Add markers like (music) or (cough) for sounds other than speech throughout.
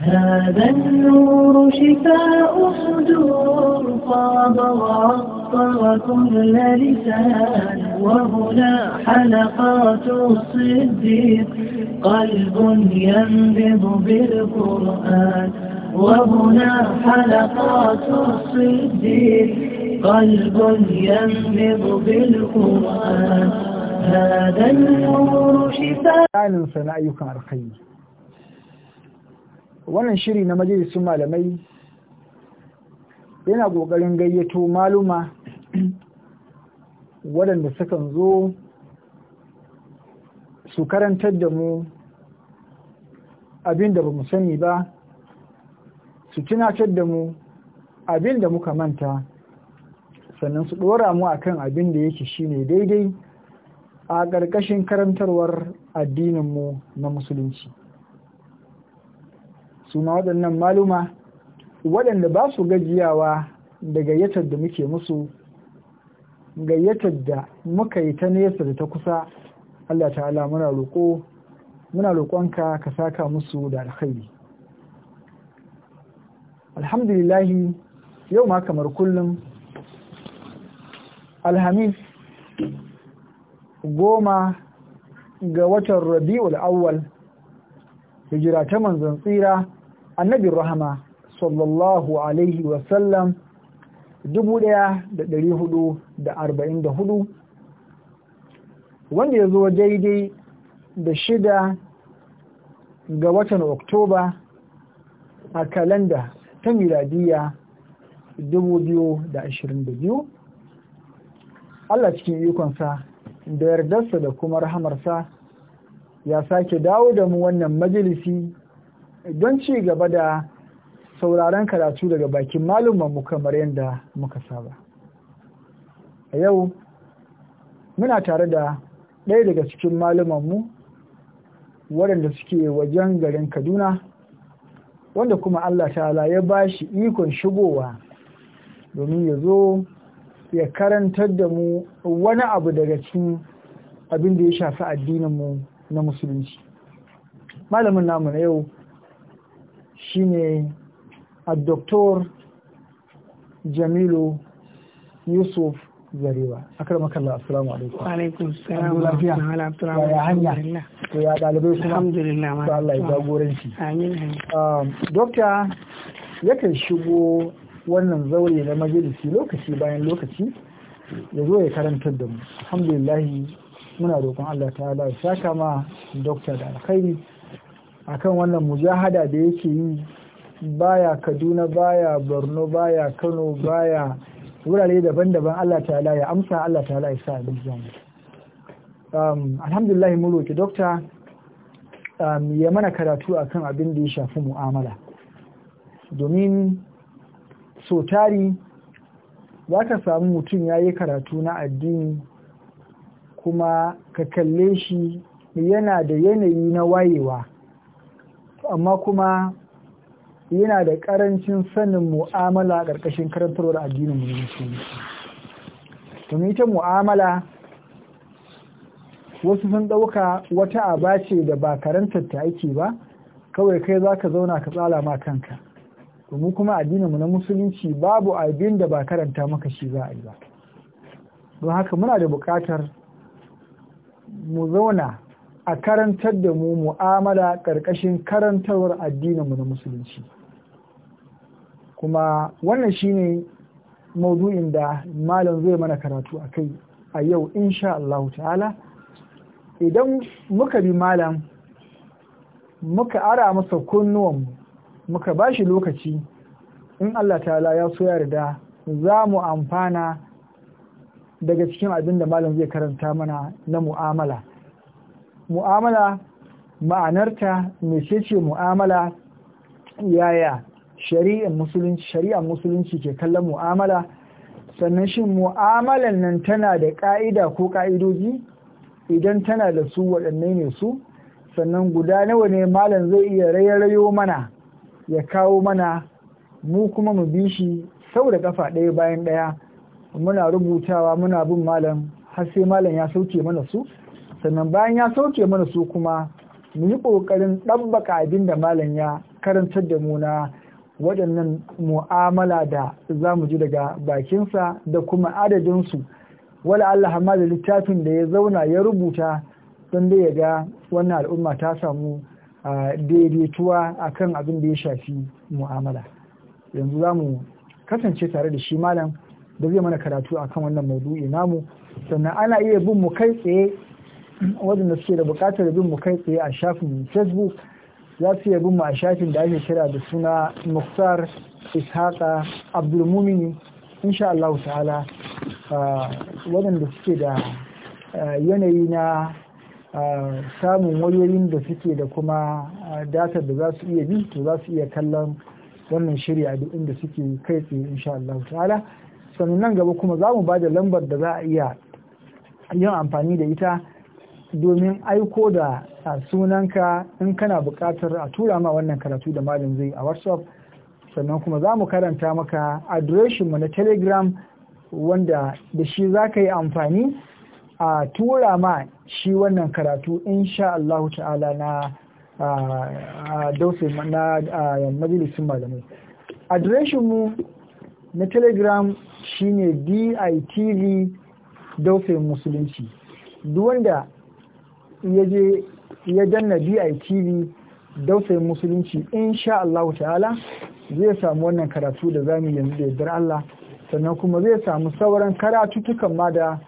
هذا النور شفاء صدور فاض وعطر كل لسان وهنا حلقات الصديق قلب ينبض بالقرآن وهنا حلقات الصديق قلب ينبض بالقرآن هذا النور شفاء أعلن ثنائك على الخير wannan shiri na majalisun malamai yana ƙoƙarin gayyato maluma waɗanda sukan zo su karantar da mu abin da ba mu sani ba su tunatar da mu abin da muka manta sannan su ɗora mu akan abin da yake shine daidai a ƙarƙashin karantarwar addininmu na musulunci. su ma waɗannan maluma waɗanda ba su gajiyawa da gayyatar da muke musu gayyatar da muka yi ta nesa da ta kusa Allah ta'ala muna roƙo muna roƙonka ka saka musu da alkhairi alhamdulillahi yau ma kamar kullum alhamis goma ga watan rabi'ul awwal hijira ta manzon tsira annabi rahama sallallahu alaihi wa da 1444 wanda ya zo daidai da shida ga watan oktoba a kalanda ta miladiya 2022 Allah cikin ikonsa da yardarsa da kuma rahamarsa ya sake dawo da mu wannan majalisi don ci gaba da sauraron karatu daga bakin mu kamar yadda muka saba. A yau, muna tare da ɗaya daga cikin mu waɗanda suke wajen garin Kaduna, wanda kuma Allah ta'ala ya ba shi ikon shigowa domin ya zo ya karantar da mu wani abu daga cikin abin da ya shafi addininmu na musulunci. Malamin namu na yau shine الدكتور جميل يوسف زريبا alaikum. الله alaikum عليكم وعليكم السلام ورحمة الله وبركاته يا عنيا ويا دالبيكم Ba Allah ya jagoranci. آمين دكتور um, yakan shigo wannan zaure na majalisi lokaci bayan lokaci ya zo ya karantar da mu alhamdulillah muna roƙon Allah ta'ala ya saka ma dokta da alkhairi akan wannan mujahada da yake yi baya kaduna baya borno baya kano baya wurare daban-daban allah ta'ala ya amsa allah ta'ala ya sa abin um, alhamdulillah mun roki dokta um, ya mana karatu akan abin da ya shafi mu'amala domin so tari za ka samu mutum ya yi karatu na addini kuma ka kalle shi yana da yanayi na wayewa amma kuma yana da ƙarancin sanin mu'amala ƙarƙashin karantarwar addinin musulunci domin ita mu'amala wasu sun ɗauka wata abace da ba karantar ta aiki ba kawai kai za ka zauna ka tsala ma kanka domin kuma addinin mu na musulunci babu abin da ba karanta maka shi za a yi ba don haka muna da buƙatar mu zauna a karantar da mu mu'amala ƙarƙashin karantarwar addininmu na musulunci kuma wannan shine maudu'in da malam zai mana karatu a kai a yau insha Allah ta'ala idan muka bi malam muka ara masa kunnuwan mu, muka ba shi lokaci in Allah ta'ala ya so yarda za mu amfana daga cikin abin da malam zai karanta mana na mu'amala mu'amala ma'anarta mecece mu'amala yaya shari'ar musulunci shari'ar musulunci ke kallon mu'amala sannan shin mu'amalan nan tana da ka'ida ko ka'idoji idan tana da su waɗannan ne su sannan guda nawa ne malam zai iya rayo mana ya kawo mana mu kuma mu bi shi sau da kafa ɗaya bayan ɗaya muna rubutawa muna bin malam har sai malam ya sauke mana su sannan bayan ya sauke mana su kuma mu yi ƙoƙarin ɗabbaka abin da malam ya karantar da mu na waɗannan mu'amala da za mu ji daga bakinsa da kuma adadinsu wala Allah hama da littafin da ya zauna ya rubuta don da ya ga wannan al'umma ta samu daidaituwa a kan abin da ya shafi mu'amala yanzu za mu kasance tare da shi malam da zai mana karatu akan wannan maudu'i namu sannan ana iya bin mu kai tsaye waɗanda suke da bukatar bin mu kai tsaye a shafin facebook za su iya bin mu a shafin da ake kira da suna muktar ishaqa abdulmumini insha Allah ta'ala waɗanda suke da yanayi na samun wayoyin da suke da kuma datar da za su iya bi to za su iya kallon wannan shirya duk inda suke kai tsaye insha Allah ta'ala sannan nan gaba kuma za mu ba da lambar da za a iya yin amfani da ita domin aiko da sunanka in kana bukatar a tura ma wannan karatu da malam zai a whatsapp sannan kuma za mu karanta maka adireshin mu na telegram wanda da shi za ka yi amfani a tura ma shi wannan karatu insha Allah ta'ala na dausin na majalisun malamai adireshin mu na telegram shine ditv dausin musulunci duk wanda Yaje ya danna BITV dausayin musulunci insha Allah ta'ala zai samu wannan karatu da zamu yanzu da yardar Allah sannan kuma zai samu sauran karatutukan ma da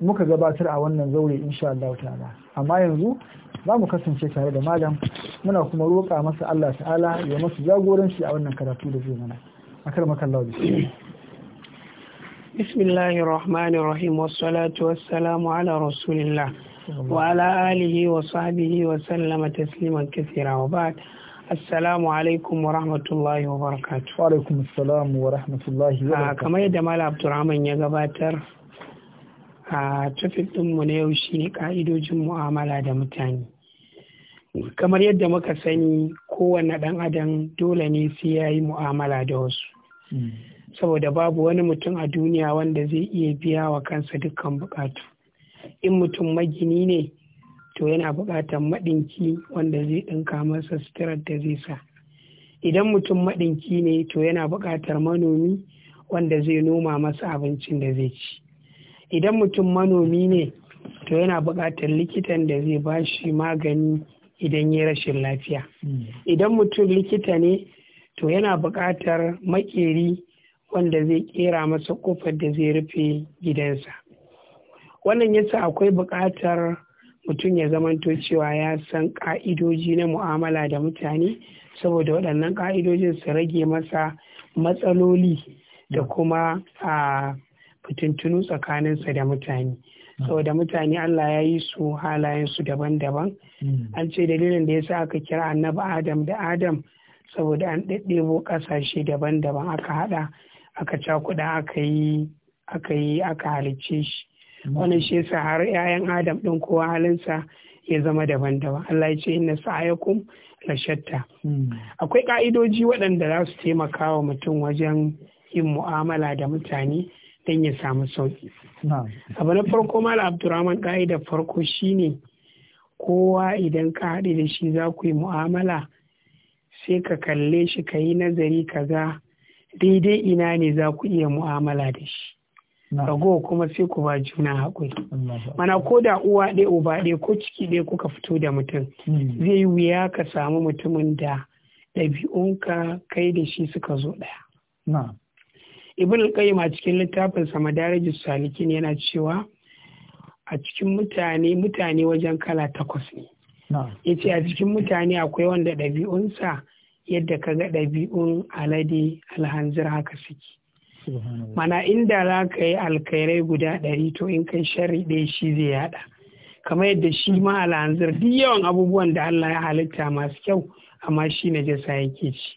muka gabatar a wannan zaure insha Allah ta'ala amma yanzu za mu kasance tare da malam muna kuma roƙa masa Allah ta'ala ya masu jagoranci a wannan karatu da zai mana akar makallawa bismillah bismillahir rahmanir rahim wassalatu wassalamu ala rasulillah وعلى آله وصحبه وسلم تسليما كثيرا وبعد Assalamu alaikum wa rahmatullahi wa barakatu. Wa alaikum assalamu wa rahmatullahi wa barakatu. Kamar yadda Mala Abdurrahman ya gabatar a tafik ɗinmu na yau shi ne ƙa'idojin mu'amala da mutane. Kamar yadda muka sani kowane ɗan adam dole ne sai ya yi mu'amala da wasu. Saboda babu wani mutum a duniya wanda zai iya biya wa kansa dukkan buƙatu. in mutum magini ne to yana buƙatar maɗinki wanda zai ɗinka masa suturar da zai sa idan mutum maɗinki ne to yana buƙatar manomi wanda zai noma masa abincin da zai ci idan mutum manomi ne to yana buƙatar likitan da zai ba shi magani idan ya rashin lafiya idan mutum likita ne to yana buƙatar makeri wanda zai ƙera masa ƙofar da zai rufe gidansa wannan yasa akwai buƙatar mutum ya zamanto cewa ya san ƙa'idoji na mu'amala da mutane saboda waɗannan ƙa'idojin su rage masa matsaloli da kuma a fitintunu tsakaninsa da mutane saboda mutane Allah ya yi su halayensu daban-daban hmm. an ce dalilin da ya sa aka kira annabi adam da adam saboda an ɗaɗɗebo ƙasashe daban-daban aka haɗa aka cakuɗa aka yi aka halicce shi wannan shi yasa har 'ya'yan adam ɗin kowa halinsa ya zama daban-daban Allah ya ce inna sa'ayakum la shatta hmm. akwai ka'idoji waɗanda za su taimaka wa mutum wajen yin mu'amala da mutane don ya samu sauƙi. abu na farko mala abdurrahman ka'ida farko shine kowa idan ka haɗe da shi za ku yi mu'amala sai ka kalle shi ka yi nazari ka ga daidai ina ne za ku iya mu'amala da shi rago kuma sai ku ba juna haƙuri mana ko da uwa ɗaya uba ɗaya ko ciki ɗaya kuka fito da mutum hmm. zai yi wuya ka samu mutumin da ɗabi'unka kai da shi suka zo ɗaya ibn al a cikin littafin sa madarajus salikin yana cewa a cikin mutane mutane wajen kala takwas ne ya ce a cikin mutane akwai wanda ɗabi'unsa yadda ka ga ɗabi'un alade alhanzir haka suke mana inda za ka yi alkhairai guda ɗari to in kai shari ɗaya shi zai yaɗa. kamar yadda shi ma alhanzir duk yawan abubuwan da Allah ya halitta masu kyau amma shi na jasa yake ci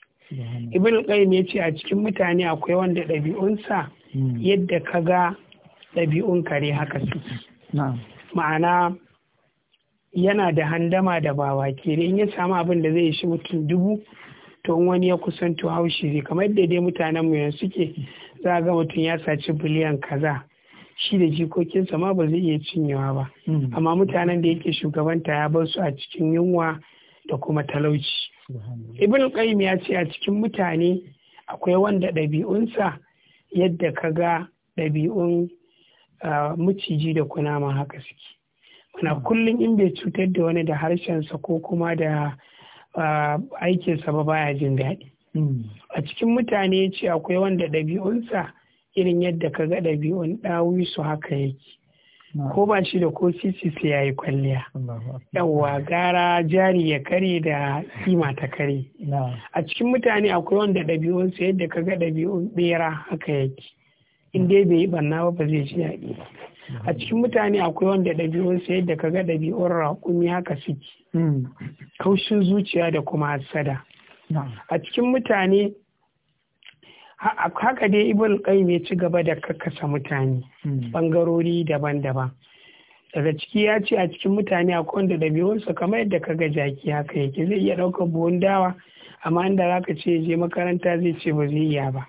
ibn qayyim ya ce a cikin mutane akwai wanda ɗabi'unsa hmm. yadda ka ga ɗabi'un kare haka suke ma'ana yana da handama da bawa ke in ya samu abin da zai shi mutum dubu to wani ya kusanto haushi zai kamar yadda dai mutanen mu yanzu suke za ga mutum ya saci biliyan kaza shi da jikokinsa ma ba zai iya cinyewa ba hmm. amma mutanen da yake shugabanta ya bar su a cikin yunwa da kuma talauci ibn qayyim ya ce a cikin mutane akwai wanda ɗabi'unsa yadda ka ga ɗabi'un miciji da kunama haka suke mana hmm. kullum in bai cutar da wani da harshensa ko kuma da aikinsa ba baya jin daɗi a cikin mutane ya ce akwai wanda ɗabi'unsa irin yadda ka ga ɗabi'un ɗawi su haka yake ko ba shi da ko sisi sai ya yi kwalliya yawwa gara jari ya kare da sima ta kare a cikin mutane akwai wanda ɗabi'unsa yadda ka ga ɗabi'un ɓera haka yake in dai bai yi ɓanna ba ba zai ji daɗi a cikin mutane akwai wanda ɗabi'unsa yadda ka ga ɗabi'un raƙumi haka suke hmm. kaushin zuciya da kuma hassada a cikin mutane haka dai ibn kai ya ci gaba da kakkasa mutane hmm. bangarori daban-daban daga ciki ya ce a cikin mutane akwai da ɗabi'unsa kamar yadda ka ga jaki haka yake zai iya ɗaukar buhun dawa amma inda za ka ce je makaranta zai ce ba zai iya ba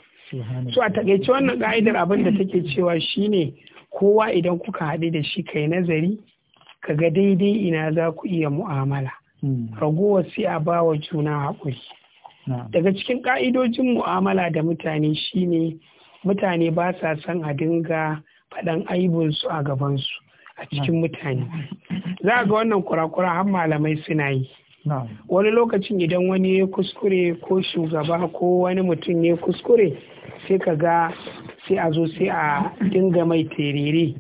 su a takaice wannan ka'idar abin da take cewa shine kowa idan kuka haɗu da shi kai nazari ka ga daidai ina za ku iya mu'amala hmm. ragowar sai a bawa juna haƙuri daga cikin ka'idojin mu'amala da mutane shine mutane ba sa son a dinga faɗan aibinsu a gabansu a cikin mutane za ga wannan kurakura har malamai suna yi wani lokacin idan wani ya kuskure ko shugaba ko wani mutum ya kuskure sai ka ga sai a zo sai a dinga mai terere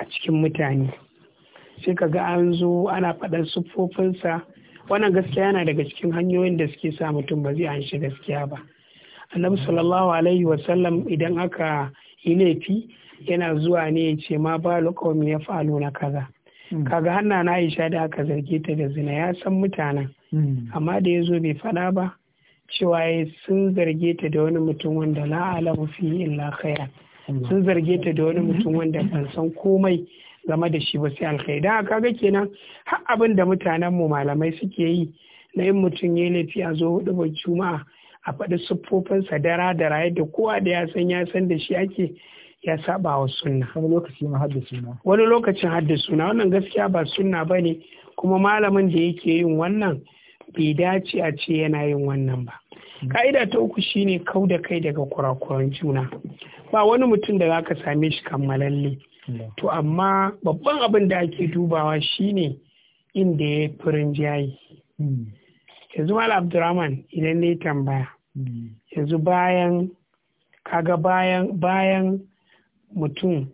a cikin mutane sai ka ga an zo ana faɗan siffofinsa wannan gaskiya yana daga cikin hanyoyin da suke sa mutum ba zai anshi gaskiya ba annabi sallallahu alaihi wasallam idan aka yi laifi yana zuwa ne ya ce ma ba lokaumi ya falo na kaza hmm. kaga hanna na aisha da aka zarge ta da zina ya san mutanen hmm. amma da ya zo bai faɗa ba cewa sun zarge ta da wani mutum wanda la fi illa khaira sun zarge ta da wani mutum wanda ban san komai game da shi ba sai alkhairi don haka ga kenan har abin da mutanen mu malamai suke yi na yin mutum ya laifi a zo hudu ba juma'a a faɗi siffofinsa dara da raye da kowa da ya san ya san da shi ake ya saba wa sunna wani lokaci ma hadda suna wani lokacin hadda suna wannan gaskiya ba sunna ba ne kuma malamin da yake yin wannan bai dace a ce yana yin wannan ba hmm. ka'ida ta uku shine kau da kai daga kurakuran juna ba wani mutum da zaka same shi kammalalle to amma babban abin da ake dubawa shine inda ya furin jayi hmm. yanzu mal abdurrahman idan ne tambaya hmm. yanzu bayan kaga bayan bayan mutum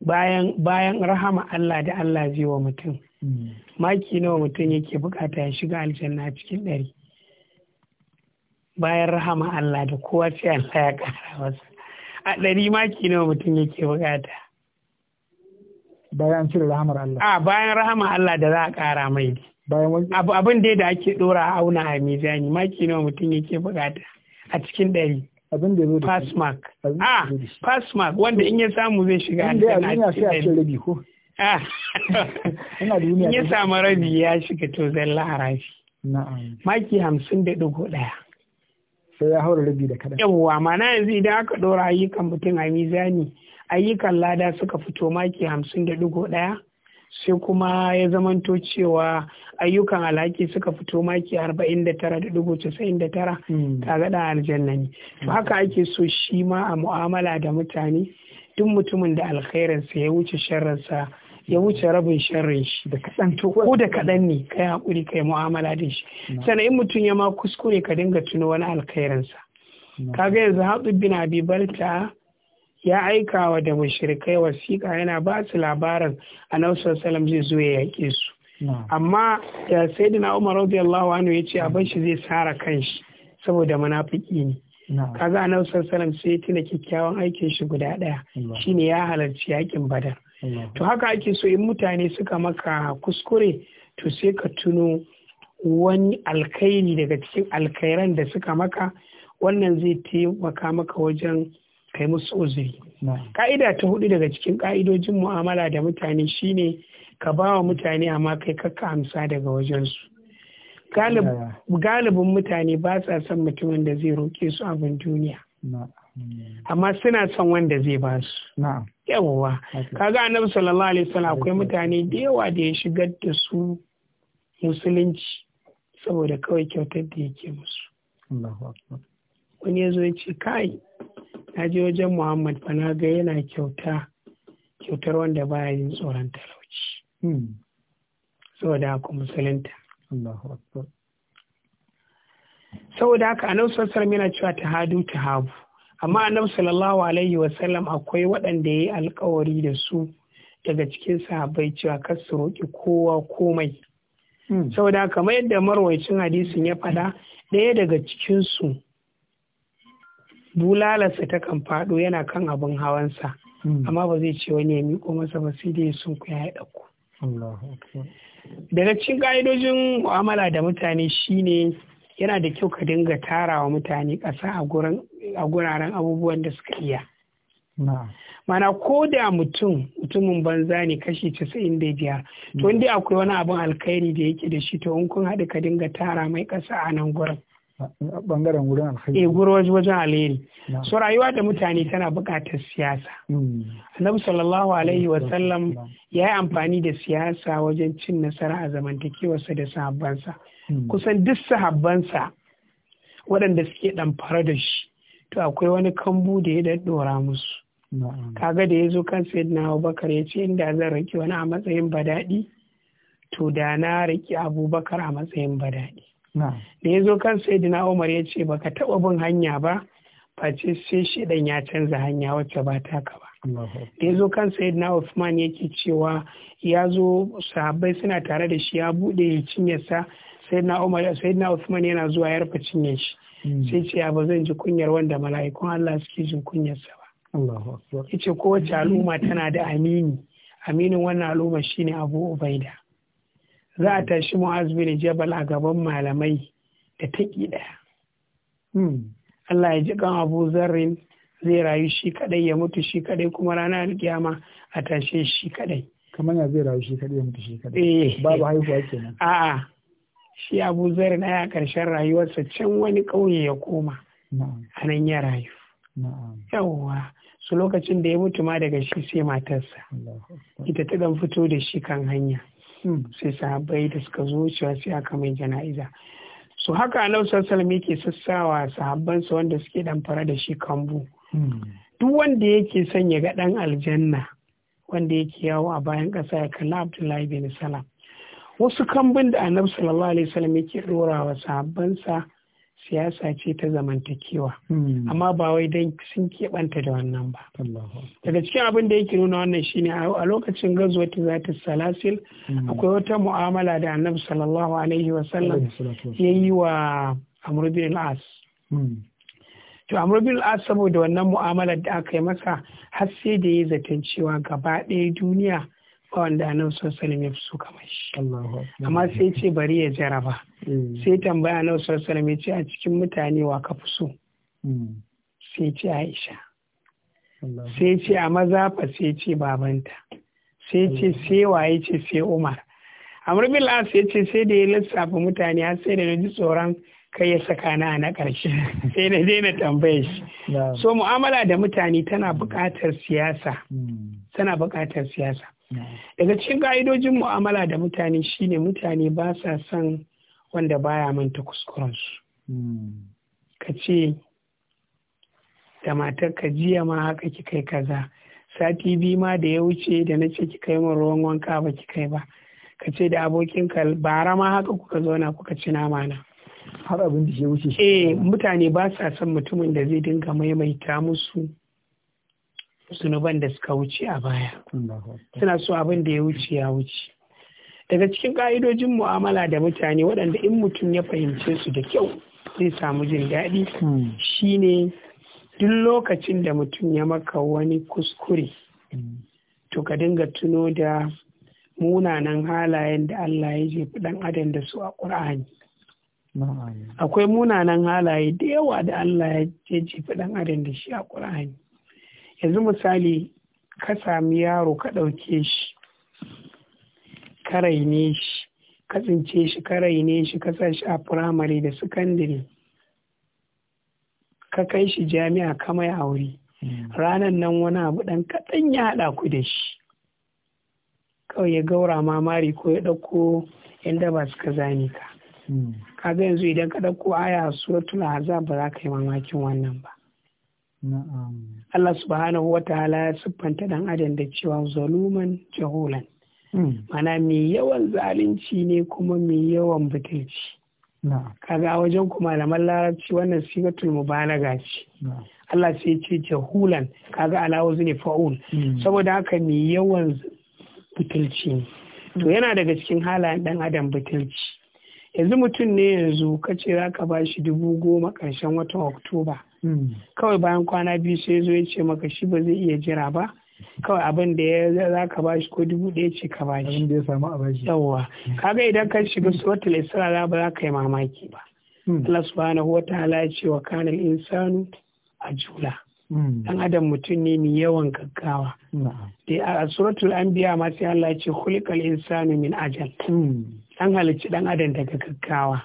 bayan bayan rahama Allah da Allah zai wa mutum hmm. maki nawa mutum yake bukata ya shiga aljanna cikin ɗari bayan rahama Allah da kowa sai Allah ya kara wasu. a ɗari maki nawa mutum yake bukata bayan cire rahamar Allah a bayan rahama Allah da za a kara mai bayan abin dai da ake ɗora a auna a mizani maki nawa mutum yake bukata a cikin ɗari abin da zo da pass mark ah pass mark wanda in ya samu zai shiga aljanna a cikin rabi ko (laughs) in ya samu rabi ya shiga to laharashi. harafi maki hamsin da ɗigo ɗaya sai ya haura rabi da kaɗan yawwa mana yanzu idan aka ɗora ayyukan mutum a mizani ayyukan lada suka fito maki hamsin da digo ɗaya sai kuma ya zamanto cewa ayyukan alhaki suka fito maki arba'in da tara da dubu casa'in da tara hmm. ta gaɗa aljanna ne to haka ake so shi ma a mu'amala da mutane duk mutumin da alkhairinsa ya wuce sharrinsa ya wuce rabin sharrin shi da kaɗan ko da kaɗan ne kai haƙuri kai mu'amala da shi hmm. sannan in mutum ya ma kuskure ka dinga tuno wani alkhairinsa hmm. kaga yanzu haɗu bin abi balta ya aika wa da mushrikai wasiƙa yana ba su labarin annabi sallallahu zai zo ya yaƙe su amma da sayyidina Umar radiyallahu anhu ya ce abin shi zai sara shi saboda munafiki ne kaga annabi sallallahu alaihi sai tuna kyakkyawan aikin shi guda ɗaya Shi ne ya halarci yaƙin badar to haka ake so in mutane suka maka kuskure to sai ka tuno wani alkairi daga cikin alkairan da suka maka wannan zai taimaka maka wajen kai musu uzuri ka'ida ta hudu daga cikin ka'idojin mu'amala da mutane shine ka ba wa mutane amma kai kakka amsa daga wajensu galibin mutane ba sa son mutumin da zai roƙe su abin duniya amma suna son wanda zai ba su yawwa kaga annabi sallallahu alaihi wasallam akwai mutane da yawa da ya shigar da su musulunci saboda kawai kyautar da yake musu wani ya zo ya ce kai na je wajen muhammad fa na ga yana kyauta kyautar wanda baya yin tsoron talauci hmm. saboda haka musulunta saboda haka annabi sallallahu yana cewa ta hadu ta habu amma annabi sallallahu alaihi wasallam akwai waɗanda ya yi alkawari da su daga cikin sahabbai cewa kar su roƙi kowa komai hmm. saboda kamar yadda marwaicin hadisin ya faɗa ɗaya daga cikinsu bulalarsa ta kan faɗo yana kan abin hawansa hmm. amma ba zai ce wani ya miƙo masa ba sai dai sun ku ya ɗauko daga cikin ƙa'idojin mu'amala da mutane shine yana da kyau ka dinga tara wa mutane ƙasa a guraren abubuwan da suka iya mana ko da mutum mutumin banza ne kashi casa'in da biyar to hmm. inda akwai wani abin alkhairi da yake da shi to in kun haɗu ka dinga tara mai ƙasa a nan gurin bangaren wurin alkhairi eh gurin wajen alheri so rayuwa da mutane tana buƙatar siyasa hmm. annabi sallallahu alaihi wa sallam ya yi amfani da siyasa wajen cin nasara a zamantakewarsa da sahabbansa hmm. kusan duk sahabbansa waɗanda suke fara da shi to akwai wani kambu da ya daddora musu kaga da ya zo kan sayyidina abubakar ya ce inda zan riƙe wani a matsayin badaɗi to da na raki abubakar a matsayin badaɗi da ya zo kan sayyidina umar ya ce baka taɓa bin hanya ba face sai shedan ya canza hanya wacce ba taka ba da ya zo kan sayyidina usman yake cewa ya zo sahabbai suna tare da shi ya bude cinyarsa sa. umar sayyidina usman yana zuwa ya rufe cinye shi hmm. sai ce ba zan ji kunyar wanda mala'ikun Allah suke jin kunyarsa ba yace kowace al'umma tana da amini aminin wannan al'umma shine abu ubaida za a tashi mu'az bin jabal a gaban malamai da taƙi ɗaya hmm. Allah ya ji kan abu zarrin zai rayu shi kadai ya mutu shi kadai kuma ranar alkiyama a tashe shi kadai kamar ya zai rayu shi kadai ya mutu shi kadai eh. babu haihuwa kenan a'a shi abu zarrin a karshen rayuwarsa can wani ƙauye ya koma a nan ya rayu yawwa su lokacin da ya mutu ma daga shi sai matarsa ita ta dan fito da shi kan hanya sai sahabbai da suka zo cewa sai aka mai jana'iza su haka annabi sallallahu yake sassawa sahabbansa wanda suke dan fara da shi kambu duk wanda yake son ya ga dan aljanna wanda yake yawo a bayan ƙasa ya kalla abdullahi bin salam wasu kambun da annabi sallallahu alaihi wasallam yake dora wa sahabbansa siyasa ce ta zamantakewa hmm. amma ba wai don sun keɓanta da wannan ba daga cikin abin da yake nuna wannan shine a lokacin gazuwa ta zata salasil hmm. akwai wata mu'amala da annabi sallallahu alaihi wasallam ya yi wa amurbin al'as hmm. to Amurbin al'as saboda wannan mu'amalar da aka yi masa har sai da ya zaton cewa gaba ɗaya duniya ba wanda annabi sallallahu ya fi so kamar amma sai ce bari ya jaraba hmm. sai tambaya annabi sallallahu ya ce a cikin mutane wa ka fi so hmm. sai ce Aisha sai ce a maza fa sai ce babanta sai ce sai waye ce sai Umar Amr bin Al sai ce sai da ya lissafa mutane har sai da na ji tsoron kai ya saka na a na karshe. (laughs) sai na na tambaye shi so mu'amala da mutane tana buƙatar siyasa hmm. tana buƙatar siyasa daga cikin ka'idojin mu'amala da mutane shine mutane ba sa son wanda baya manta kuskurensu ka ce da matar ka jiya ma haka ki kai kaza sati biyu ma da ya wuce da na ce ki kai min ruwan wanka ba ki kai ba ka ce da abokinka bara ma haka kuka zauna kuka ci nama na har abin da ya wuce eh mutane ba sa son mutumin da zai dinga maimaita musu zunuban da suka wuce a baya suna so abin da ya wuce ya wuce daga cikin ƙa'idojin mu'amala da mutane waɗanda in mutum ya fahimce su da kyau zai samu jin daɗi hmm. shine duk lokacin da mutum ya maka wani kuskure hmm. to ka dinga tuno da munanan halayen da Allah ya jefi ɗan adam da su a ƙur'ani akwai munanan halaye da yawa da Allah ya jefi ɗan adam da shi a ƙur'ani yanzu misali ka sami yaro ka ɗauke shi ka raine shi ka tsince shi ka raine shi ka sa shi a firamare da sakandare ka kai shi jami'a ka mai aure hmm. ranan nan wani abu ɗan kaɗan ya haɗa ku da shi kawai ya gaura mamari ko ya ɗauko yadda ba su ka zane ka hmm. kaga yanzu idan ka ɗauko aya suratul azab ba za ka yi mamakin wannan ba Allah subhanahu wa ta'ala ya siffanta dan adam da cewa zaluman jahulan mana hmm. mai yawan zalunci ne kuma mai yawan butulci kaga wajen kuma malaman larabci wannan sigatul mubalaga ce Allah sai ce jahulan kaga alawo ne fa'ul hmm. saboda haka mai yawan butulci ne to hmm. yana daga cikin halayen dan adam butulci yanzu mutum ne yanzu kace za zaka bashi dubu goma karshen watan oktoba kawai bayan kwana biyu sai zo ya ce maka shi ba zai iya jira ba kawai abin da ya za ka shi ko dubu ɗaya ce ka ba abin da ya samu a bashi yawwa kaga idan ka shiga suratul isra ba za ka yi mamaki ba hmm. Allah subhanahu wa ta'ala ya ce wa kanal insanu ajula hmm. dan adam mutum ne mai yawan gaggawa a suratul anbiya ma sai Allah ya ce khuliqal insanu min ajal hmm. an halicci dan adam daga gaggawa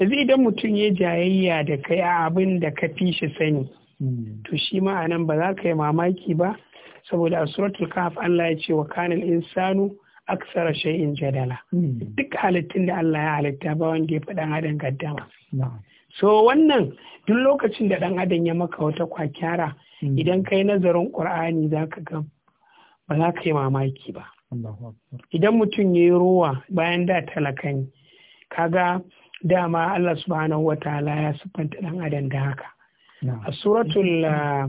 yanzu idan mutum ya jayayya da kai a abin da ka fi shi sani hmm. to shi ma a nan ba za ka yi mamaki ba saboda a suratul kaf Allah ya ce wa kanil insanu aksara shay'in jadala hmm. duk halittun da Allah ya halitta ba wanda ya faɗan adam gaddama so wannan duk lokacin da ɗan adam ya maka wata kwakyara hmm. idan kai nazarin qur'ani za ga ba za ka yi mamaki ba idan mutum ya yi ruwa bayan da talakan ka kaga dama Allah subhanahu wa ta'ala ya siffanta dan adam da haka a suratul uh,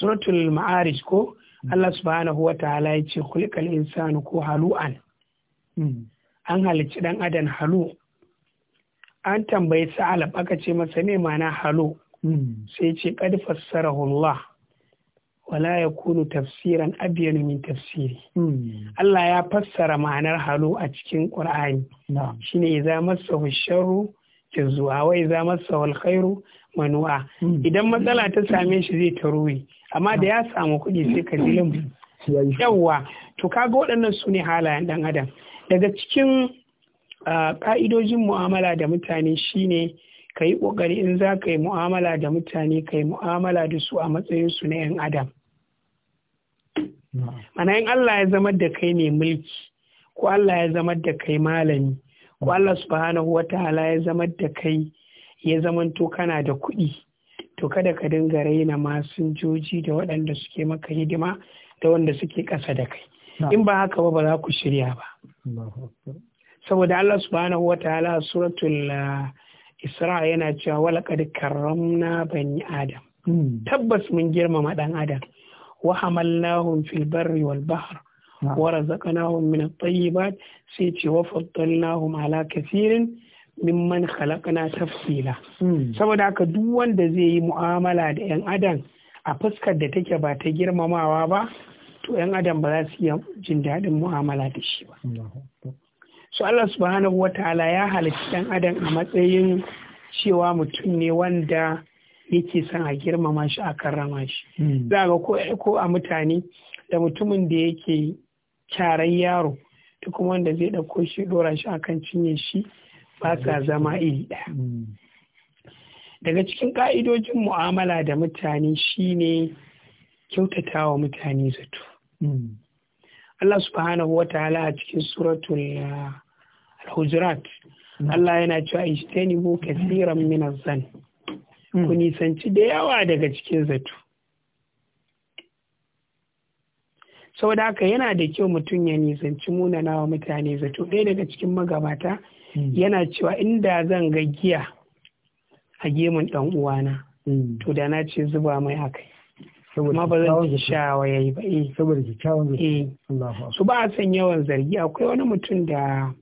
suratul ma'arij ko hmm. Allah subhanahu wa ta'ala ya ce khuliqal insanu ko halu'an hmm. an halicci dan adam halu an tambayi sa'alab aka ce masa ne ma'ana halu hmm. sai ce qad fassarahu Allah wala ya kunu tafsiran abiyanu min tafsiri hmm. Allah ya fassara ma'anar halu a cikin Qur'ani shine idza massahu sharru zuwa. wa idza massahu alkhairu manu'a hmm. idan matsala ta same shi zai ta ruwe, amma da ya samu kuɗi sai ka dilim yawwa to kaga waɗannan su ne halayen ɗan adam daga cikin ka'idojin ah, mu'amala da mutane shine ka yi ƙoƙari in za ka yi mu'amala da mutane ka yi mu'amala da su a matsayinsu na 'yan adam mana yin Allah ya zama da kai ne mulki ko Allah ya zama da kai malami ko Allah subhanahu wa ta'ala ya zama da kai ya zamanto kana da kuɗi to kada ka dinga raina masinjoji da waɗanda suke maka hidima da wanda suke ƙasa da kai in ba haka ba ba za ku shirya ba saboda Allah subhanahu wa ta'ala suratul uh, isra yana cewa walaqad karramna bani adam hmm. tabbas mun girmama dan adam wa hamalnahum fil barri wal bahr wa razaqnahum min at-tayyibat sai ce wa faddalnahum ala kathirin mimman khalaqna tafsila hmm. saboda haka duk wanda zai yi mu'amala da yan adam a fuskar da take ba ta girmamawa ba to yan adam ba za su iya jin daɗin mu'amala da shi ba so Allah subhanahu wa ta'ala ya halarci dan adam a matsayin cewa mutum ne wanda yake son a girmama shi a karrama shi hmm. za ga ko a mutane da mutumin da yake kyaran yaro da kuma wanda zai ɗauko shi ɗora shi akan cinye shi ba sa zama iri ɗaya hmm. daga cikin ƙa'idojin mu'amala da mutane shine kyautata wa mutane zato hmm. Allah subhanahu wa ta'ala a cikin suratul hujurat hmm. Allah yana cewa bu kasiran min zan hmm. ku nisanci da yawa daga cikin zato saboda haka yana da kyau mutum ya nisanci munanawa mutane zato ɗaya daga cikin magabata hmm. yana cewa inda zan ga giya a gemun ɗan uwana to da na ce zuba mai akai amma ba zan ji shawa yi ba eh saboda eh su ba a san yawan zargi akwai wani mutum da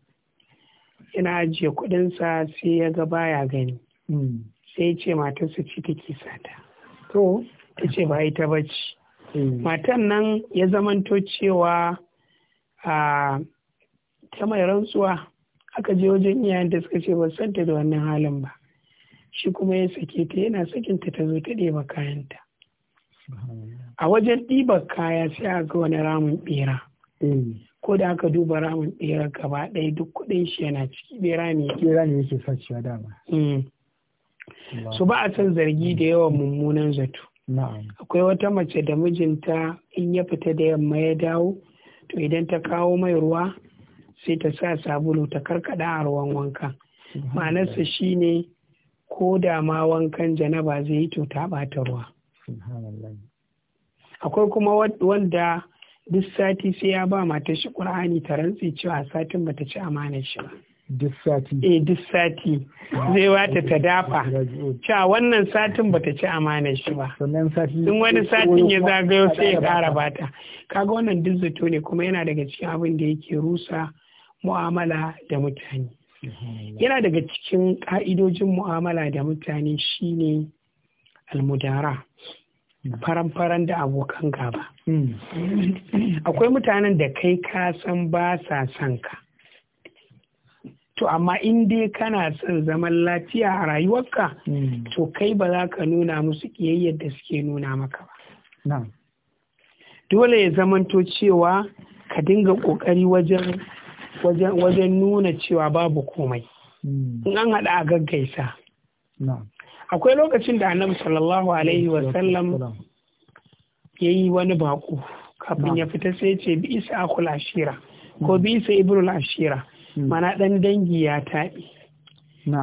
yana ajiye kuɗinsa sai ya ga baya gani hmm. sai ce matarsa ce take sata to ta ce ba ita ba ce hmm. matan nan ya zamanto cewa a ta mai rantsuwa aka je wajen iyayen da suka ce ba santa da wannan halin ba shi kuma ya sake ta yana sakin ta ta zo ta ɗeba kayanta a wajen ɗiba kaya sai a ga wani ramin ɓera hmm. ko da aka duba ramin bera gaba ɗaya duk kuɗin shi yana ciki ɓera ne ne yake sacewa dama mm. su ba a san zargi da yawan mummunan zato akwai wata mace da mijinta in ya fita da yamma ya dawo to idan ta kawo mai ruwa sai ta sa sabulu ta karkada a ruwan wanka ma'anarsa shine ko da ma wankan janaba zai yi to ta ɓata ruwa akwai kuma wanda duk sati sai ya ba matar shi ƙur'ani ta rantsi cewa satin bata ci amana shi ba duk sati eh duk sati zai wata ta dafa cewa wannan satin bata ci amana shi ba sannan wani satin ya zagayo sai ya ƙara bata kaga wannan duk zato ne kuma yana daga cikin abin da yake rusa mu'amala da mutane yana daga cikin ƙa'idojin mu'amala da mutane shine almudara faran-faran da abokan gaba. Hmm. Akwai mutanen da kai ka san ba sa son ka. To amma in dai kana son zaman lafiya a rayuwarka, hmm. to kai ba za ka nuna musu ƙiyayyar da suke nuna maka ba. Dole ya zamanto cewa ka dinga ƙoƙari wajen nuna cewa babu komai. Hmm. In an haɗa a gaggaisa. akwai lokacin da annabi sallallahu alaihi wasallam ya yi wani baƙo kafin ya fita sai ce bi isa akul ashira ko hmm. bi isa ibrul ashira hmm. mana ɗan dangi ya taɓi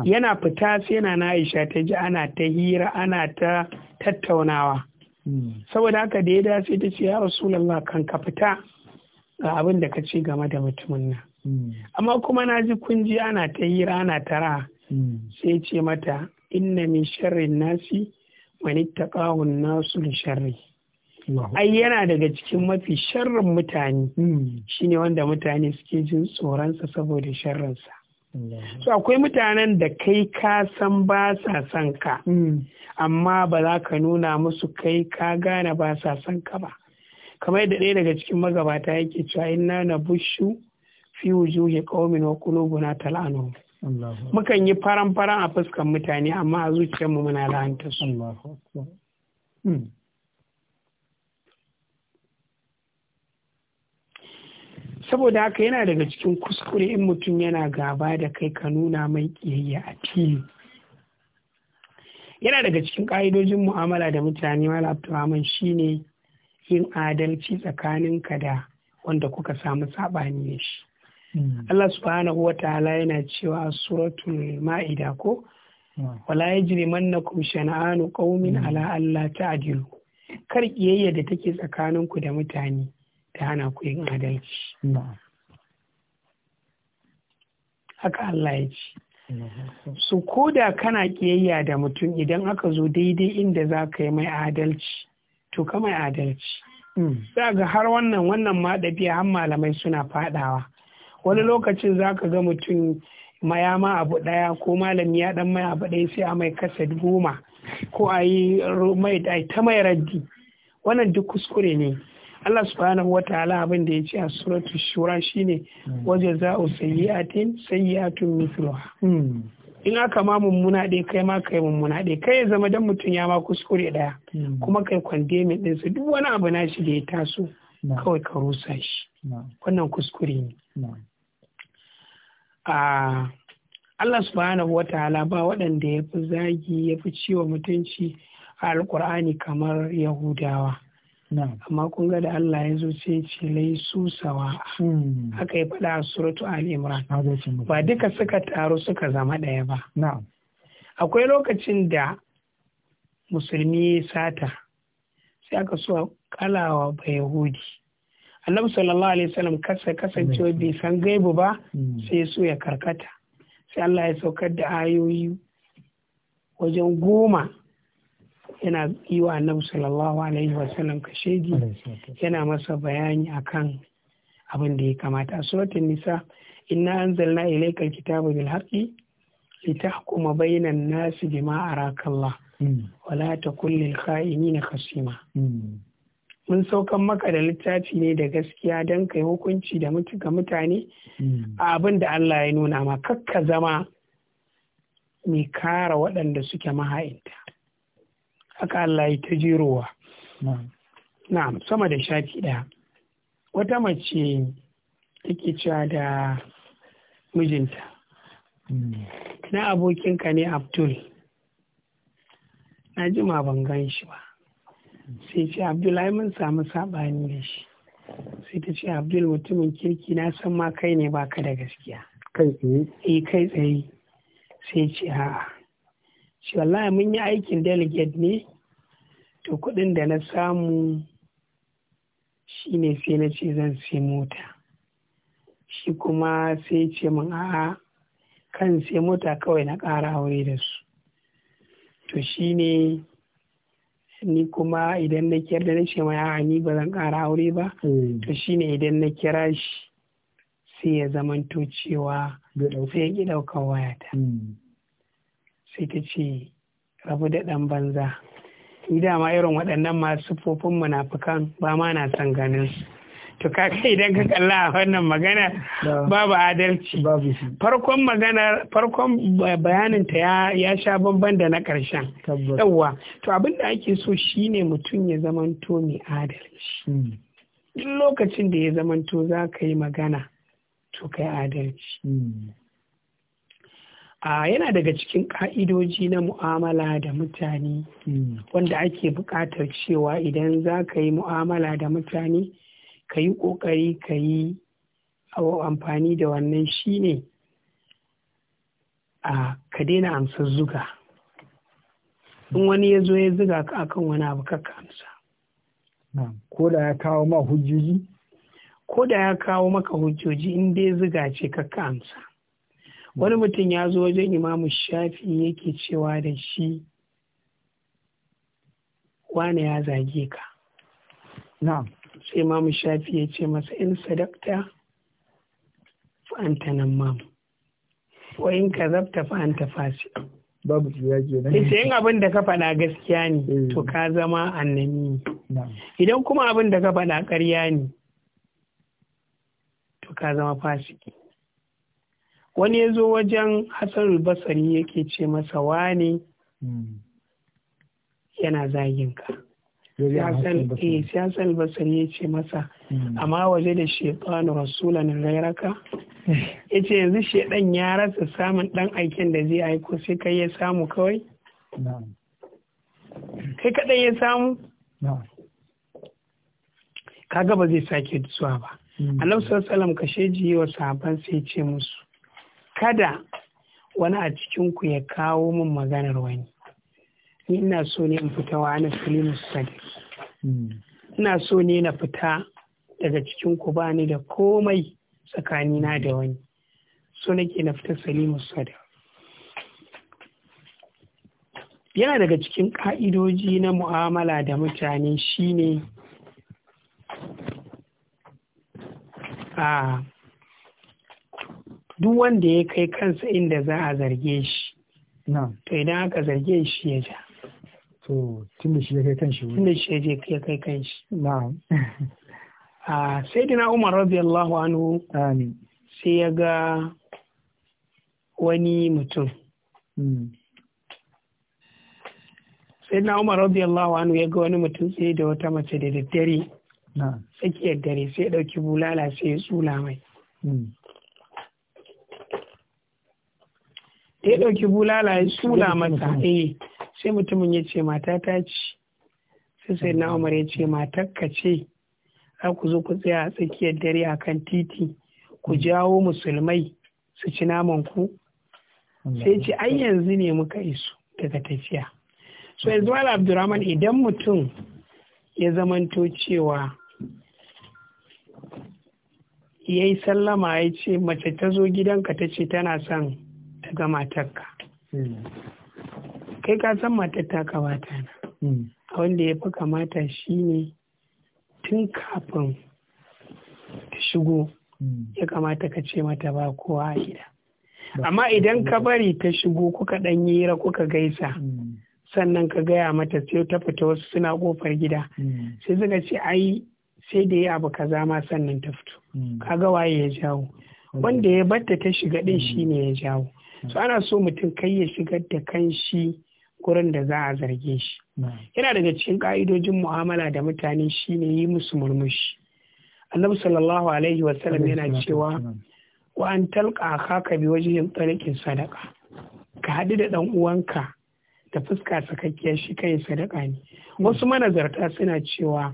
yana fita sai yana na aisha ta ji ana ta hira ana ta tattaunawa hmm. saboda haka da ya dace ta ce ya rasulallah kan ka fita ga abin da ka ce game da mutumin nan amma kuma na ji kun ji ana ta hira ana ta raha sai ce mata inna min sharrin nasi man ittaqahu nasu li sharri ai yana daga cikin mafi sharrin mutane hmm. shine wanda mutane suke jin tsoronsa saboda sharrinsa so akwai mutanen da kai ka san ba sa son ka hmm. amma ba za ka nuna musu kai ka gane ba sa son ka ba kamar da ɗaya daga cikin magabata yake cewa inna na bushu fi wujuhi qaumin wa qulubuna tal'anu mukan yi faran-faran a fuskan mutane amma a zuciyarmu muna lahanta su hmm. saboda haka yana daga cikin kuskure in mutum yana gaba da kai ka nuna mai kiyayya a fili yana daga cikin ƙa'idojin mu'amala da mutane mala shi shine yin adalci tsakaninka da wanda kuka samu saɓani da shi Mm. Allah subhanahu wa ta'ala yana cewa suratul ma'ida ko mm. wala yajrimannakum shana'anu qaumin mm. ala alla ta'dilu kar kiyayya da take tsakaninku da mutane ta hana ku yin adalci haka Allah ya ce su koda kana kiyayya da mutum idan aka zo daidai inda za ka yi mai adalci to ka mai adalci za ga har wannan wannan ma ɗabi'a har malamai suna faɗawa wani lokacin za ka ga mutum maya ma abu ɗaya ko malami ya ɗan mai abu ɗaya sai a mai kasa goma ko a yi mai ta mai raddi wannan duk kuskure ne Allah subhanahu wa ta'ala abin da ya ce a suratu shura shine hmm. waje za a tin a tun mithluha hmm. in aka ma mummuna ɗaya kai ma kai mummuna ɗaya kai ya zama dan mutum ya ma kuskure ɗaya hmm. kuma kai kwande mai ɗinsa duk wani abu na shi da ya taso kawai ka rusa shi wannan kuskure ne a Allah subhanahu wa ta'ala ba waɗanda ya fi zagi ya fi ciwo mutunci a alkur'ani kamar yahudawa amma kun ga da Allah ya zo sai ce laisu sawa hmm. haka ya faɗa a suratu al-imran ba duka suka taru suka zama ɗaya ba akwai lokacin da musulmi sata sai aka so kalawa ba yahudi annabi sallallahu alaihi wasallam kasa kasance bai san gaibu ba mm. sai so ya karkata sai Allah ya saukar da ayoyi wajen goma yana yi wa annabi sallallahu alaihi wasallam kashegi yana masa bayani akan abin da ya kamata suratul nisa inna anzalna ilayka alkitaba bil haqqi litahkuma bainan nasi bima arakallah mm. wala takun lil kha'inina khasima mm. mun saukan maka da littafi ne da gaskiya don kai hukunci da ga mutane hmm. a abin da Allah ya nuna ma kakka zama mai kara waɗanda suke maha'inta haka Allah ya ta jerowa Na sama da shafi ɗaya wata mace take cewa da mijinta hmm. na abokinka ne abdul na jima ban gan shi ba sai ce abdul mun samu saɓani da shi sai ta ce abdul mutumin kirki na san ma kai ne baka da gaskiya kai tsaye eh kai tsaye sai ce a'a shi wallahi mun yi aikin delegate ne to kuɗin da na samu shine sai na ce zan sai mota shi kuma sai ce min a'a kan sai mota kawai na ƙara aure da su to shine ni kuma idan na kyar da na ce ma a'a ni ba zan ƙara aure ba mm. to shine idan na kira shi sai ya zamanto cewa sai ya ƙi ɗaukar wayata mm. sai ta ce rabu da ɗan banza ni dama irin waɗannan masu fofin munafukan ba ma na son ganin su to kaka idan ka kalla a wannan magana babu adalci farkon magana farkon bayanin ta ya sha bamban da na karshen yawwa to abin da ake so shine mutum ya zamanto mai adalci hmm. duk lokacin da ya zamanto za ka yi magana to kai adalci hmm. a yana daga cikin ka'idoji na mu'amala da mutane hmm. wanda ake buƙatar cewa idan za ka yi mu'amala da mutane ka yi ƙoƙari ka yi amfani da wannan shi ne a ka daina amsa zuga in wani ya zo ya zuga ka akan wani abu ka amsa ko da ya kawo ma hujjoji ko da ya kawo maka hujjoji in dai zuga ce ka amsa wani mutum ya zo wajen imamu shafi yake cewa da shi wane ya zage ka sai mamu shafi ya ce masa in sadakta fa'anta nan mamu wa in ka zabta fa'anta fasi babu cuta ke nan ita yin abin da ka faɗa gaskiya ne eh. to ka zama annami idan kuma abin da ka faɗa ƙarya ne to ka zama fasiki wani ya zo wajen hassan basari yake ce masa wane hmm. yana zagin ka siyasar eh, basari ya ce masa hmm. amma waje da shekanu rasulan gairaka (laughs) ya ce yanzu shedan ya rasa samun dan aikin da zai aiko sai kai ya samu kawai kai kadai ya samu kaga ba zai sake zuwa ba hmm. annabi sallallahu alaihi kashe jiye wa sahaban sai ce musu kada wani a cikin ku ya kawo min maganar wani ni ina so ne in fita wa na salimu sadiq hmm. ina so ne na fita daga cikin ku ba da komai tsakanina da wani so nake na fita salimu sadiq yana daga cikin ka'idoji na mu'amala da mutane shine a duk wanda ya kai kansa inda za a zarge shi to idan aka zarge shi ya ja To tun da shi ya kai kanshi wuri. Tun da shi ya kai kanshi. Na'am. (laughs) A sai dina Umar radiyallahu anhu. Amin. Sai ya ga wani mutum. Hmm. Sai na Umar radiyallahu anhu ya ga wani mutum sai da wata mace da daddare. Tsakiyar dare sai ya ɗauki bulala sai ya tsula mai. Hmm. Ya ɗauki bulala ya tsula masa. Eh. sai mutumin ya ce mata ta ce sai sai na mm-hmm. umar ya ce matakka ce za ku zo ku tsaya a tsakiyar dare a kan titi ku mm-hmm. jawo musulmai su ci naman ku sai ce ai yanzu ne muka isu daga tafiya so mm-hmm. yanzu wala abdurrahman idan mutum ya zamanto cewa ya yi sallama ya ce mace ta zo gidanka ta ce tana son ta ga matarka kai ka san matar ta kamata na hmm. A wanda ya fi kamata shi ne tun kafin ta shigo hmm. ya kamata ka ce mata ba kowa a gida amma idan ka bari ta shigo kuka dan ra kuka gaisa hmm. sannan ka gaya mata sai ta fita wasu suna kofar gida sai suka ce ai sai da ya abu kaza ma sannan ta fito kaga waye ya jawo wanda ya batta ta shiga din shine ya jawo so ana so mutum kai ya shigar da kanshi Wurin da za a zarge shi yana daga cikin ka'idojin mu'amala da mutane shi ne yi musu murmushi annabi sallallahu alaihi wasallam yana cewa wa an talƙa haka bi wajen tsarikin sadaka ka haɗu da ɗan uwanka da fuska sakakkiyar shi kai sadaka ne wasu manazarta suna cewa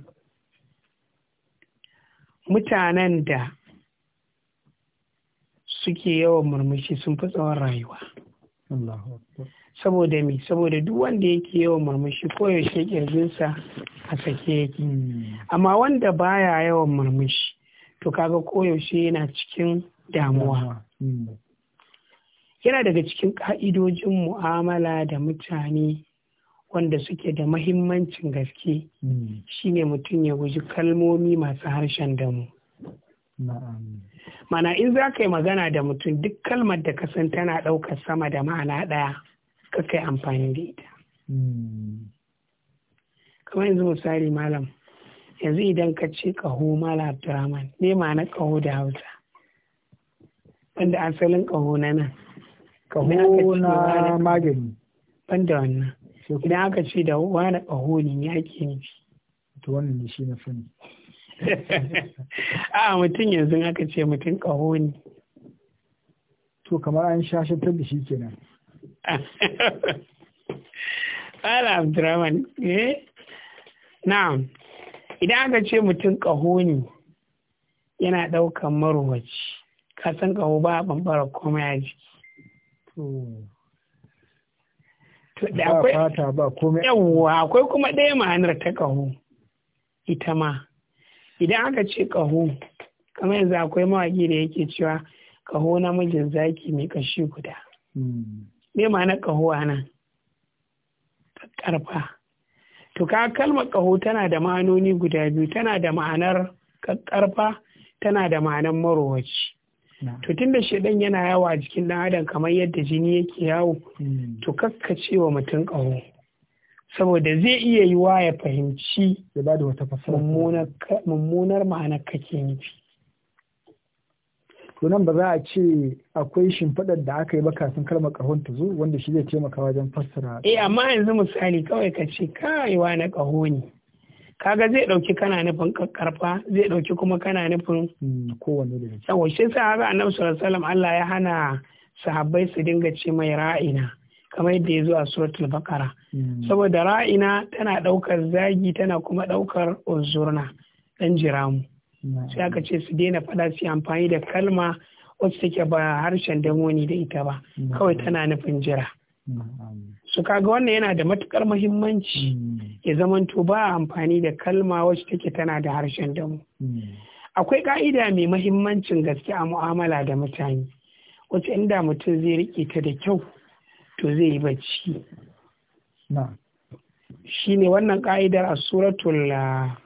mutanen da suke yawan murmushi sun fi tsawon rayuwa saboda mi saboda duk wanda yake yawan murmushi ko yaushe kirjinsa a sake yake hmm. amma wanda baya yawan murmushi to kaga koyaushe yana cikin damuwa hmm. yana daga cikin ka'idojin mu'amala da mutane wanda suke da mahimmancin gaske hmm. shine mutum ya guji kalmomi masu harshen damu mana in za ka yi magana da mutum duk kalmar da kasan tana ɗaukar sama da ma'ana ɗaya kai amfani da ita hmm. kamar yanzu misali malam yanzu idan ka ce kaho malam abdurrahman ne ma'ana kaho da hausa wanda asalin kaho na nan Kaho na magani Banda wannan idan aka ce da wani kaho ne ya ke nufi to wannan ne shi na sani (laughs) a mutum yanzu aka ce mutum kaho ne to kamar an shashantar da shi kenan ala abdurrahman eh na'am idan aka ce mutum ƙaho ne yana ɗaukan ka san ƙaho ba a bambara komai a jiki da akwai fata ba komai yawwa akwai kuma ɗaya ma'anar ta ƙaho ita ma idan aka ce ƙaho kamar yanzu akwai mawaƙi da yake cewa ƙaho namijin zaki mai kashi guda hmm. me ma'anar ƙaho nan ƙarfa to ka kalmar ƙaho tana da ma'anoni guda biyu tana da ma'anar ƙarfa tana da ma'anar marowaci to tun da shedan yana yawa a jikin ɗan adam kamar yadda jini yake yawo hmm. to kakkace wa mutum ƙaho saboda zai iya yiwa ya fahimci ya ba da wata mummunar ma'anar kake nufi to nan ba za a ce akwai shimfiɗar da aka yi ba kafin kalmar ƙahon ta zo wanda shi zai taimaka wajen fassara. Eh amma yanzu misali kawai ka ce kaiwa na ƙaho ne. Kaga zai ɗauki kana nufin ƙarfa zai ɗauki kuma kana nufin. Hmm, kowanne da ya ce. sa haka annabi sallallahu alaihi Allah ya hana sahabbai su dinga ce mai ra'ina. kamar yadda ya zo a suratul bakara hmm. saboda ra'ina tana ɗaukar zagi tana kuma ɗaukar uzurna ɗan jiramu sai aka ce su daina faɗa su amfani da kalma wacce take ba harshen damoni da ita ba kawai tana nufin jira su kaga wannan yana da matukar muhimmanci ya zamanto ba amfani da kalma wacce take tana da harshen damo akwai ka'ida mai muhimmancin gaske a mu'amala da mutane wacce inda mutum zai rike ta da kyau to zai yi bacci shine wannan ka'idar a suratul ah,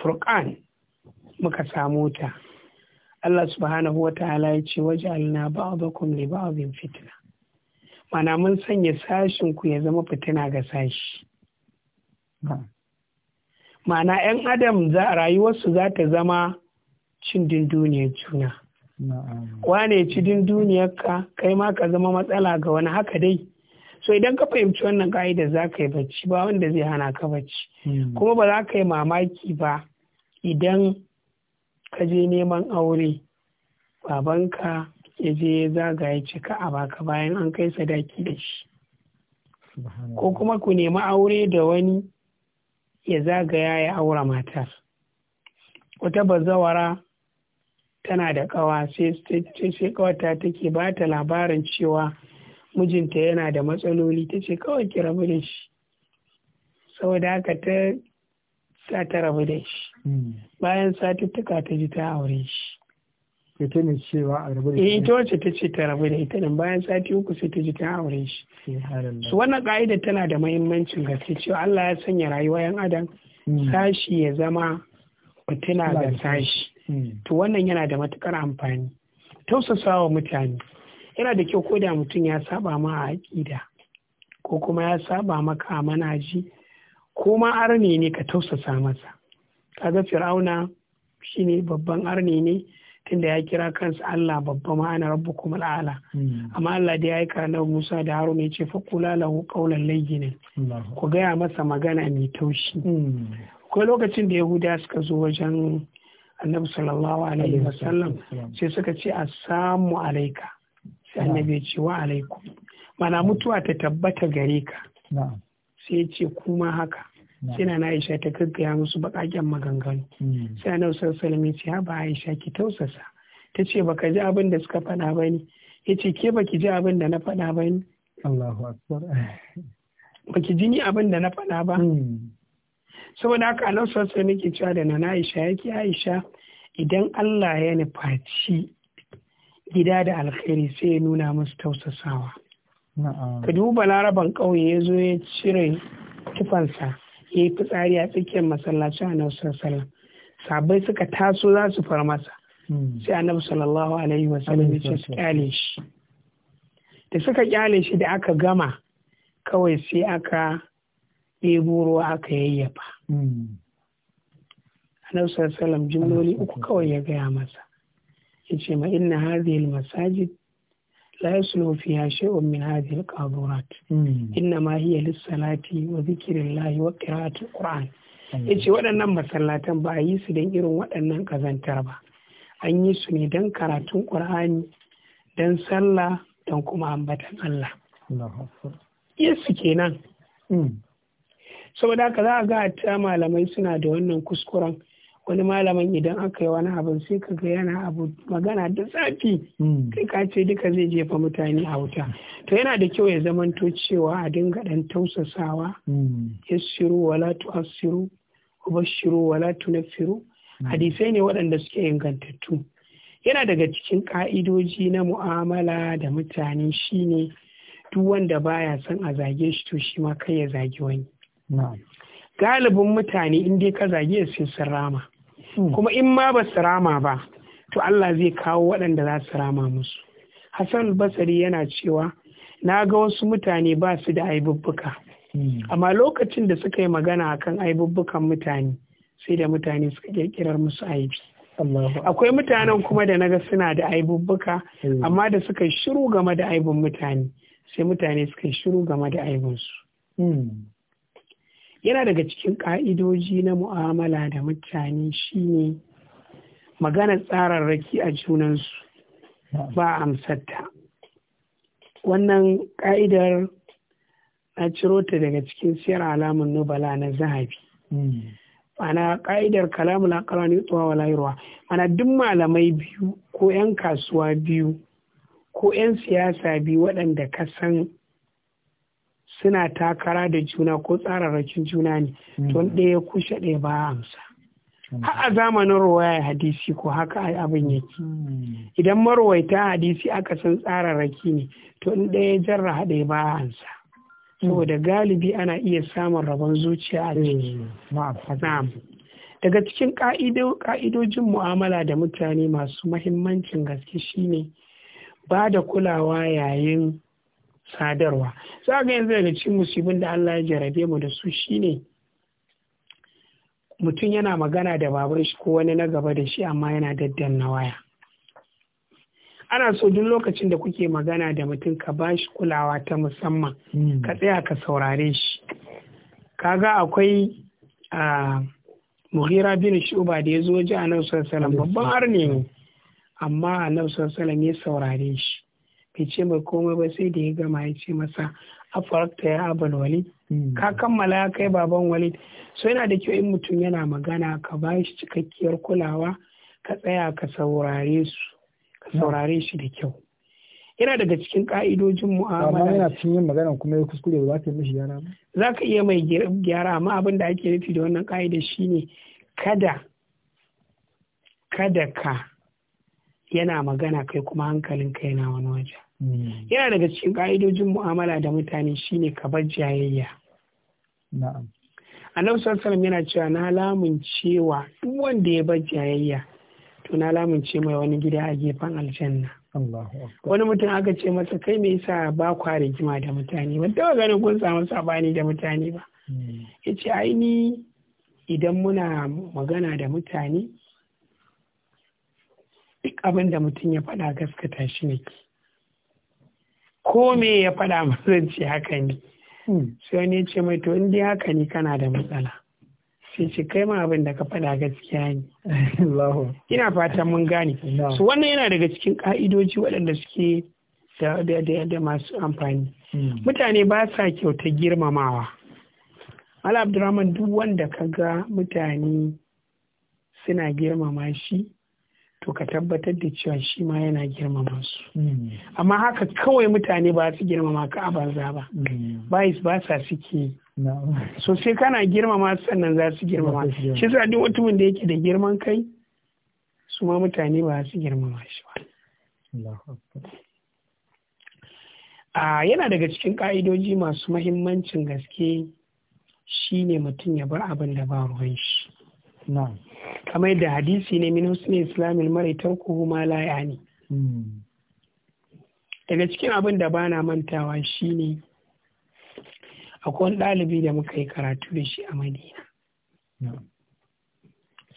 furqan muka samu ta Allah subhanahu wa ta'ala ya ce waje alina ba'adakum li ba'adin fitina mana mun sanya sashin ku ya zama fitina ga sashi hmm. mana yan adam za rayuwarsu za ta zama cin dinduniyar juna wane ci ka? kai ma ka zama matsala ga wani haka dai so idan ka fahimci wannan ka'ida za ka yi bacci ba wanda zai hana ka bacci hmm. kuma ba za ka yi mamaki ba idan ka je neman aure babanka ya je zaga ya cika a baka bayan an kai sadaki da shi ko kuma ku nemi aure da wani ya zagaya ya aura matar wata bazawara tana da kawa sai kawata take ba ta labarin cewa mijinta yana da matsaloli ta ce kawai ki rabu da shi saboda haka ta sa ta rabu da shi bayan satuttuka ta ji ta aure shi ita ne cewa a rabu da eh, ita wacce ta ce ta rabu da ita nan bayan sati uku sai ta ji ta aure shi su wannan ka'idar tana da mahimmancin gaske cewa Allah ya sanya rayuwa yan adam hmm. sashi ya zama fitina ga sashi hmm. to wannan yana da matukar amfani tausasa wa mutane yana da kyau ko da mutum ya saba ma a aƙida ko kuma ya saba maka a manaji ko ma arne ne ka tausasa masa kaga fir'auna shine babban arni ne tunda ya kira kansa Allah babba ma'ana kuma al'ala hmm. amma Allah da ya yi na Musa da Haruna ya ce fa lahu qawlan layyinan ku gaya masa magana mai taushi hmm. akwai lokacin da Yahuda suka zo wajen Annabi sallallahu alaihi wasallam sai suka ce a samu alaika sai Annabi ya ce wa alaikum mana mutuwa ta tabbata gare ka sai ya ce kuma haka sai na Aisha ta gaggaya musu baƙaƙen maganganu hmm. sai na usar alaihi ce haba Aisha ki tausasa ta ce ba ka ji abin da suka faɗa ba ne ya ce ke ki ji abin da na faɗa ba ne Allahu akbar (laughs) ki ji ni abin da na faɗa ba hmm. saboda haka a nan alaihi ke cewa da na Aisha yake Aisha idan Allah ya nufaci gida da alkhairi sai ya nuna musu tausasawa. Ka duba laraban ƙauye ya zo ya cire tufansa ya yi fitsari a tsakiyar masallacin annabi sallallahu sabai suka taso za su far masa hmm. sai annabi sallallahu alaihi wasallam ya ce su kyale shi da suka kyale shi da aka gama kawai sai aka ɗebo ruwa aka yayyafa hmm. annabi sallallahu alaihi jimloli uku kawai ya gaya masa ya ce ma inna hadhihi masajid لا يسلو فيها شيء من هذه القاذورات إنما هي للصلاة وذكر الله وقراءة القرآن yace waɗannan masallatan ba a yi su don irin waɗannan ƙazantar ba an yi su ne don karatun ƙur'ani don sallah don kuma ambatan Allah yesu kenan saboda haka za a ga ta malamai suna da wannan kuskuren wani malamin idan aka yi wani abu sai ka ga yana abu magana da zafi hmm. kai ka ce duka zai jefa mutane a wuta to yana da kyau ya zamanto cewa a dinga dan tausasawa hmm. yassiru wala tu'assiru ubashiru wala tunaffiru hmm. hadisai ne waɗanda suke ingantattu yana daga cikin ka'idoji na mu'amala da mutane shine duk wanda baya son a zage shi to shi ma kai ya zage wani galibin mutane in dai ka zage sai sun rama kuma in ma ba su rama ba to Allah zai kawo waɗanda za su rama musu Hassan Basari yana cewa na ga wasu mutane ba su da aibubbuka hmm. amma lokacin da suka yi magana akan aibubbukan mutane sai da mutane suka kirkirar musu aibi akwai mutanen kuma da naga suna da aibubbuka hmm. amma da suka shiru game da aibun mutane sai mutane suka shiru game da aibunsu hmm. yana daga cikin ƙa'idoji na mu'amala da mutane shine maganar tsararraki a junansu ba amsatta wannan ƙa'idar na ciro ta daga cikin siyar alamun nubala na zahabi ana ƙa'idar kalamul akara ne tsawa wa layarwa ana duk malamai biyu ko 'yan kasuwa biyu ko 'yan siyasa biyu waɗanda ka san suna takara da juna ko tsararrakin juna ne hmm. don ɗaya kushe ɗaya ba amsa hmm. a zamanin ruwaya hadisi ko haka a abin yake hmm. idan marwaita hadisi aka san tsararraki ne to in ɗaya jarra haɗe ba amsa saboda galibi ana iya samun rabon zuciya a ciki daga cikin ƙa'idojin mu'amala da mutane masu mahimmancin gaske shine ba da kulawa yayin sadarwa za ga yanzu daga cikin musibin da Allah ya jarabe mu da su shine mutum yana magana da babar shi ko wani na gaba da shi amma yana daddan na waya ana so duk lokacin da kuke magana da mutum ka ba shi kulawa ta musamman hmm. ka tsaya ka saurare shi kaga akwai a muhira bin shuba da ya zo ji a nan babban har ne amma a nan ya saurare shi bai ce mai komai ba sai da ya gama ya ce masa farakta ya abal wali. Hmm. ka kammala ya kai baban wali. so yana da kyau in mutum yana magana ka ba shi cikakkiyar kulawa ka tsaya ka saurare hmm. shi da kyau yana daga cikin ka'idojin mu'amala amma yana cikin magana kuma ya kuskure za ka yi mishi gyara za ka iya mai gyara amma abin da ake nufi da wannan ka'ida shine kada kada ka yana magana kai kuma hankalinka yana wani waje Hmm. yana daga cikin ka'idojin mu'amala da mutane shine ka bar jayayya na'am annabi sallallahu yana cewa na lamun cewa duk wanda ya bar jayayya to na lamun ce mai wani gida a gefen aljanna wani mutum aka ce masa kai me yasa ba kwa rigima da mutane ba taɓa ganin kun samu sabani da mutane ba hmm. ya ce aini idan muna magana da mutane duk abin mutum ya faɗa gaskata shi ne ke ko me ya faɗa masa ce haka ne hmm. sai wani ya ce mai to in dai haka ne kana da matsala sai ce kai ma abin da ka faɗa gaskiya ne (laughs) ina fatan mun gane su wannan yana daga cikin ka'idoji waɗanda suke da masu amfani hmm. mutane ba sa kyauta girmamawa ala Abdurrahman duk wanda ka ga mutane suna girmama shi to ka tabbatar da cewa shi ma yana girmama su hmm. amma haka kawai mutane ba su girmama ka a banza ba hmm. bayis ba sa suke so sai kana girmama sannan za su girmama shi sa duk mutumin da yake da girman kai su ma mutane ba su girmama shi ba a yana daga cikin ka'idoji masu mahimmancin gaske shi ne mutum ya bar abin da ba ruwan shi kamar da hadisi ne min husni islamil mara tarkuhu ma la daga cikin abin da bana mantawa shine akwai dalibi ɗalibi da muka yi karatu da shi a madina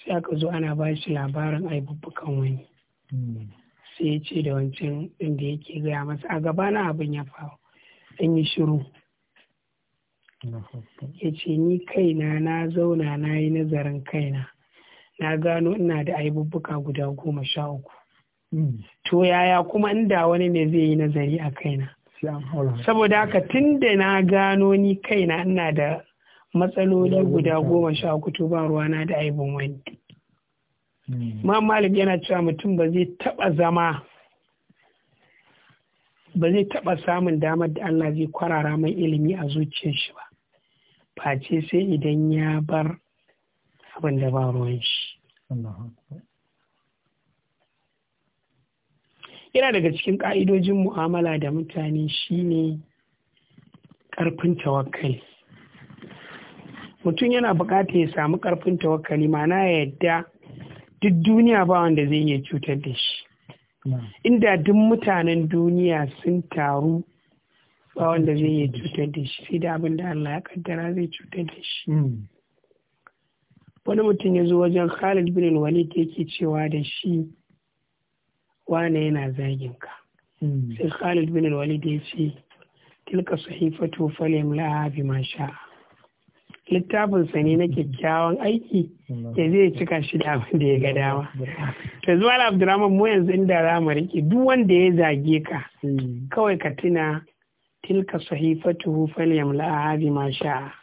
sai aka zo ana ba shi labarin aibubbukan wani sai ya ce da wancan inda yake gaya masa a gaba na abin ya faru an yi shiru ya ce ni kaina na zauna na yi nazarin kaina na gano ina da aibubbuka guda goma sha uku hmm. to yaya kuma inda wani ne zai yi nazari a kaina saboda haka tun da na gano ni kaina ina da matsaloli guda goma sha uku to ba na da aibin wani hmm. ma malik yana cewa mutum ba zai taba zama ba zai taba samun damar da Allah zai kwarara mai ilimi a zuciyar shi ba face sai idan ya bar abin da ba ruwan shi yana daga cikin ƙa'idojin mu'amala da mutane shine ƙarfin tawakkali mutum yana buƙatar ya samu ƙarfin tawakkali mana ya yadda duk duniya ba wanda zai iya cutar da shi inda duk mutanen duniya sun taru ba wanda zai iya cutar da shi sai da abin da Allah ya kaddara zai cutar da shi hmm. wani mutum ya zo wajen khalid bin walid yake cewa da shi wane yana zagin ka hmm. sai khalid bin walid ya ce tilka sahifatu falim laha bi ma sha'a littafinsa ne na kyakkyawan aiki ya hmm. zai cika shi da abin da ya ga dama. To zuwa da Abdurrahman mu yanzu inda za mu rike duk wanda ya zage ka hmm. kawai ka tuna tilka sahifatuhu falyamla hadi ma sha'a.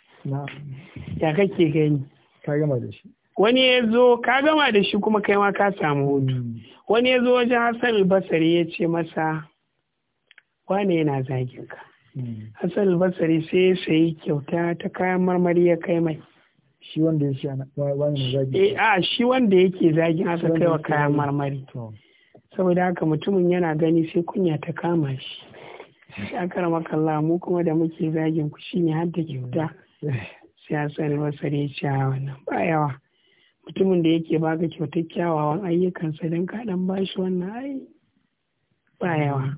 Ya kake gani? ka gama da shi wani ya zo ka gama da shi kuma kai ma ka samu hutu hmm. wani ya zo wajen hassan basari ya ce masa wane yana zagin ka hmm. hassan basari sai ya sayi kyauta ta kayan marmari ya kai mai shi wanda ya shi eh, a shi wanda yake zagin aka kai wa kayan marmari saboda haka mutumin yana gani sai kunya ta kama shi shi makalla mu kuma da muke zagin ku shine har da kyauta (laughs) eh. sai Hassan Basri ya ba yawa mutumin da yake baka kyautar kyawawan ayyukansa don kaɗan ba bashi wannan ai ba yawa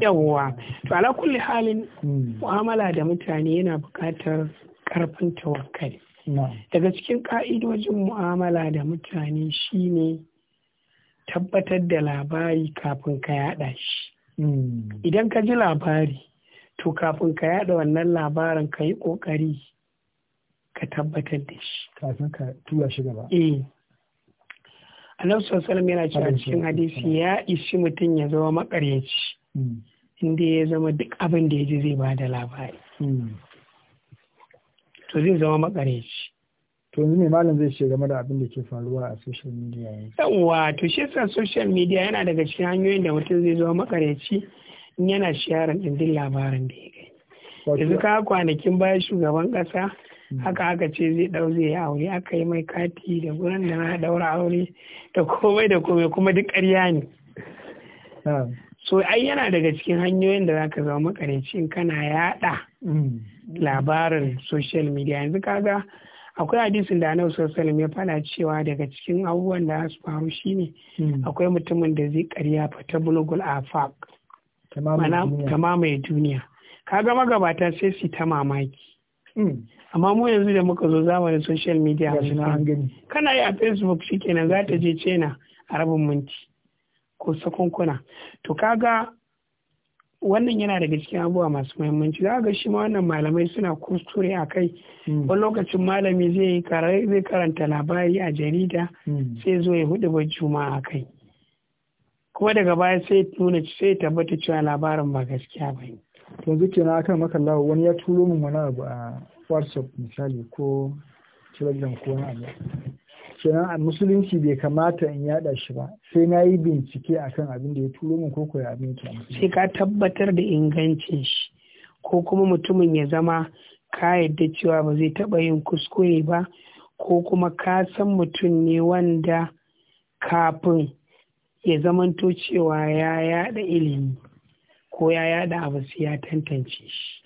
yawwa to ala kulli halin hmm. mu'amala da mutane yana buƙatar karfin tawakkal daga cikin ka'idojin mu'amala da mutane shine tabbatar da labari kafin ka yada shi hmm. idan ka ji labari to kafin ka yada wannan labarin ka yi kokari ka tabbatar da shi kafin ka tura shi gaba eh annabi sallallahu yana cewa cikin hadisi ya ishi mutum ya zama makaryaci hmm. inda ya zama duk abin da ya ji zai ba da labari hmm. to zai zama makaryaci. To yanzu mai malam zai ce game da abin da ke faruwa a social media yanzu. Yawwa to shi yasa social media yana daga cikin hanyoyin da mutum zai zama makaryaci in yana sharing din labarin da ya gani. Yanzu ka kwanakin baya shugaban kasa haka hmm. aka ce zai ɗau zai yi aure aka yi mai kati da gurin da na ɗaura aure da komai da komai kuma duk ƙarya ne so ai yana daga cikin hanyoyin da zaka zama makarancin kana yaɗa hmm. labarin social media yanzu kaga akwai hadisin da anau sosai ya fada cewa daga cikin abubuwan da su faru shine hmm. akwai mutumin da zai ƙarya fata a afaq ta mamaye duniya kaga magabata sai su ta mamaki amma mu yanzu da muka zo zamanin social media kana yi a facebook shikenan za ta je cena a rabin minti ko sakunkuna to kaga wannan yana daga cikin abubuwa masu muhimmanci za ga shi ma wannan malamai suna kusture a kai hmm. wani lokacin malami zai karanta labari a jarida hmm. sai zo ya hudu ba juma'a a kai kuma daga baya sai nuna sai tabbata cewa labarin ba gaskiya ba ne yanzu kenan akan makallawa wani ya turo min wani abu a whatsapp misali ko telegram ko wani abu kenan a musulunci bai kamata in yada shi ba sai na yi bincike akan abin da ya turo min ko koya abin ke sai ka tabbatar da ingancin shi ko kuma mutumin ya zama ka yadda cewa ba zai taba yin kuskure ba ko kuma ka san mutum ne wanda kafin ya zamanto cewa ya yada ilimi ko ya yada abu sai ya tantance shi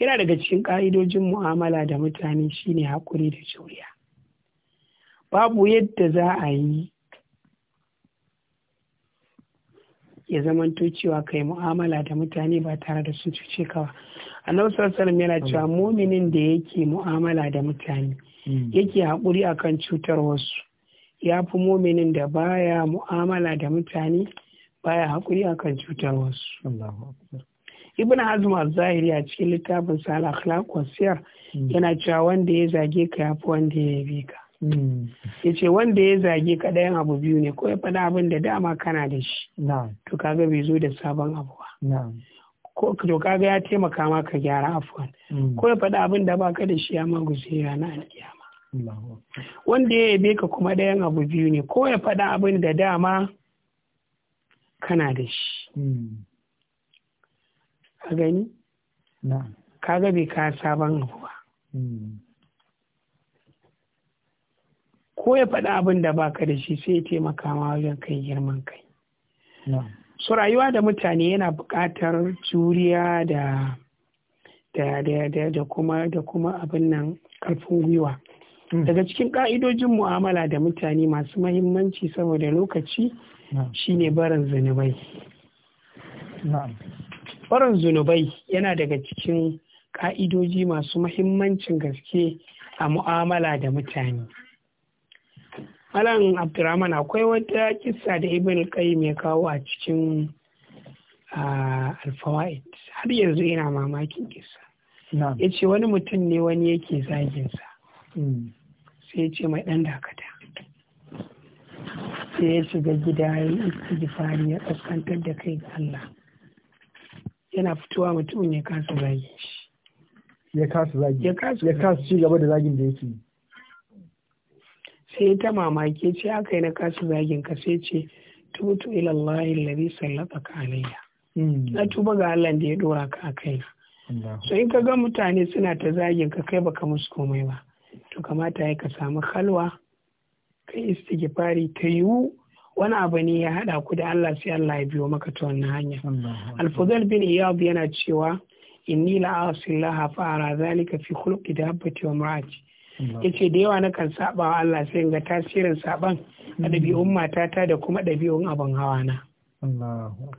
yana daga cikin ƙa'idojin mu'amala da mutane shine haƙuri da juriya babu yadda za a yi ya zamanto cewa kai mu'amala da mutane ba tare da sun cuce kawa. ba annabi sallallahu yana cewa muminin da yake mu'amala da mutane mm. yake haƙuri akan cutar wasu ya fi muminin da baya mu'amala da mutane baya hakuri akan cutar wasu ibn hazm al-zahiri a cikin littafin sa al-akhlaq wasiyar hmm. yana cewa wanda ya zage ka yafi wanda ya yabe ka hmm. ce wanda ya zage ka ɗayan abu biyu ne ko ya faɗa abin da dama kana da shi to kaga bai zo da sabon abu ba ko to kaga ya taimaka ma ka gyara afwan hmm. ko ya faɗa abin da baka da shi ya ma gusera na alƙiyama. wanda ya yabe ka kuma ɗayan abu biyu ne ko ya faɗa abin da dama kana da shi hmm. a gani Ka bai ka sabon ruwa. Hmm. ko ya faɗi abin da baka da shi sai ya taimaka ma wajen kai girman kai su rayuwa da mutane yana buƙatar juriya da da kuma da kuma abin nan ƙarfin gwiwa hmm. daga cikin ƙa'idojin mu'amala da mutane masu mahimmanci saboda lokaci shine barin zunubai barin zunubai yana daga cikin ka'idoji masu mahimmancin gaske a mu'amala da mutane Malam Abdurrahman akwai wata kissa da Ibn kai ya kawo a cikin alfawa'id har yanzu yana mamakin kissa. Ya ce wani mutum ne wani yake zaginsa. Hmm. Sai ya ce mai ɗan dakata. sai ya shiga gida ya yi istighfari ya kaskantar da kai ga Allah yana fitowa mutumin ya kasa zagin shi ya kasa zagi ya kasa ya ci gaba da zagin da yake sai ta mamaki ce aka yi na kasa zagin ka sai ce tutu ila Allah alladhi sallata ka alayya hmm. na tuba ga Allah da ya dora ka a kai so in ka ga mutane suna ta zagin ka kai baka musu komai ba to kamata ya ka samu halwa ka yi istighfari ta yiwu wani abu ne ya haɗa ku da Allah sai Allah ya biyo maka ta wannan hanya al bin iyad yana cewa inni la'asillaha fa ara zalika fi khuluqi dabbati wa mar'ati yace da yawa na kan saba wa Allah sai ga tasirin saban a hmm. ɗabi'un matata da kuma ɗabi'un abin hawa na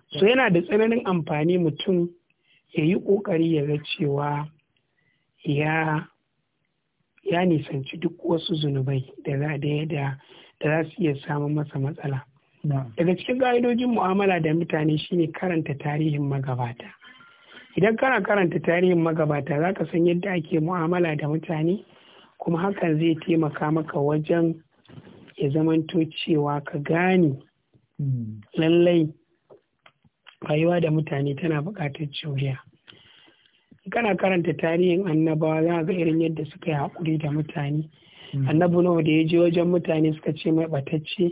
so yana da tsananin amfani mutum ya yi ƙoƙari ya ga cewa ya ya nisanci duk wasu zunubai da za da za su iya samun masa matsala daga cikin ƙa'idojin mu'amala da mutane shine karanta tarihin magabata idan kana karanta tarihin magabata za ka san yadda ake mu'amala da mutane kuma hakan zai taimaka maka wajen ya zamanto cewa ka gane hmm. lallai rayuwa da mutane tana buƙatar juriya kana karanta tarihin annabawa za ga irin yadda suka yi haƙuri da mutane hmm. annabi nuhu da ya je wajen mutane suka ce mai batacce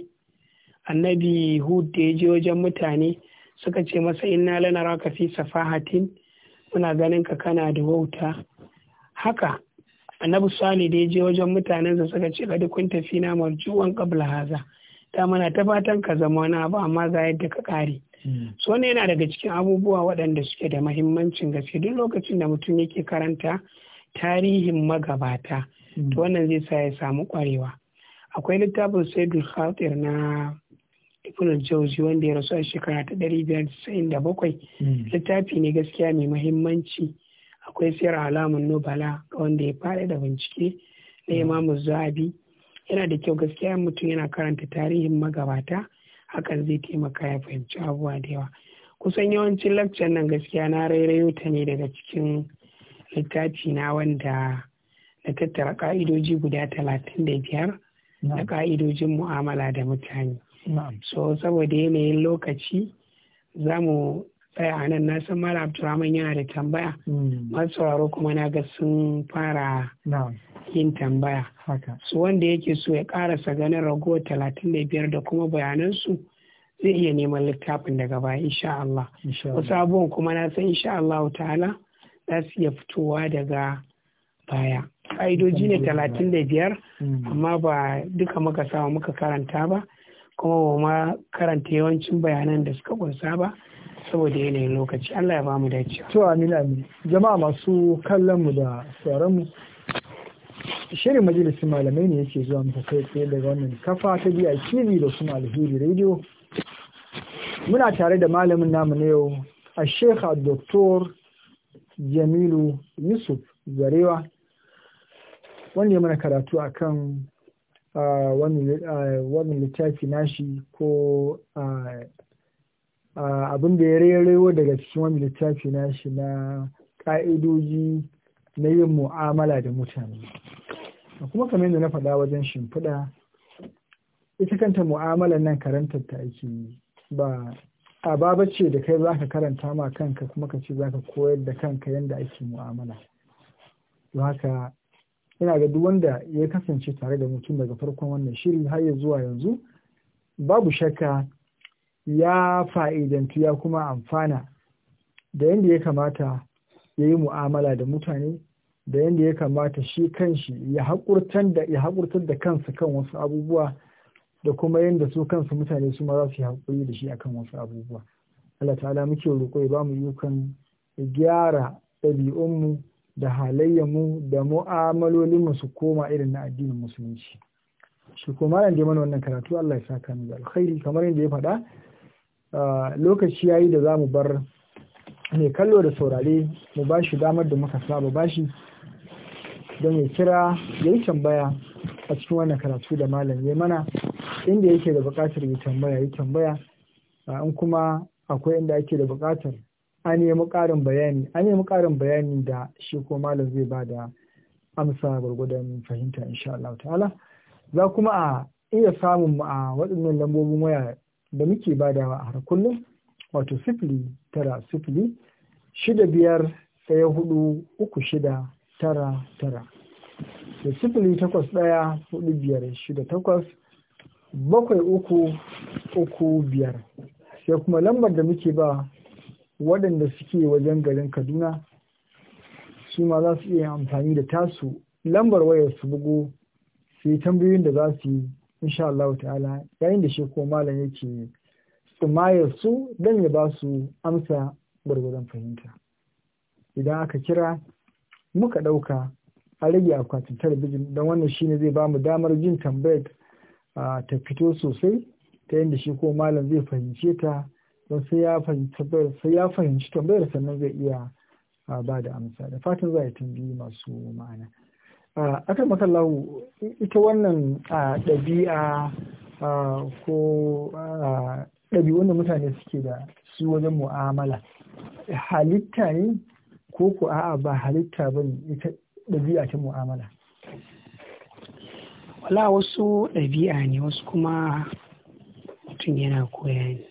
annabi hud da ya je wajen mutane suka ce masa inna lana raka fi safahatin muna ganin ka kana da wauta haka annabi sani da ya je wajen mutanensa suka ce ka kun tafi na marjuwan kabla haza ta mana ta fatan ka zama wani abu amma ga yadda ka kare so ne yana daga cikin abubuwa waɗanda suke da mahimmancin gaske duk lokacin da mutum yake karanta tarihin magabata hmm. to wannan zai sa ya samu kwarewa akwai littafin saidul khatir na ibn jauzi wanda ya rasu a shekara ta ɗari biyar da bakwai hmm. littafi ne gaskiya mai mahimmanci akwai sayar alamun nubala ga wanda ya faɗi da bincike na hmm. imamu zabi yana da kyau gaskiya mutum yana karanta tarihin magabata hakan zai taimaka ya fahimci abubuwa da yawa kusan yawancin lakcan nan gaskiya na rairayo ta ne daga cikin littafi na wanda na tattara ka'idoji guda talatin da biyar na ka'idojin mu'amala da mutane so saboda yanayin lokaci za mu tsaya a nan na san mara abdurrahman yana da tambaya hmm. masu sauraro kuma na ga sun fara yin tambaya su wanda yake so ya karasa ganin ragowar talatin da biyar da kuma bayanansu zai iya neman littafin daga baya insha Allah wasu abubuwan kuma na san insha Allah ta'ala za su iya fitowa daga baya ƙa'idoji ne talatin da biyar mm. amma ba duka muka samu muka karanta ba kuma ba ma karanta yawancin bayanan da suka kunsa ba saboda yanayin lokaci Allah ya ba mu dace. To amin amin. Jama'a masu kallon mu da sauran mu shirin majalisun malamai ne yake zuwa muka kai tsaye daga wannan kafa ta biya tv da kuma alheri radio muna tare da malamin namu na yau a shekha doktor jamilu yusuf zarewa wanda ya mana karatu a kan wannan littafi nashi ko abin da ya rerewa daga cikin wani littafi nashi na ƙa'idoji na yin mu'amala da mutane da kuma kamar yadda na faɗa wajen shimfiɗa ita kanta mu'amalar nan karantar ta ake ba a baba ce da kai zaka karanta ma kanka kuma ka ce zaka koyar da kanka yadda ake mu'amala don haka yana ga duk wanda ya kasance tare da mutum daga farkon wannan shiri har ya zuwa yanzu babu shakka ya fa'idantu ya kuma amfana da yadda ya kamata ya yi mu'amala da mutane da yadda ya kamata shi kanshi ya haƙurtar da ya haƙurtar da kansa kan wasu abubuwa da kuma yadda su kansu mutane su ma za su yi haƙuri da shi akan wasu abubuwa Allah ta'ala muke roƙo ya bamu yukan gyara ɗabi'unmu da halayyarmu da mu'amalolinmu su koma irin na addinin musulunci shi kuma malam mana wannan karatu Allah ya saka mu da alkhairi kamar yadda ya faɗa lokaci yayi da zamu bar mai kallo da saurare mu ba shi damar da muka saba bashi don ya kira ya yi tambaya a cikin wannan karatu da malam ya mana inda yake da buƙatar ya tambaya ya tambaya in kuma akwai inda ake da buƙatar a nemi muƙarin bayani a nemi bayani da shi ko malam zai ba da amsa gwargwadon fahimta insha Allah ta'ala za kuma a iya samun mu a waɗannan lambobin waya da muke badawa a har kullum wato sifili tara sifili shida biyar ɗaya hudu uku shida tara tara da sifili takwas ɗaya hudu biyar shida takwas bakwai uku uku biyar sai kuma lambar da muke ba waɗanda suke wajen garin kaduna su ma za su iya amfani da tasu lambar wayar su bugu su tambayoyin da za su yi insha Allah ta'ala yayin da shi ko malam yake tsumayar su don ya ba su amsa gwargwadon fahimta idan aka kira muka ɗauka a rage akwatin talabijin don wannan shine zai mu damar jin tambayar ta fito sosai ta yadda shi ko malam zai fahimce ta don sai ya fahimci tambayar sannan zai iya ba da amsa da fatan za a tambayi masu ma'ana maka lahu ita wannan ɗabi'a ko ɗabi'un da mutane suke da su wajen mu'amala halitta ne ko ku a'a ba halitta ba ita ɗabi'a ta mu'amala wala wasu ɗabi'a ne wasu kuma mutum yana koya ne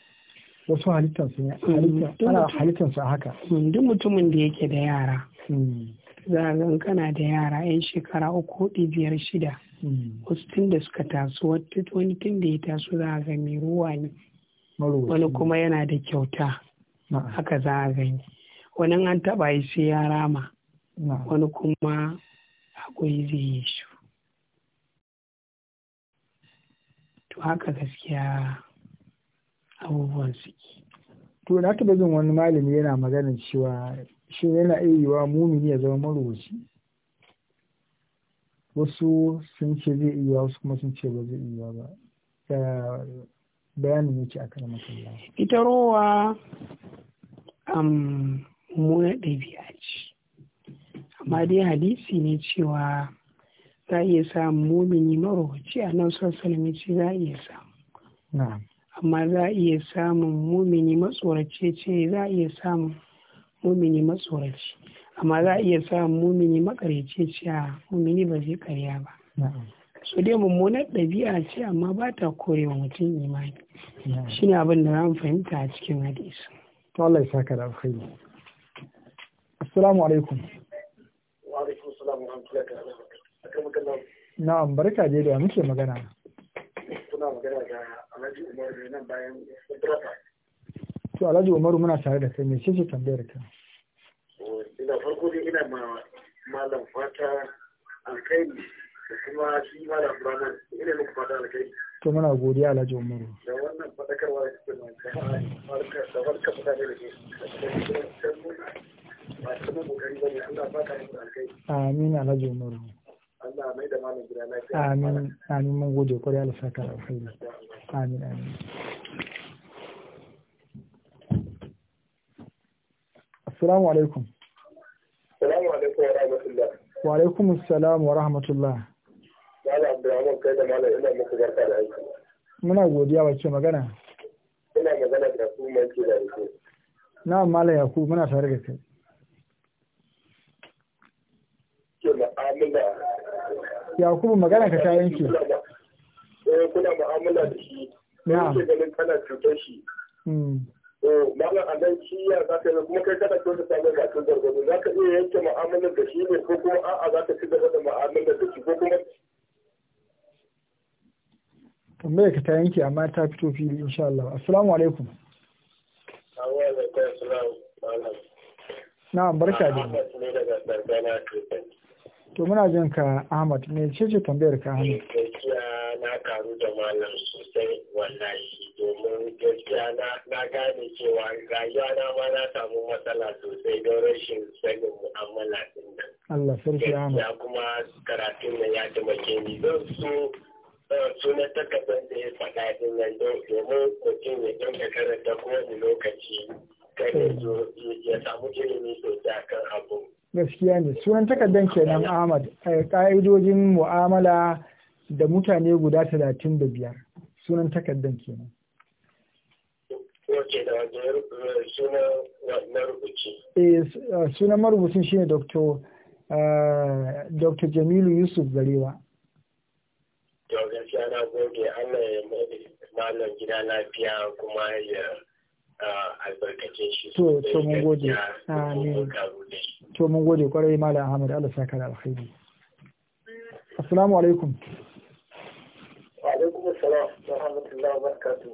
wasu halittar su mm, ana halittar su haka mm, duk mutumin da yake da yara mm. zagan kana da yara yan shekara uku hudu biyar shida wasu tun da suka taso wani tun da ya taso za a gani ruwa ne wani kuma yana da kyauta haka za a gani wani an taba yi sai ya rama wani kuma akwai zai yi shi to haka gaskiya abubuwan suke to na taba jin wani malami yana magana cewa shi yana iya mumini ya zama marubuci wasu sun ce zai iya wasu kuma sun ce ba zai iya ba ta bayanin yake a kan ita rowa mummunar ɗabi'a ce amma dai hadisi ne cewa za a iya samun mumini marowaci a nan sassalmi ce za a iya samu amma za a iya samun mumini matsorace ce za a iya samun mumini matsoraci amma za a iya samun mumini makarece ce a mumini ba zai karya ba su dai mummunar ɗabi'a ce amma ba ta kore wa mutum imani shi ne abin da za mu fahimta a cikin hadisi. Allah ya saka da alkhairi. assalamu alaikum wa alaikum wa salamu na'am barka da muke magana kuna magana Alhaji Umaru nan bayan Ibrata to Alhaji Umaru muna tare da kai mai ce tambayar ka ina farko dai ina ma malam fata alkhairi da kuma shi malam ina muku fata godiya Alhaji Umaru da wannan fadakarwa amin alhaji umaru Allah mai da malam gida lafiya amin amin mun gode kwarai Allah saka alkhairi amin amin assalamu alaikum assalamu alaikum wa rahmatullah wa alaikum assalam wa rahmatullah malam Abdulrahman kai da malam ina muku barka da aiki muna godiya wacce magana ina magana da su mai ke da rike na malam yakubu muna tare da kai ya kuma magana ka ta ki Eh kuna mu'amala da shi. Na. Kake ganin kana cutar shi. Mm. Oh, malam adan shi ya za ka kuma kai kana cutar ta ga cutar gado. Za ka iya yanke mu'amala da shi ne ko kuma a'a za ka ci gaba da mu'amala da shi ko kuma tambayar ka ta yanke amma ta fito fili insha Allah. Assalamu alaikum. Na'am barka da. to muna jin ka Ahmad ne ce ce tambayar ka Ahmad eh, gaskiya na karu da malam sosai wallahi domin gaskiya na gane cewa rayuwa na ma na samu matsala sosai don rashin sanin mu'amala din nan Allah sarki ya kuma karatun nan ya ta taimake ni don su eh, sunan takardar da ya faɗa din nan domin mutum ya dinga karanta kowane lokaci kada ya samu ilimi sosai akan abu gaskiya ne sunan takardar kenan ahmad ƙa'idojin eh, mu'amala da mutane guda talatin da biyar sunan takardar kenan sunan marubucin shine dr eh, dr jamilu yusuf garewa to gaskiya na gode allah ya malam gida lafiya kuma ya albarkace shi to to mun gode amin to mun gode kwarai malam Ahmad Allah ya saka da alkhairi assalamu alaikum wa alaikum assalam wa rahmatullahi wa barakatuh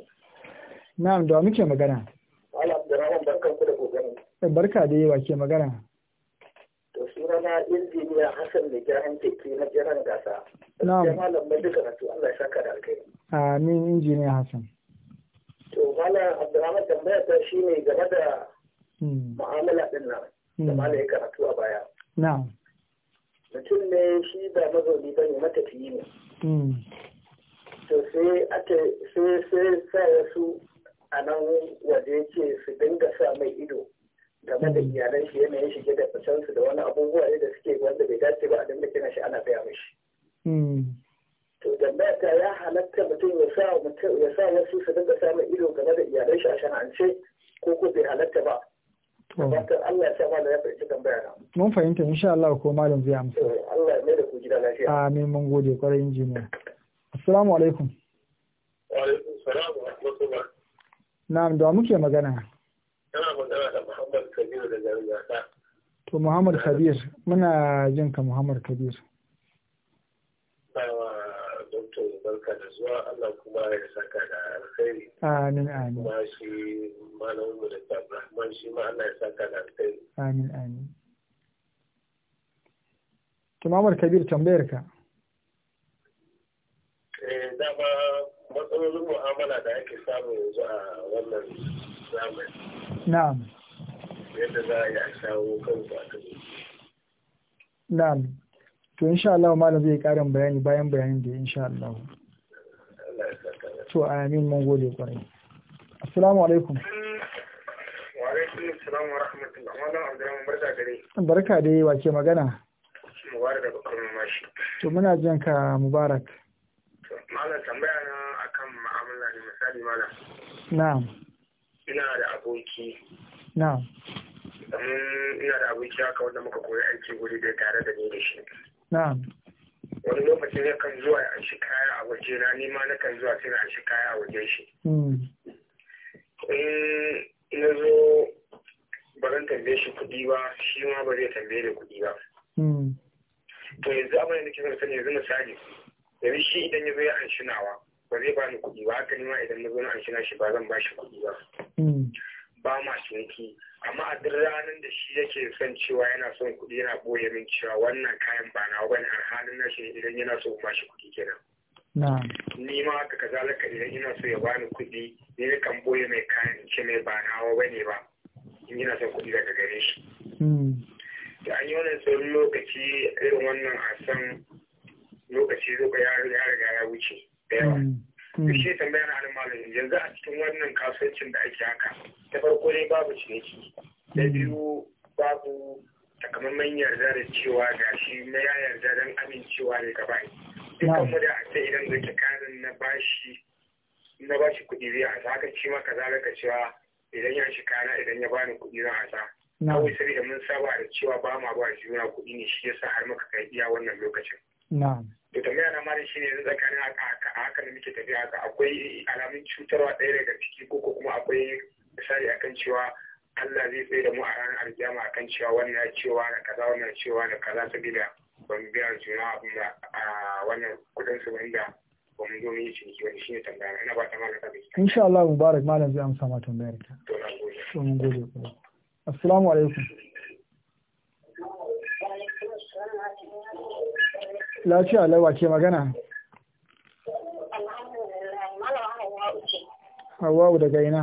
na'am da muke magana Malam Abdurrahman barkan ku da kokarin barka da yawa ke magana to sunana injiniya Hassan da jahan keke na jiran gasa na'am malam mai duka Allah ya saka da alkhairi amin injiniya Hassan to malam abdulrahman tambaya ta shi ne game da hmm. mu'amala din nan da hmm. malam ya karatu a baya na'am mutum ne shi ba mazauni ba matafiyi ne hmm. to sai ake sai sai sa wasu a nan waje yake su dinga sa mai ido game da iyalan shi yanayin shige da fitansu da wani abubuwa da suke wanda bai dace ba a dinga kina shi ana gaya mishi to jannata ya halatta mutum ya sa mutum ya sa wasu su dinga samun ido game da iyalai shi a shana'ance ko ko bai halatta ba Fatan Allah ya sa malam ya fahimci tambaya na. Mun fahimta insha Allah ko malam zai amsa. Eh, Allah ya mai ku gida lafiya. Amin mun gode kwarai injiniya. Assalamu alaikum. Wa alaikum salam wa rahmatullah. Na'am da muke magana. Kana magana da Muhammad Kabir da ta To Muhammad Kabir muna jin ka Muhammad Kabir. Bawa barka da zuwa Allah kuma ya saka da alkhairi amin amin kuma shi malamin mu da Abdulrahman shi ma Allah ya saka da alkhairi amin amin Tumamar Kabir tambayar ka eh dama matsalolin mu'amala da ake samu yanzu a wannan zamani na'am yadda za a yi a shawo kan ba na'am to insha Allah malam zai karin bayani bayan bayanin da insha Allah to a yamin mun gode kwarai assalamu alaikum wa alaikum assalam wa rahmatullahi abu da abdurrahim barka gare barka dai wace magana mubarak daga kurmi mashi to muna jin ka mubarak mala tambaya na akan mu'amala ne misali mala Na. ina da aboki na'am ina da aboki haka wanda muka koyi aiki guri da tare da ni da shi Na. wani lokacin ya kan zuwa ya shi kaya a waje na nima na kan zuwa sai na shi kaya a waje shi hmm. in nazo zo ba zan tambaye shi kuɗi ba shi ma ba zai tambaye da kuɗi ba hmm. to yanzu abin da nake son sani yanzu misali yanzu shi idan ya zo ya anshinawa ba zai ba ni kuɗi ba haka ni ma idan na zo na anshina shi ba zan ba shi kuɗi ba hmm. ba ma ciniki amma a duk ranar da shi yake son cewa yana son kuɗi yana ɓoye min cewa wannan kayan ba na wani alhalin na shi idan yana so ba shi kuɗi kenan. Ni ma haka zalaka idan yana so ya bani kuɗi ni ne kan ɓoye mai kayan ce mai ba na wa ne ba in yana son kuɗi daga gare shi. Hmm. Da an yi wannan tsoron lokaci irin wannan a san lokaci zo ya riga ya wuce da yawa. Hmm. da hmm. shi tambaya na malami yanzu a cikin wannan kasuwancin da ake haka ta farko dai babu ciniki da hmm. biyu babu takamaiman yarda da cewa ga shi na ya yarda don amincewa ne gaba. dukkan mu da a ce idan zai karin na bashi na bashi kuɗi zai a haka shi ka za ka cewa idan ya shi kana idan ya bani kuɗi zan hasa hmm. kawai sabida mun saba da cewa ba ma ba juna kuɗi ne shi yasa har maka kai iya wannan lokacin da tambaya na mara shi ne yanzu tsakanin a haka da muke tafiya haka akwai alamun cutarwa ɗaya daga ciki ko kuma akwai misali akan cewa Allah zai tsaye da mu a ranar aljama akan cewa wannan cewa da kaza wannan cewa da kaza sabida ban biya juna abin da a wannan kudin su wanda ba mu zo mu yi ciniki wani ne tambaya ina ba ta mala ta bi insha Allah mubarak malam zai amsa ma tambayar ka to mun gode assalamu alaikum Lafiya lawa ke magana? Hawa'u daga ina?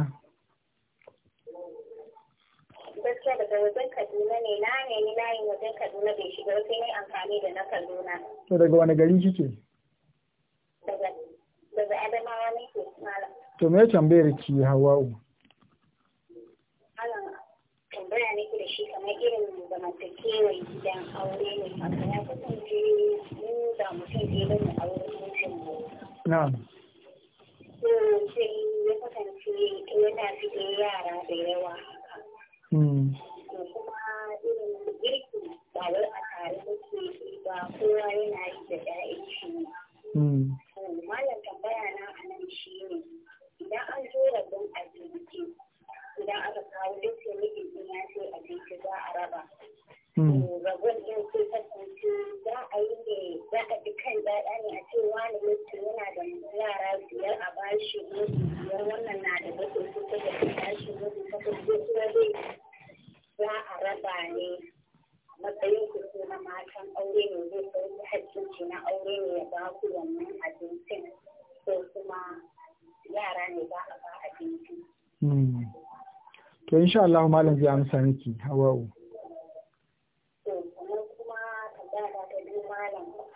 Gaskiya daga wajen Kaduna ne, na ni layin wajen Kaduna bai shiga sai ne amfani da na Kaduna. To daga wani gari kike? Daga Adamawa ne ke malam. To me tambayar ki Hawa'u? tambaya nake da shi kamar irin zamantakewar gidan aure ne haka ya kasance mun da mutum ke da mu aure mutum mu. Na'am. Sai ya kasance yana fite yara da yawa haka. Hmm. kuma irin girki ba wai a tare muke ba kowa yana yi da ɗa'in shi. Hmm. Malam tambaya na nan shi ne idan an zo rabon abinci idan aka kawo dukkan mijin ya ce a za a raba. Hmm. insha Allah malam zai amsa miki hawa'u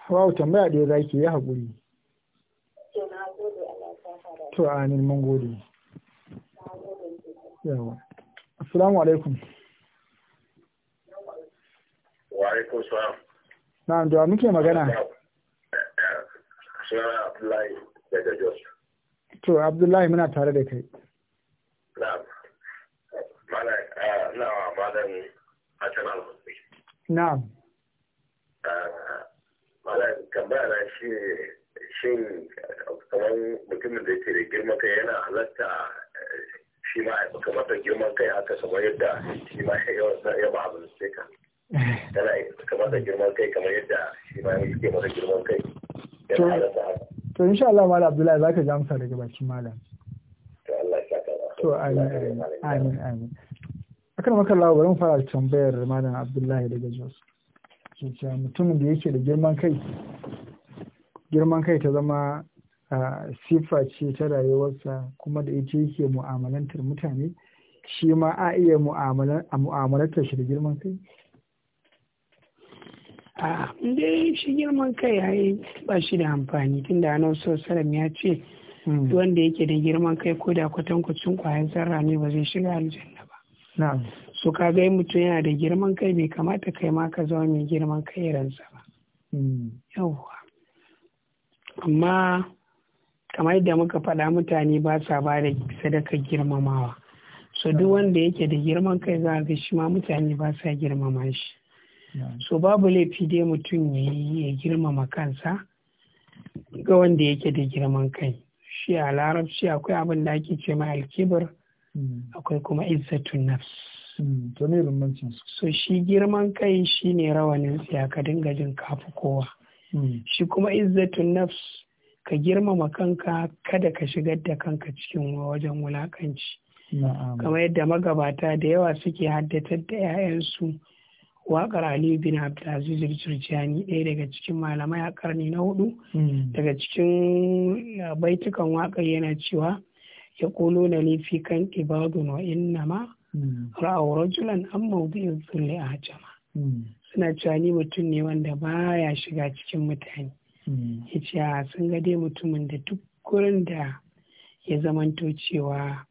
hawa'u tambaya ɗaya za ki yi haƙuri to amin mun gode yawa assalamu alaikum wa alaikum salam na'am da muke magana Abdullahi daga Jos. To Abdullahi muna tare da kai. na'am malam tambaya shi shi kamar mutumin da yake da girma kai yana halatta eh, shi ma a baka masa girman kai haka kamar yadda shi ma ya ba abin sai ka (laughs) yana baka mata girman kai kamar yadda shi ma ya ke masa girman kai yana halatta haka to insha Allah Mala Abdullahi zaka ji amsa daga bakin Mala. to Allah ya ba. to amin amin amin akan makallawa bari mu fara tambayar malam abdullahi daga jos ce mutumin da yake da girman kai girman kai ta zama sifa ce ta rayuwarsa kuma da ita yake mu'amalantar mutane shi ma a iya mu'amalantar shi da girman kai a inda shi girman kai ya ba shi da amfani tunda anan sosalam ya ce hmm. wanda yake da girman kai ko da kwatankwacin kwayan zarra ne ba zai shiga aljanna Hmm. su ka ga mutum yana da girman kai bai kamata kai ma ka zama mai girman kai ransa ba hmm. yawwa amma kamar yadda muka faɗa mutane ba sa ba da sadaka girmamawa so duk hmm. wanda yake da girman kai za ga shi ma mutane ba sa girmama shi so babu laifi dai mutum ya girmama kansa ga wanda yake da girman kai shi a larabci akwai abin da ake ce ma alkibar Hmm. akwai kuma izzatun nafs hmm. to ne su so shi girman kai shine rawanin siya ka dinga jin kafi kowa hmm. shi kuma izzatun nafs ka girmama kanka kada ka shigar da kanka cikin wajen wulakanci kamar yadda magabata da yawa suke haddatar da 'ya'yansu waƙar Aliyu bin Abdulaziz Turjani ɗaya daga cikin malamai a ƙarni na hudu daga cikin baitukan waƙar yana cewa ya لي na كان fi kan ibadun رجلا inna ma ra'au rajulan an maudu'in tsulli a hajjama suna cewa ni mutum ne wanda baya shiga cikin mutane ya ce a sun ga dai mutumin da duk gurin da ya zamanto cewa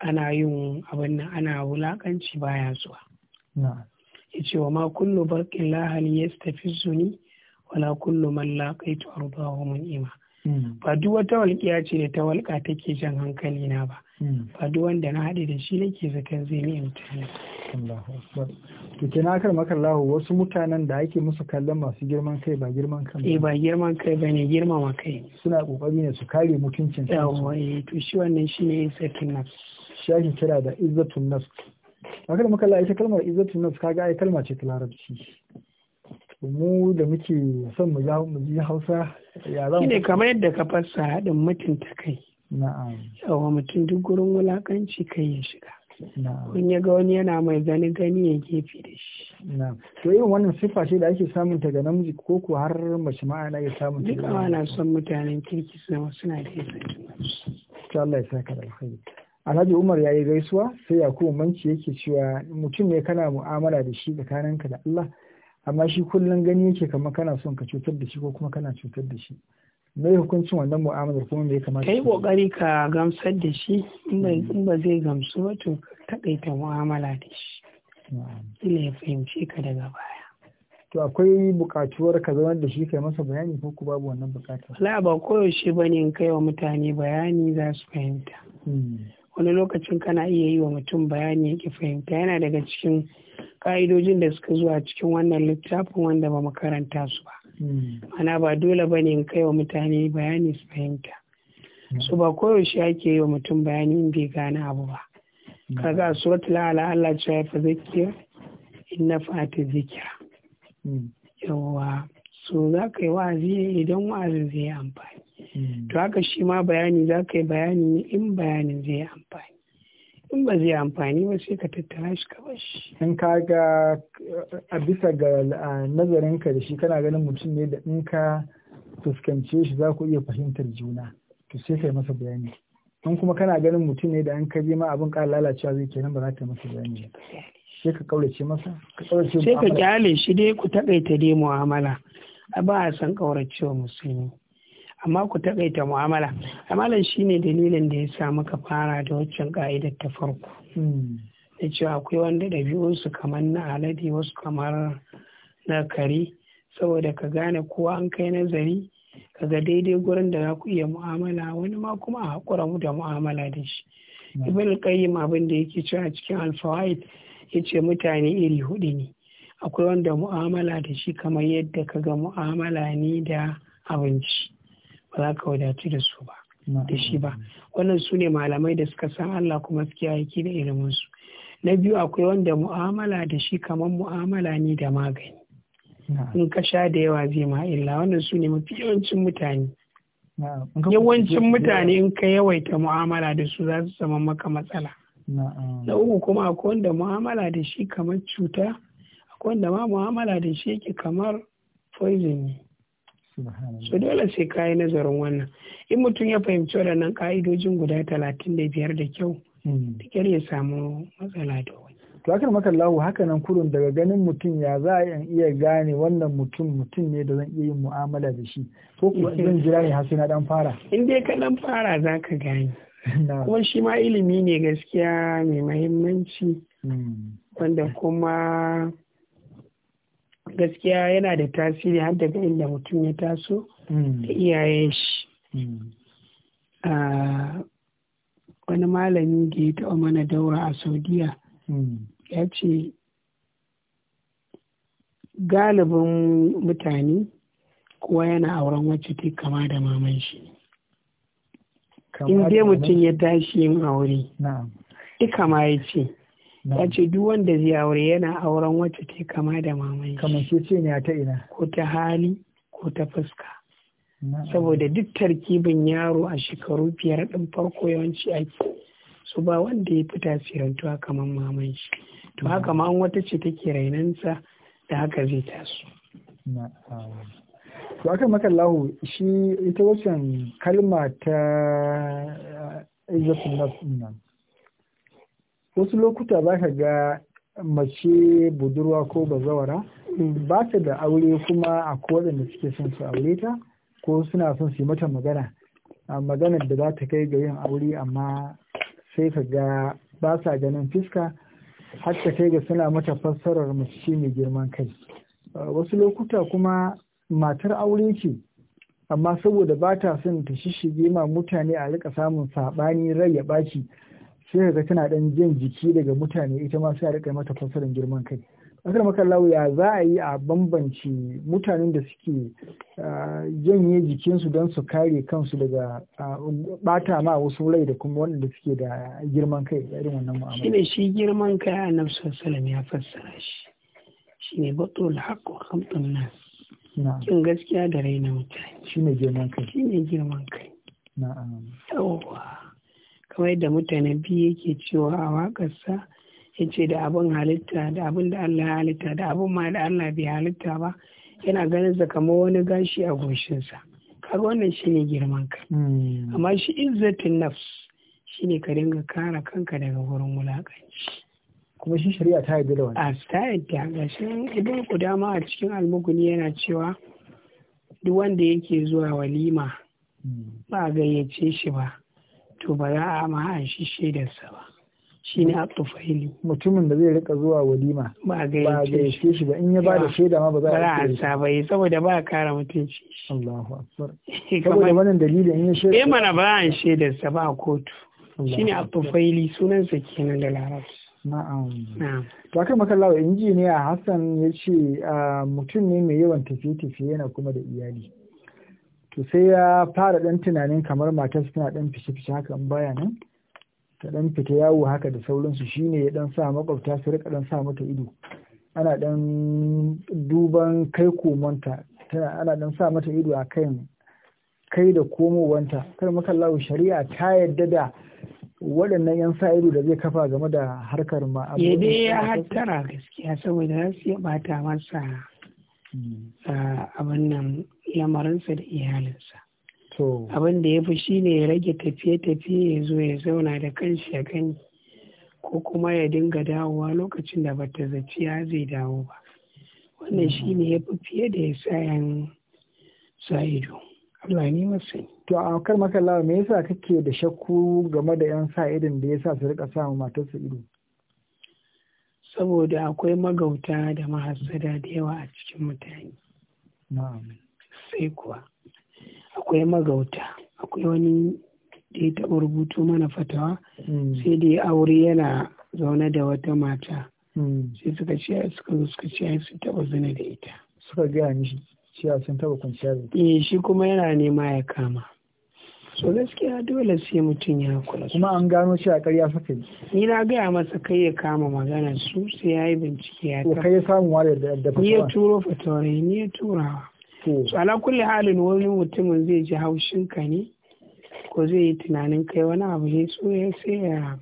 ana yin abin nan ana wulakanci baya zuwa ya ce wa ma kullu barkin lahali ya tafi zuni wala kullu man laƙaitu ba wa ima. Hmm. ba duk wata walƙiya ce da ta walƙa take jan hankali na ba hmm. ba duk wanda na haɗe da shi nake zaton zai ne mutane Allahu akbar to kenan akar makallahu wasu mutanen da ake musu kallon masu girman kai ba girman kan eh ba girman kai bane girmama kai suna kokari ne su kare mutuncin su yawa eh to shi wannan ne sakin nafs shi kira da izzatun nafs akar makallahu ita kalmar izzatun nafs kaga ai kalma ce ta larabci mu da muke son mu mu ji hausa zan ne kamar yadda ka fassa haɗin mutunta kai na'am yawa mutum duk gurin wulakanci kai ya shiga kun ya ga wani yana mai zani gani ya gefe da shi to irin wannan sifa ce da ake samun ta ga namiji ko ko har mace ma ana iya samun ta ga ana son mutanen kirki su suna da yasa insha Allah ya saka da alheri Alhaji Umar ya yi gaisuwa sai Yakubu Manci yake cewa mutum ne kana mu'amala da shi tsakaninka da Allah amma shi kullum gani yake kamar kana son ka cutar da shi ko kuma kana cutar da shi mai hukuncin wannan mu'amalar kuma mai ya kamata kai kokari ka gamsar da shi mm. in ba zai gamsu ba to ka takaita mu'amala da shi kila ya fahimce ka daga baya to akwai bukatuwar ka zama da shi kai masa bayani ko ku babu wannan bukatar la ba koyaushe bane in kai wa mutane bayani za su fahimta mm. wani lokacin kana iya yi wa mutum bayani yake fahimta yana daga cikin ka'idojin da suka zuwa cikin wannan littafin wanda ba mu karanta su ba hmm. ana ba dole ba ne in kai wa mutane bayani su fahimta hmm. su ba koyaushe ake yi wa mutum bayani in bai gane abu ba hmm. kaga suratul la'ala Allah cewa fa in inna fata zikira yawwa so za ka yi wa'azi idan wa'azin zai yi amfani Hmm. to haka shi ma bayani za ka yi bayani ne in bayanin zai yi amfani in ba zai amfani ba sai ka tattara shi ka shi. in ka ga a bisa ga nazarin ka da shi kana ganin mutum ne da in ka fuskance shi za ku iya fahimtar juna to sai ka yi masa bayani in kuma kana ganin mutum ne da an ka ma abin ƙara lalacewa zai kenan ba za ka yi masa bayani sai ka kaurace masa ka kaurace sai ka kyale shi dai ku takaita dai mu'amala a ba a san kauracewa musulmi amma ku taƙaita mu'amala amalan shine dalilin da ya sa muka fara da waccan ka'idar ta farko hmm. da cewa akwai wanda su kamar na alade wasu kamar na kare saboda ka gane kowa an kai nazari ka ga daidai gurin da za ku iya mu'amala wani ma kuma a haƙura mu da mu'amala da shi hmm. ibn qayyim abin da yake cewa cikin alfawaid yace mutane iri hudu ne akwai wanda mu'amala da shi kamar yadda ka ga mu'amala ne da abinci ba za ka wadatu da su ba da shi ba wannan su ne malamai da suka san Allah kuma suke aiki da ilimin su na biyu akwai wanda mu'amala da shi kamar mu'amala ne da magani in ka sha da yawa zai ma illa wannan su ne mafi yawancin mutane yawancin mutane in ka yawaita mu'amala da su za su zama maka matsala na uku kuma akwai wanda mu'amala da shi kamar cuta akwai wanda ma mu'amala da shi yake kamar poison ne so dole sai ka yi nazarin wannan in mutum ya fahimci waɗannan ka'idojin guda talatin da biyar da kyau hmm. da kyar ya samu matsala da wani to akan maka lahu haka nan kurun daga ganin mutum ya za a iya gane wannan mutum mutum ne da zan iya yin mu'amala da shi ko kuma eh. zan jira ne har sai na dan fara in dai ka dan fara za ka gane (laughs) kuma shi ma ilimi ne gaskiya mai mahimmanci hmm. wanda kuma gaskiya yana da tasiri har daga inda mutum ya taso hmm. da iyayen shi hmm. ah, wani malami da ya taɓa mana daura a saudiya hmm. ya ce galibin mutane kowa yana auren wacce ta kama da maman shi in dai mutum ya tashi yin aure ikama ya ce ya ce duk wanda zai aure yana auren wacce ke kama da mamaye kamar ce ne ta ina ko ta hali ko ta fuska saboda duk tarkibin yaro a shekaru biyar ɗin farko yawanci ake su ba wanda ya fi tasirantuwa kamar maman shi to haka ma wata ce take rainansa da haka zai taso to aka maka lahu shi ita wacan kalma ta uh, izatun wasu lokuta ba ka ga mace budurwa ko bazawara ba ta da aure kuma a waɗanda suke son su aure ta ko suna son su yi mata magana A magana da za ta kai ga yin aure amma sai ka ga ba sa ganin fiska har ta kai ga suna mata fassarar mace mai girman kai wasu lokuta kuma matar aure ce amma saboda ba ta son ta shishige ma mutane a rika samun saɓani rai ya ɓaci sai ka tana dan jan jiki daga mutane ita ma sai a rika mata fasalin girman kai akar makallahu ya za a yi a bambanci mutanen da suke janye jikinsu don su kare kansu daga bata ma wasu rai da kuma wanda suke da girman kai irin wannan mu'amala shine shi girman kai a nafsu salam ya fassara shi shine bato haqq wa khamtun nas kin gaskiya da raina mutane shine girman kai shine girman kai na'am yawwa kamar da mutane biyu yake cewa a waƙarsa ya ce da abin halitta da abin da Allah ya halitta da abin ma da Allah bai halitta ba yana ganin sa kamar wani gashi a goshinsa kaga wannan shine girman ka hmm. amma shi izzatin nafs shine ka dinga kare kanka daga wurin wulakanci kuma shi shari'a ta yi da wani. a ta yarda ga shi ibn kudama a cikin almuguni yana cewa duk wanda yake zuwa walima hmm. ba a gayyace shi ba to ba za a ma an shi shaidarsa ba shi ne abdufaili mutumin da zai rika zuwa walima ba a gaishe shi ba in ya ba da shaida ma ba za a gaishe ba eh, saboda ba a kara mutunci Allahu akbar (laughs) saboda wannan dalilin in ya shaida eh mana ba an shaidarsa ba a kotu shi ne abdufaili sunansa kenan da larabci Na'am. To akan makallawa injiniya Hassan ya ce ah, mutum ne mai yawan tafiye-tafiye yana kuma da iyali. to sai ya fara ɗan tunanin kamar matar tana ɗan fice-fice haka in baya nan ta ɗan fita yawo haka da sauransu shine ya ɗan sa makwabta su rika ɗan sa mata ido ana ɗan duban kai komanta ana ɗan sa mata ido a kan kai da komowanta kar makallawo shari'a ta yadda da waɗannan 'yan sa ido da zai kafa game da harkar ma ya dai ya hattara gaskiya saboda za siya bata masa mm. ah, abin nan lamarinsa da iyalinsa abin da ya fi shi ne ya rage tafiye-tafiye ya zo ya zauna da kanshi ya gani ko kuma ya dinga dawowa lokacin da bata zaci ya zai dawo ba wannan shi ne ya fi fiye da ya sa sa sa'ido. Allah ne yi. to a wakar makalla me yasa kake da shakku game da yan saidin idon da yasa su rika samun matarsa ido saboda akwai magauta da mahasada da yawa a cikin mutane na'am sosai kuwa akwai magauta akwai wani da ya taɓa rubutu mana fatawa hmm. sai da ya aure yana zaune da wata mata hmm. sai suka ce suka zo suka ce sun taɓa zina da ita suka gaya mishi a sun taɓa kwanciya da ita eh, shi kuma yana nema ya kama so gaskiya dole sai mutum ya kula kuma an gano shi a ƙarya saka ne ni na gaya masa kai ya kama magana su sai ya yi bincike ya ta kai ya samu wa da da fatawa ni ya turo fatawa ni ya turawa so hmm. ala kulli halin wani mutumin zai ji haushin ka ne ko zai yi tunanin kai wani abu ne so ya sai ya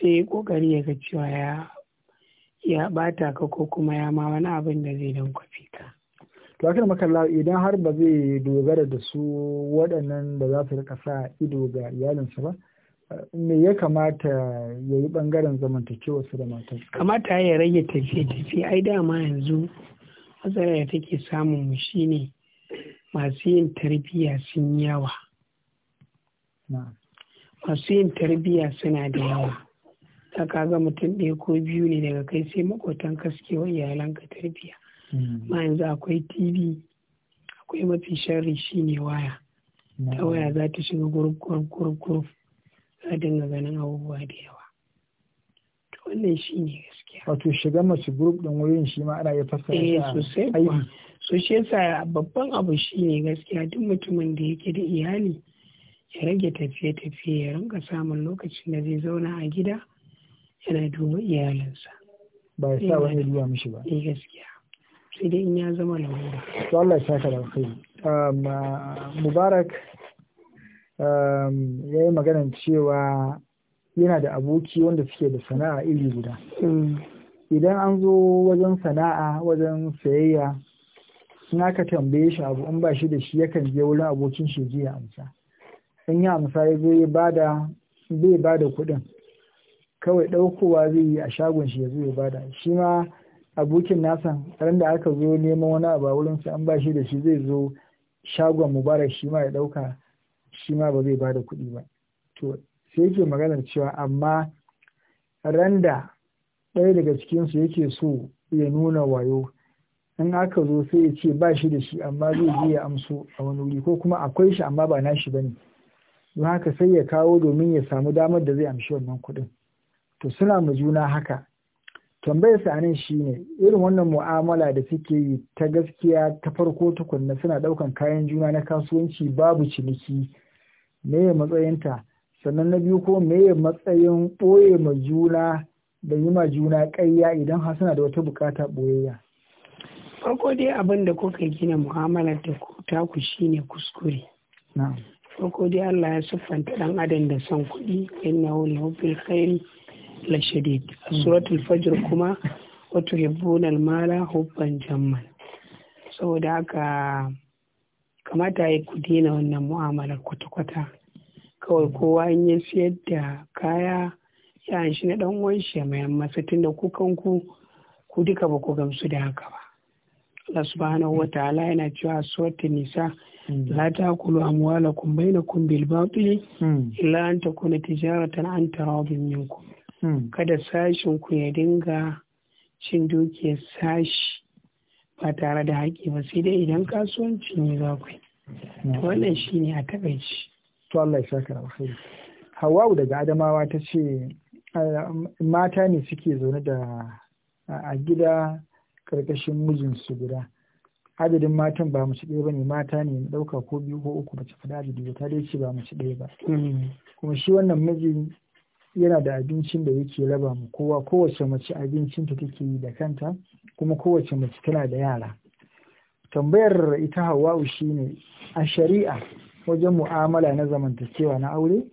sai ya kokari ya ga cewa ya ya bata ka ko kuma ya ma wani abin da zai dan kwafi ka to akan makalla idan har ba zai dogara da su waɗannan da za su rika sa ido ga iyalinsa ba me ya kamata ya yi bangaren su da matan kamata ya rage tafiye-tafiye ai dama yanzu matsala da take samun mu shine masu yin tarbiyya sun yawa masu yin tarbiyya suna da yawa ta ga mutum ɗaya ko biyu ne daga kai sai makotan kaskewa iyalanka tarbiyya hmm. ma yanzu akwai tv akwai mafi sharri ne waya ta waya za ta shiga gurup gurup gurup za dinga ganin abubuwa da yawa to wannan shine wato shiga masu group din wurin shi ma ana iya fassara shi eh, sosai so shi yasa babban abu shine gaskiya duk mutumin da yake da iyali ya rage tafiye-tafiye ya rinka samun lokacin da zai zauna a gida yana duba iyalinsa ba ya sa wani ruwa mishi ba eh gaskiya sai dai in ya zama lamura to Allah ya saka da kai um, uh, mubarak um, ya yi maganan cewa yana da aboki wanda suke da sana'a iri guda mm. idan an zo wajen sana'a wajen sayayya in aka tambaye shi abu in ba shi da shi yakan je wurin abokin shi ya amsa in ya amsa ya zo ya bada bai bada kuɗin kawai ɗaukowa zai yi a shagon shi ya zo ya bada shi ma abokin nasa ran da aka zo neman wani abu a wurin sa an ba shi da shi zai zo shagon mubarak shi ma ya ɗauka shi ma ba zai bada kuɗi ba to sai yake maganar cewa amma randa ɗaya daga cikinsu yake so ya nuna wayo in aka zo sai ya ce ba shi da shi amma zai je ya amso a wani wuri ko kuma akwai shi amma ba nashi ba ne don haka sai ya kawo domin ya samu damar da zai amshi wannan kuɗin to suna mu juna haka tambayar sa anan shine irin wannan mu'amala da suke yi ta gaskiya ta farko tukunna suna ɗaukan kayan juna na kasuwanci babu ciniki me ya matsayinta sannan na biyu ko me ya matsayin ɓoye ma juna da yi ma juna ƙayya idan har da wata bukata boyayya. Farko dai abin da kuka gina mu'amala da ku shi shine kuskure. Farko dai Allah ya siffanta ɗan adam da son kuɗi inna hu hubbil khairi la shadid. Suratul Fajr kuma wa tuhibbuna al-mala hubban jamman. Saboda haka kamata ya ku daina wannan mu'amalar kwata-kwata. Kawai kowa in ya siyar da kaya ya shi na dan uwan shi mai masa tunda ku kanku ku duka ba ku gamsu da haka ba Allah subhanahu wataala yana cewa suratul nisa hmm. la ta'kulu amwalakum bainakum bil batili hmm. illa an takuna tijaratan an taradin minkum hmm. kada sashin ku ya dinga cin dukiyar sashi ba tare da haƙƙi ba sai dai idan kasuwanci ne za ku yi wannan shine a takaici to Allah ya saka alkhairi daga Adamawa ta ce Eh, mata ne suke zaune da a gida ƙarƙashin mijinsu guda adadin matan ba mace ɗaya ba ne mata ne ɗauka ko biyu ko uku mace faɗa da biyu ta dace ba mace ɗaya ba mm. kuma shi wannan miji yana da abincin da yake raba mu kowa kowace mace abincin ta take yi da kanta kuma kowace mace tana da yara tambayar ita hawa'u shine a shari'a wajen mu'amala na zamantakewa na aure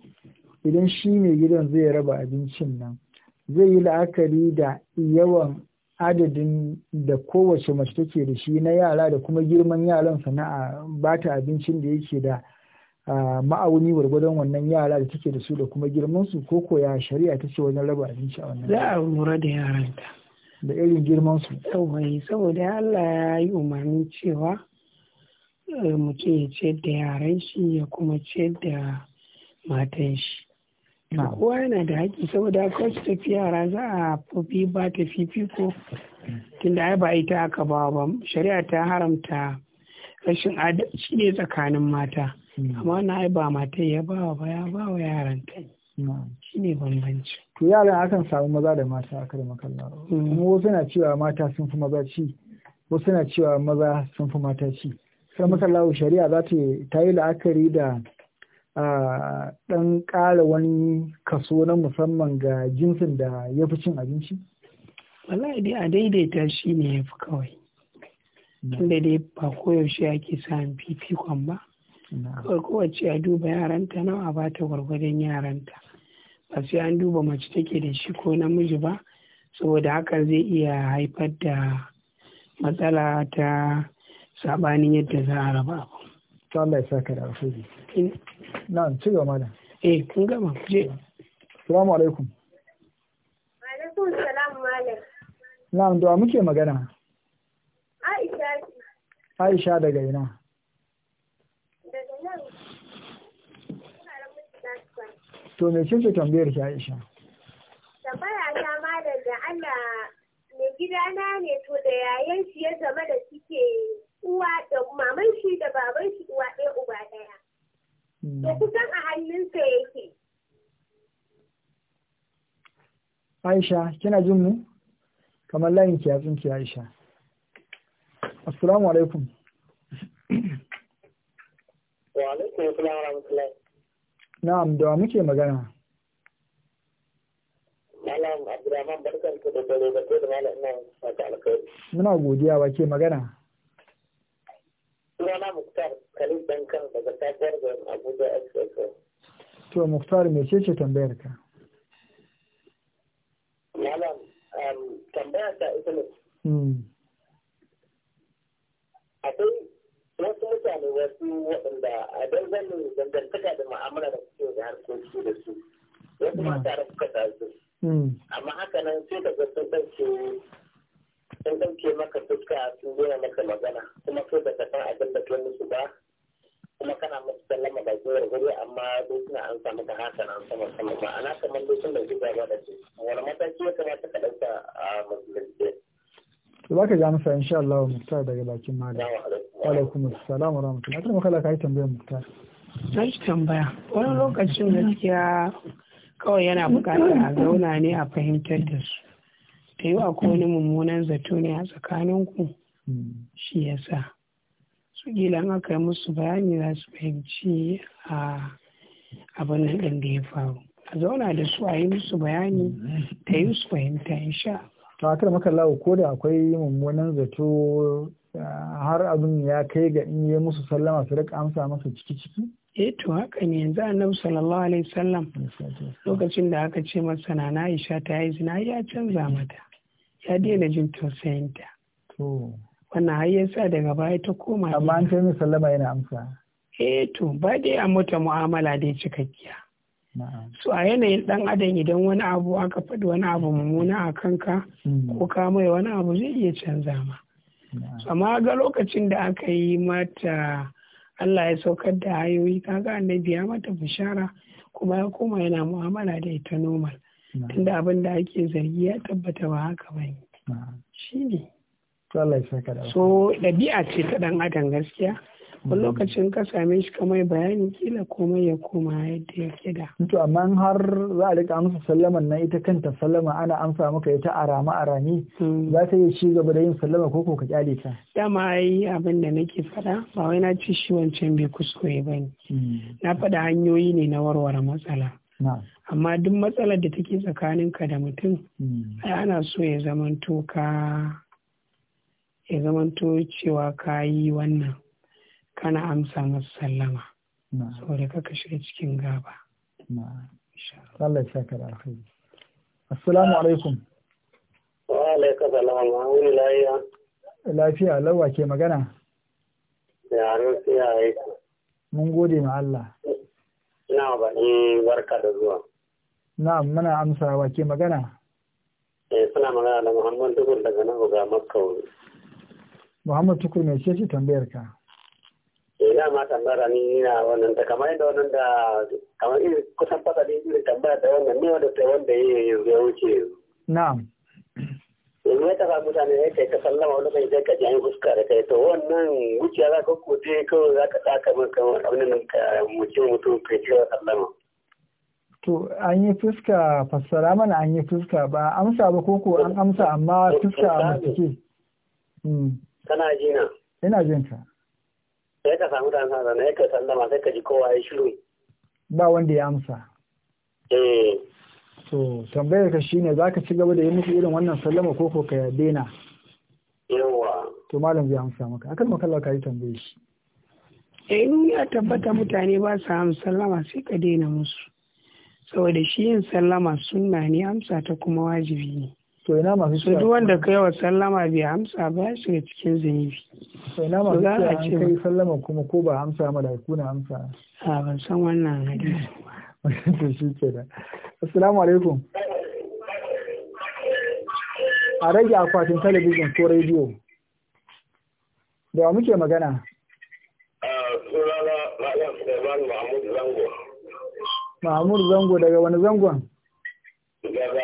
idan shi ne gidan zai raba abincin nan zai yi la'akari da yawan adadin da kowace mace take da shi na yara da kuma girman yaran sana'a ba ta abincin da yake da ma'auni gwargwadon wannan yara da take da su da kuma girmansu ko koya shari'a ta ce wajen raba abinci a wannan za a lura da yaranta da irin girmansu yawai saboda allah ya yi umarni cewa eh, mutum ya ce da yaran shi ya kuma ce da matan shi kowa yana da haƙƙi saboda kawai wasu tafi yara za a fi ba ta fifiko tunda ai ba ita aka ba ba shari'a ta haramta rashin adalci ne tsakanin mata hmm. amma na ai ba mata ya ba ba ya ba wa yaran ta shi ne bambanci to yara akan samu maza da mata a da makalla hmm. kuma wasu na cewa mata sun fi maza ci wasu na cewa maza sun fi mata ci sai makalla shari'a za ta yi la'akari da ɗan ƙara wani kaso na musamman ga jinsin da ya fi cin abinci? Wallahi dai a daidaita shi ne ya fi kawai. Tunda dai ba koyaushe ake samun fifikon ba. Kawai kowace a duba yaranta nawa a bata gwargwadon yaranta. Ba sai an duba mace take da shi ko namiji ba, saboda hakan zai iya haifar da matsala ta saɓanin yadda za a raba to Allah ya saka da alheri na'am ci gaba mana. eh kun gama je assalamu alaikum wa alaikum salam malam na'am da muke magana Aisha Aisha daga ina daga nan to me ce tambayar ki Aisha tambaya ta malam da Allah mai gidana ne to da yayan shi ya zama da suke uwa da maman shi da baban shi uwa ɗaya uba ɗaya. To mm. kusan a hannunsa yake. Aisha, kina jin mu? Kamar layin ki yatsun ki Aisha. Assalamu alaikum. Wa alaikum assalam wa rahmatullahi. Na'am, da muke magana. Malam Abdulrahman barkan ku da dare da kai da malam ina fata alkhairi. Muna godiya wa ke magana. Sunana Muktar Khalid Dankan daga Tafiyar da Abuja XXO. To Muktar mece ce tambayar ka? Malam, um, tambayar ta ita ne. Hmm. Akwai wasu mutane wasu waɗanda a danganin dangantaka da ma'amala da suke da harkoki da su. Wasu mata da suka tasu. Hmm. Hmm. Amma haka nan sai ka ga sun ɗauke sun ɗauke maka fuska sun gina maka magana kuma so da ka san abin da kai musu ba kuma kana masu sallama da ko gari amma duk suna an samu da hakan an sama sama ba ana kamar duk sun ɗauki ba da su wani mataki ya kamata ka ɗauka a musulunci. to za ka ja masa insha Allah Muktar daga bakin malam. Wa alaikum assalam wa rahmatullahi. Akwai makala ka yi tambayar Muktar. Na shi tambaya. Wani lokacin gaskiya kawai yana bukatar a zauna ne a fahimtar da su. ta yi akwai wani mummunan zato ne a tsakaninku shi yasa su an aka yi musu bayani za su fahimci a abin nan da ya faru a zauna da su a yi musu bayani ta yi su fahimta sha. to akar maka lawo ko da akwai mummunan zato har abin ya kai ga in yi musu sallama su rika amsa masa ciki ciki eh to haka ne yanzu annabi sallallahu alaihi wasallam lokacin da aka ce masa na Aisha ta yi zina ya canza mata ya daina jin tausayin to wannan har yasa daga baya ta koma amma an ce mai yana amsa eh to ba dai a mata mu'amala dai cikakkiya su a yanayin dan adam idan wani abu aka faɗi wani abu mummuna a kanka hmm. ko ka mai wani abu zai iya canza ma amma ga lokacin da aka yi mata Allah ya saukar da hayoyi kaga annabi ya mata bishara kuma ya koma yana mu'amala da ita normal tunda abin da ake zargi ya tabbata ba haka ba ne shi ne so ɗabi'a ce ta ɗan adam gaskiya wani lokacin ka same shi kamar bayani kila komai ya koma yadda ya ke da to amma har za a rika amsa sallaman na ita kanta sallama ana amsa maka ita arama arami hmm. za ta iya ci gaba da yin sallama ko ko ka kyale ta dama yi abin da nake faɗa. ba wai na ci shi wancan bai kuskure ba ne hmm. na faɗa hanyoyi ne na warware matsala amma duk matsalar da take tsakaninka da mutum hmm. ai ana so ya zamanto ka ya zamanto cewa ka yi wannan kana amsa masu sallama saboda kaka shiga cikin gaba Allah ya ka alkhairi assalamu alaikum wa alaikum salam lafiya lawa ke magana yaro sai ai mun gode ma Allah ina ba ni barka da zuwa Na muna amsa wa ke magana eh suna magana da Muhammad Tukur daga nan ga Makka Muhammad Tukur me ce ce tambayar ka ina eh, ma tambara ni ina wannan ta kamar yadda wannan da kamar irin kusan da irin tambara da wannan ne wanda ta wanda ya yi ya wuce na'am yanzu eh, ya tafa mutane ya kai ka sallama wani kai ka jami fuska da kai to wannan wuciya za ka kuje kawai za ka tsaka min kamar abin nan ka mutu mutum kai cewa sallama To an yi fuska fassara mana an yi fuska ba amsa ba koko an amsa amma fuska a mace hmm. Kana jina? Ina jinka. sai ka samu dan sana ne ka sallama sai ka ji kowa ya shiru ba wanda ya amsa eh to tambayar ka shine zaka ci gaba da yin musu irin wannan sallama ko ko ka daina yawa to malam zai amsa maka akan makalla ka yi tambaye shi eh in ya tabbata mutane ba su amsa sallama sai ka daina musu saboda shi yin sallama sunna ne amsa ta kuma wajibi ne to ina masu cewa duk wanda kai wa sallama bai amsa ba ya shiga cikin zunubi to ina masu cewa an kai sallama kuma ko ba amsa malaiku na amsa a ban san wannan hadisi ba (laughs) to shi ce da assalamu alaikum a rage akwatin talabijin ko rediyo da muke magana Mahmud Zango daga wani zangon? Daga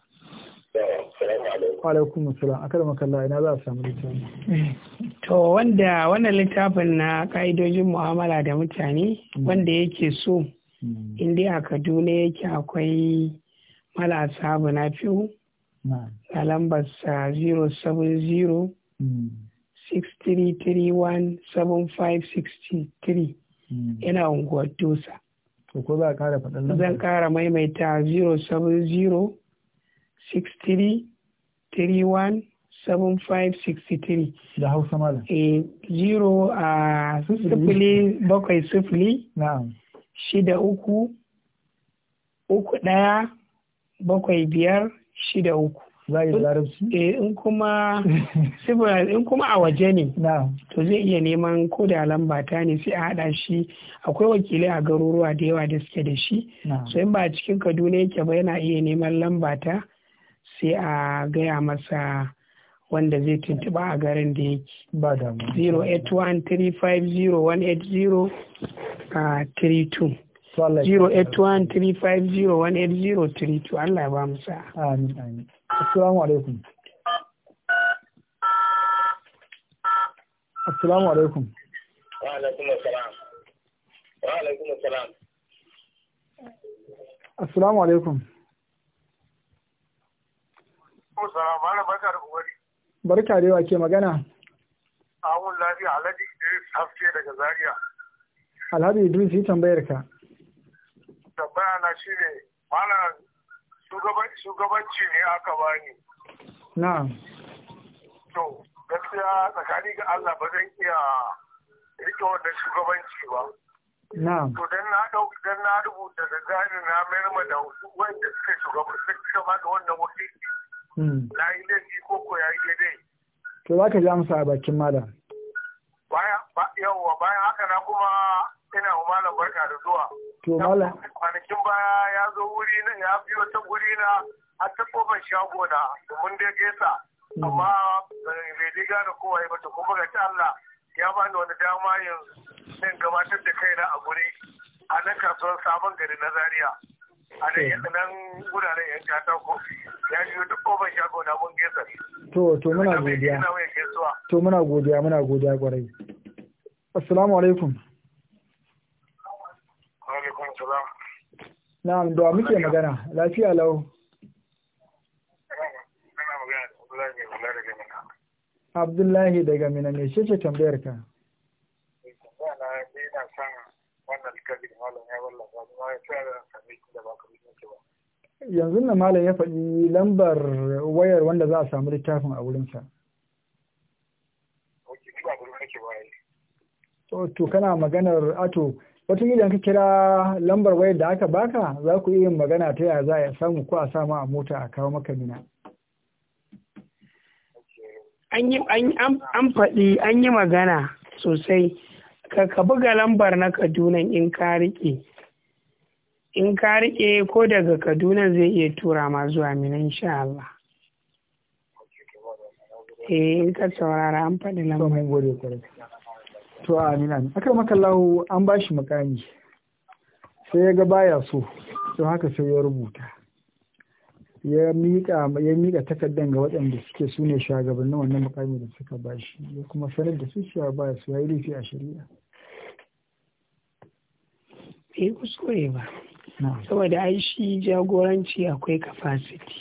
Kwalaikun Musulam, a kada makalla ina za a samu littafi. To wanda wannan littafin na ka'idojin mu'amala da mutane mm. wanda yake so mm. inda a Kaduna yake akwai malasa na fiyo a lambarsa 070 6331 yana unguwar Dosa. Zan kara maimaita 070 63 31 7563 da hausa malam eh zero a ah, sifili bakwai sifili shida uku uku ɗaya bakwai biyar shida uku zai larabci eh in kuma (laughs) sifira in kuma a waje ne to zai iya neman ko da lamba ta ne sai a hada shi akwai wakilai a garuruwa da yawa da suke da shi so in ba cikin Kaduna yake ba yana iya neman lamba ta sai a gaya masa wanda zai tuntuba a garin da yake ba uh, da 081350180 Allah ya ba mu sa amin amin assalamu alaikum assalamu alaikum wa alaikum assalam wa alaikum assalam assalamu alaikum Barka da yawa ke magana. Awun lafiya Alhaji Idris Hafke daga Zaria. Alhaji Idris yi tambayar ka. Tambaya na shi ne, mana shugabanci ne aka bani. Na'am. To, gaskiya tsakani ga Allah ba zan iya rike wannan shugabanci ba. Na'am. To dan na dau dan na rubuta da gani na mayar da wanda suka shugaba suka wannan wakili na hmm. yi laifi ko ko ya yi daidai to za ka ji amsa a bakin malam yawwa bayan haka na kuma ina wa malam barka da zuwa to malam kwanakin baya ya zo wuri na ya biyo ta wuri na har ta kofar shago na mun dai gaisa hmm. amma bai diga da kowa ya bata kuma ga Allah ya bani wani dama yanzu zan gabatar da kaina a guri a nan kasuwar sabon gari na zaria yan katako ya to muna godiya muna godiya muna godiya kwarai da muke magana lafiya lau Abdullahi daga Mina ne ce ce tambayar ka? Eh, tambaya na ina san wannan malam ya wallafa kuma ya yanzu na malam ya faɗi lambar wayar wanda za a samu littafin a wurinsa to kana maganar ato wata idan ka kira lambar wayar da aka baka za ku iya magana ta yaya za a samu ko a samu a mota a kawo maka mina an faɗi an yi magana sosai ka buga lambar na kaduna in ka riƙe in ka rike ko daga kaduna zai iya tura ma zuwa mina insha Allah eh in ka saurara an faɗi lamarin to amina ne aka maka lawo an shi makami sai ya ga baya so to haka sai ya rubuta ya miƙa takardar ga waɗanda suke su ne na wannan mukami da suka ba shi ya kuma sanar da su cewa ba su yi laifi a shari'a. Bai kuskure ba. saboda ai shi jagoranci akwai kafasiti.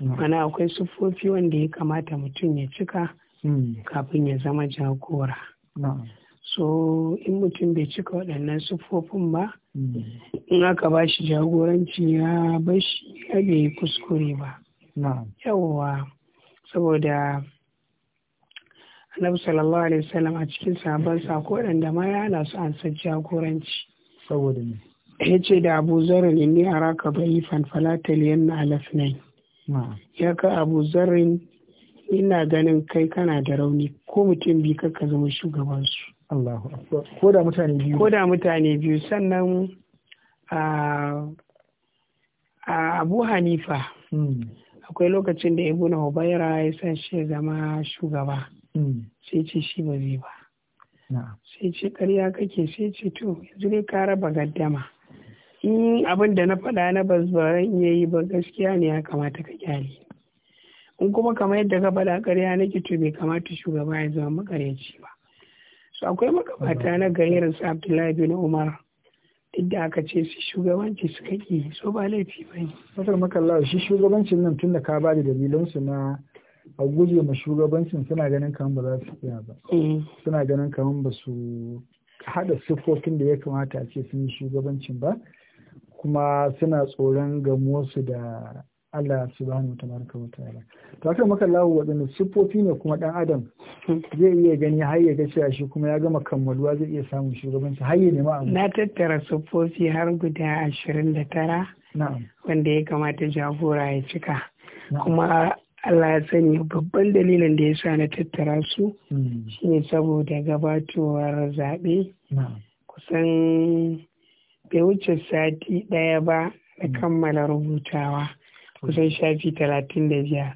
mana akwai siffofi wanda ya kamata mutum ya cika hmm. kafin ya zama jagora so in mutum bai cika waɗannan siffofin ba hmm. in aka ba shi jagoranci ya bashi ya yi kuskure ba yawwa saboda annabi sallallahu alaihi wasallam a cikin sabon sako waɗanda ma ya hana su an jagoranci ya ce da abu zarin inni a raka bai na yanna nai ya ka abu zarin ina ganin kai kana da rauni ko mutum bi ka zama shugabansu ko da mutane biyu ko da mutane biyu sannan abu hanifa hmm. akwai lokacin da ibu na hubaira ya san shi zama shugaba hmm. sai ce shi ba zai ba sai ce karya kake sai ce to yanzu dai ka raba gaddama abin da na faɗa na ba zan yi ba gaskiya ne ya kamata ka kyale in kuma kamar yadda ka faɗa ƙarya na to bai kamata shugaba ya zama makaryaci ba su akwai makabata na gayyar su abdullahi bin umar duk da aka ce su shugabanci suka so ba laifi ba ne. masar makalla shi shugabancin nan tun da ka ba da dalilansu na a guje ma shugabancin suna ganin kamar ba za su iya ba mm. suna ganin kamar ba su haɗa siffofin da ya kamata a ce sun yi shugabancin ba kuma suna tsoron su da Allah subhanahu tabaraka wa ta'ala to maka lawo waɗanda siffofi ne kuma ɗan adam zai iya gani har ya ga cewa shi kuma ya gama kammaluwa zai iya samun shugabanci har ya nema abu na tattara siffofi har guda ashirin da tara wanda ya kamata jagora ya cika kuma Allah ya sani babban dalilin da ya sa na tattara su hmm. shine saboda gabatowar zaɓe kusan bai wuce sati ɗaya ba na mm. kammala rubutawa kusan shafi talatin da biyar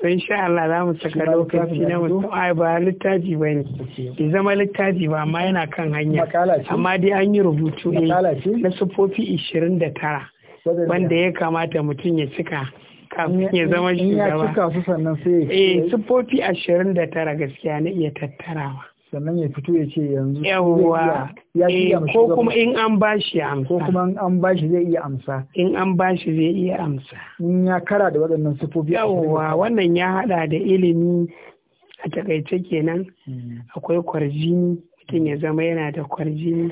so insha Allah za mu saka lokaci na musamman ba littafi ba ne bai zama littafi ba amma yana kan hanya amma dai an yi rubutu ne eh, na sufofi ishirin da tara wanda ya kamata mutum ya cika kafin ya zama shugaba eh sufofi ashirin da tara gaskiya na iya tattarawa sannan ya fito ya ce yanzu yawwa eh, ko kuma in an bashi ya amsa ko kuma in an bashi zai iya amsa in an bashi zai iya amsa in ya kara da waɗannan sifofi yawwa wannan ya hada da ilimi a takaice kenan hmm. akwai kwarjini mutum ya zama yana da kwarjini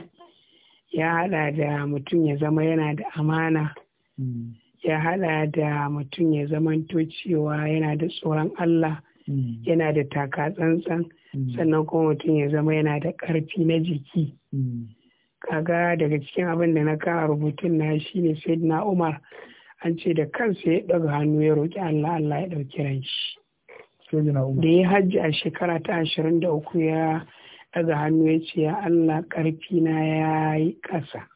ya hada da mutum ya zama yana da amana hmm. ya hada da mutum ya zama to cewa yana da tsoron Allah hmm. yana da taka tsantsan Mm. sannan kuma mutum ya zama yana da ƙarfi na jiki mm. kaga daga cikin abin da na kara rubutun na shi ne na umar an ce da kansa ya ɗaga hannu ya roƙi allah allah ya ɗauki ran shi da ya hajji a shekara ta ashirin da uku ya ɗaga hannu ya ce ya allah ƙarfi na ya yi ƙasa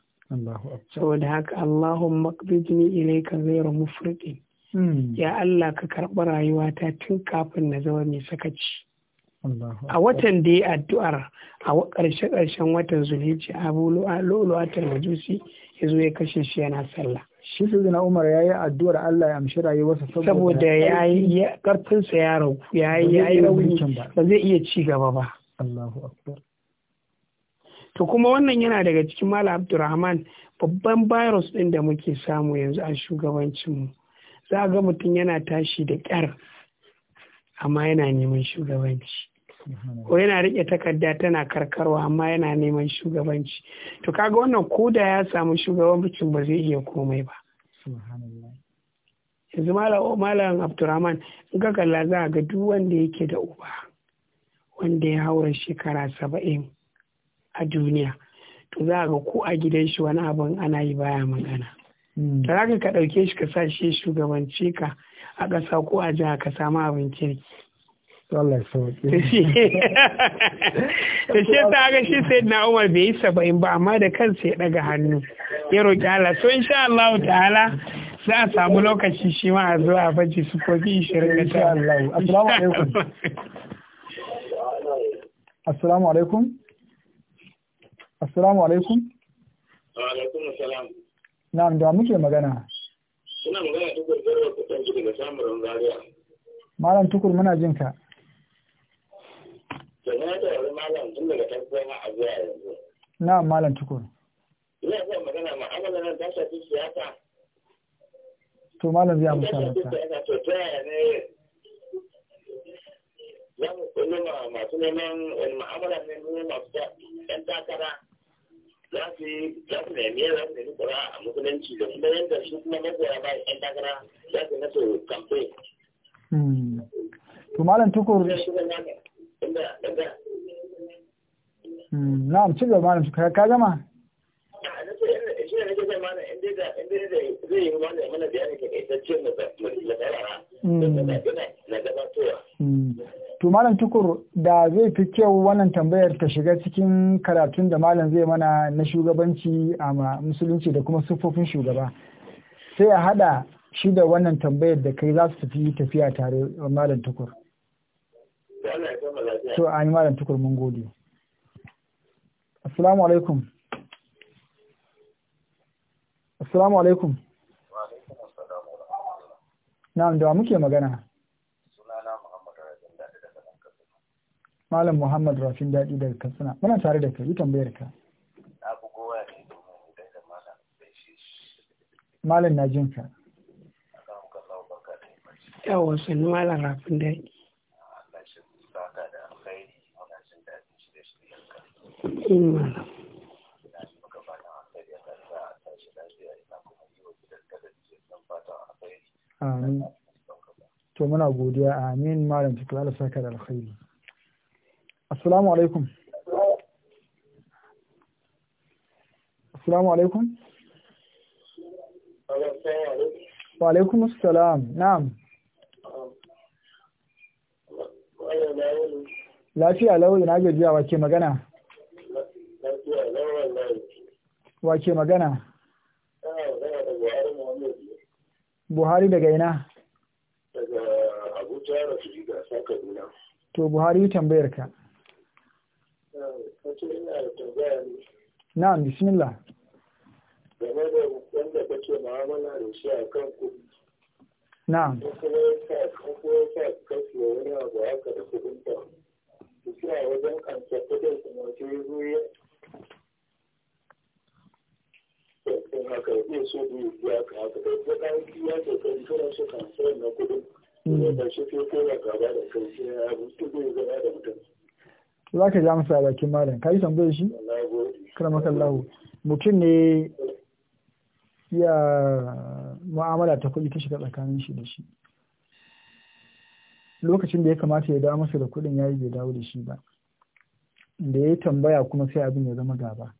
saboda haka allahumma qbidni ilayka ghayra mufridin mm. ya allah ka karɓi rayuwata tun kafin na zama mai sakaci a watan da ya addu'ar a ƙarshe ƙarshen watan zulhijji abu lo'lo'atar majusi ya zo ya kashe shi yana sallah shi umar ya yi addu'ar allah ya amshi rayuwarsa saboda ya yi ƙarfinsa ya ragu ya yi rauni ba zai iya ci gaba ba to kuma wannan yana daga cikin malam abdurrahman babban virus ɗin da muke samu yanzu a shugabancin mu. za a ga mutum yana tashi da ƙyar amma yana neman shugabanci ko yana riƙe takarda tana karkarwa amma yana neman shugabanci to kaga wannan ko da ya samu shugabancin ba zai iya komai ba yanzu malam abdurrahman in ka kalla za a ga duk wanda yake da uba wanda ya haura shekara saba'in a duniya to za a ga ko a gidan shi wani abin ana yi baya magana ta hmm. za ka ɗauke shi ka sa shi shugabanci ka a ƙasa ko a jiha ka samu abin kirki Allah sauke. shi (laughs) ta ga shi sai na Umar bai yi saba'in ba amma da kansa ya daga hannu ya roƙi Allah so insha Allah ta'ala za a samu lokaci shi ma a zuwa a baji su kofi ishirin da ta Allah assalamu alaikum assalamu alaikum assalamu alaikum wa alaikum na'am da muke magana suna magana tukur garwa kusan daga samun rangariya. malam tukur muna jinka na malam tukur ina zan magana ma'amala nan ta shafi siyasa to malam zai amsa to ta masu neman wani ma'amala ne ne masu takara za su za su za su kura a musulunci da kuma yadda kuma magoya ba takara za su kamfe. Hmm. to malam tukur na'am ci gaba malam ka ka gama hmm. to malam tukur da zai fi kyau wannan tambayar ta shiga cikin karatun da malam zai mana na shugabanci a musulunci da kuma siffofin shugaba sai a hada shi da wannan tambayar da kai za su tafi tafiya tare malam tukur to an yi malam tukur mun gode assalamu alaikum assalamu alaikum na'am da muke magana Malam Muhammad Rafin Daɗi daga Katsina. Muna tare da kai, yi tambayar ka. Na ne domin idan da malam Malam na jin ka. Yawon sannu Malam Rafin Daɗi. Amin. To muna godiya amin malam cikin saka da alkhairi. Assalamu alaikum. Assalamu alaikum. Wa alaikum assalam. Na'am. Lafiya lau na gajiya wa ke magana? Wa ke magana? Buhari daga ina? Daga Abuja Rafi Gasa Kaduna. To Buhari tambayar ka. Na'am bismillah. Game da wanda kake mu'amala da shi a kan kuɗi. Na'am. Kuma ya sa kuma ya sa kasuwa wani abu haka da kuɗin ta. Kusa wajen kansa kuɗin kuma sai zuwa haka so ka za ka ja masa bakin malam ka yi tambayar shi karamakan lahu mutum ne ya mu'amala ta kuɗi ta shiga tsakanin shi da shi lokacin da ya kamata ya dawo masa da kuɗin ya yi bai dawo da shi ba da ya tambaya kuma sai abin ya zama gaba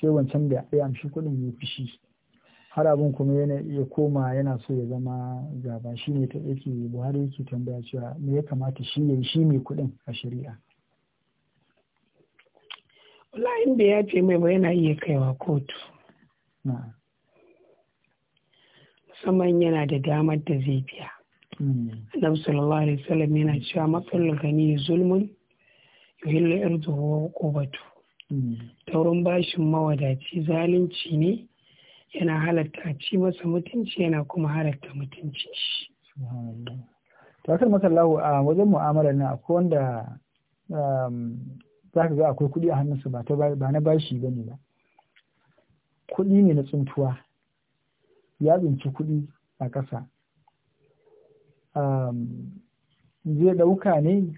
sai wancan da ya amshi kuɗin ya fishi har abin kuma yana iya koma yana so ya zama gaba shi ne ta yake buhari yake tambaya cewa me ya kamata shi ya shi mai kudin a shari'a wallahi da ya ce mai ba yana iya kaiwa kotu musamman yana da damar da zai biya hmm. annabi sallallahu alaihi wasallam yana cewa matsalar gani zulmun hilla irzuhu batu hmm. taurin bashin mawadaci zalunci ne yana halatta ci masa mutunci yana kuma halatta mutunci shi masallahu a wajen mu'amalar na akwai wanda um, za ka ga akwai kuɗi a hannunsu ba na bashi ba ne ba kuɗi ne na tsuntuwa ya tsinci kuɗi a ƙasa um, zai ɗauka ne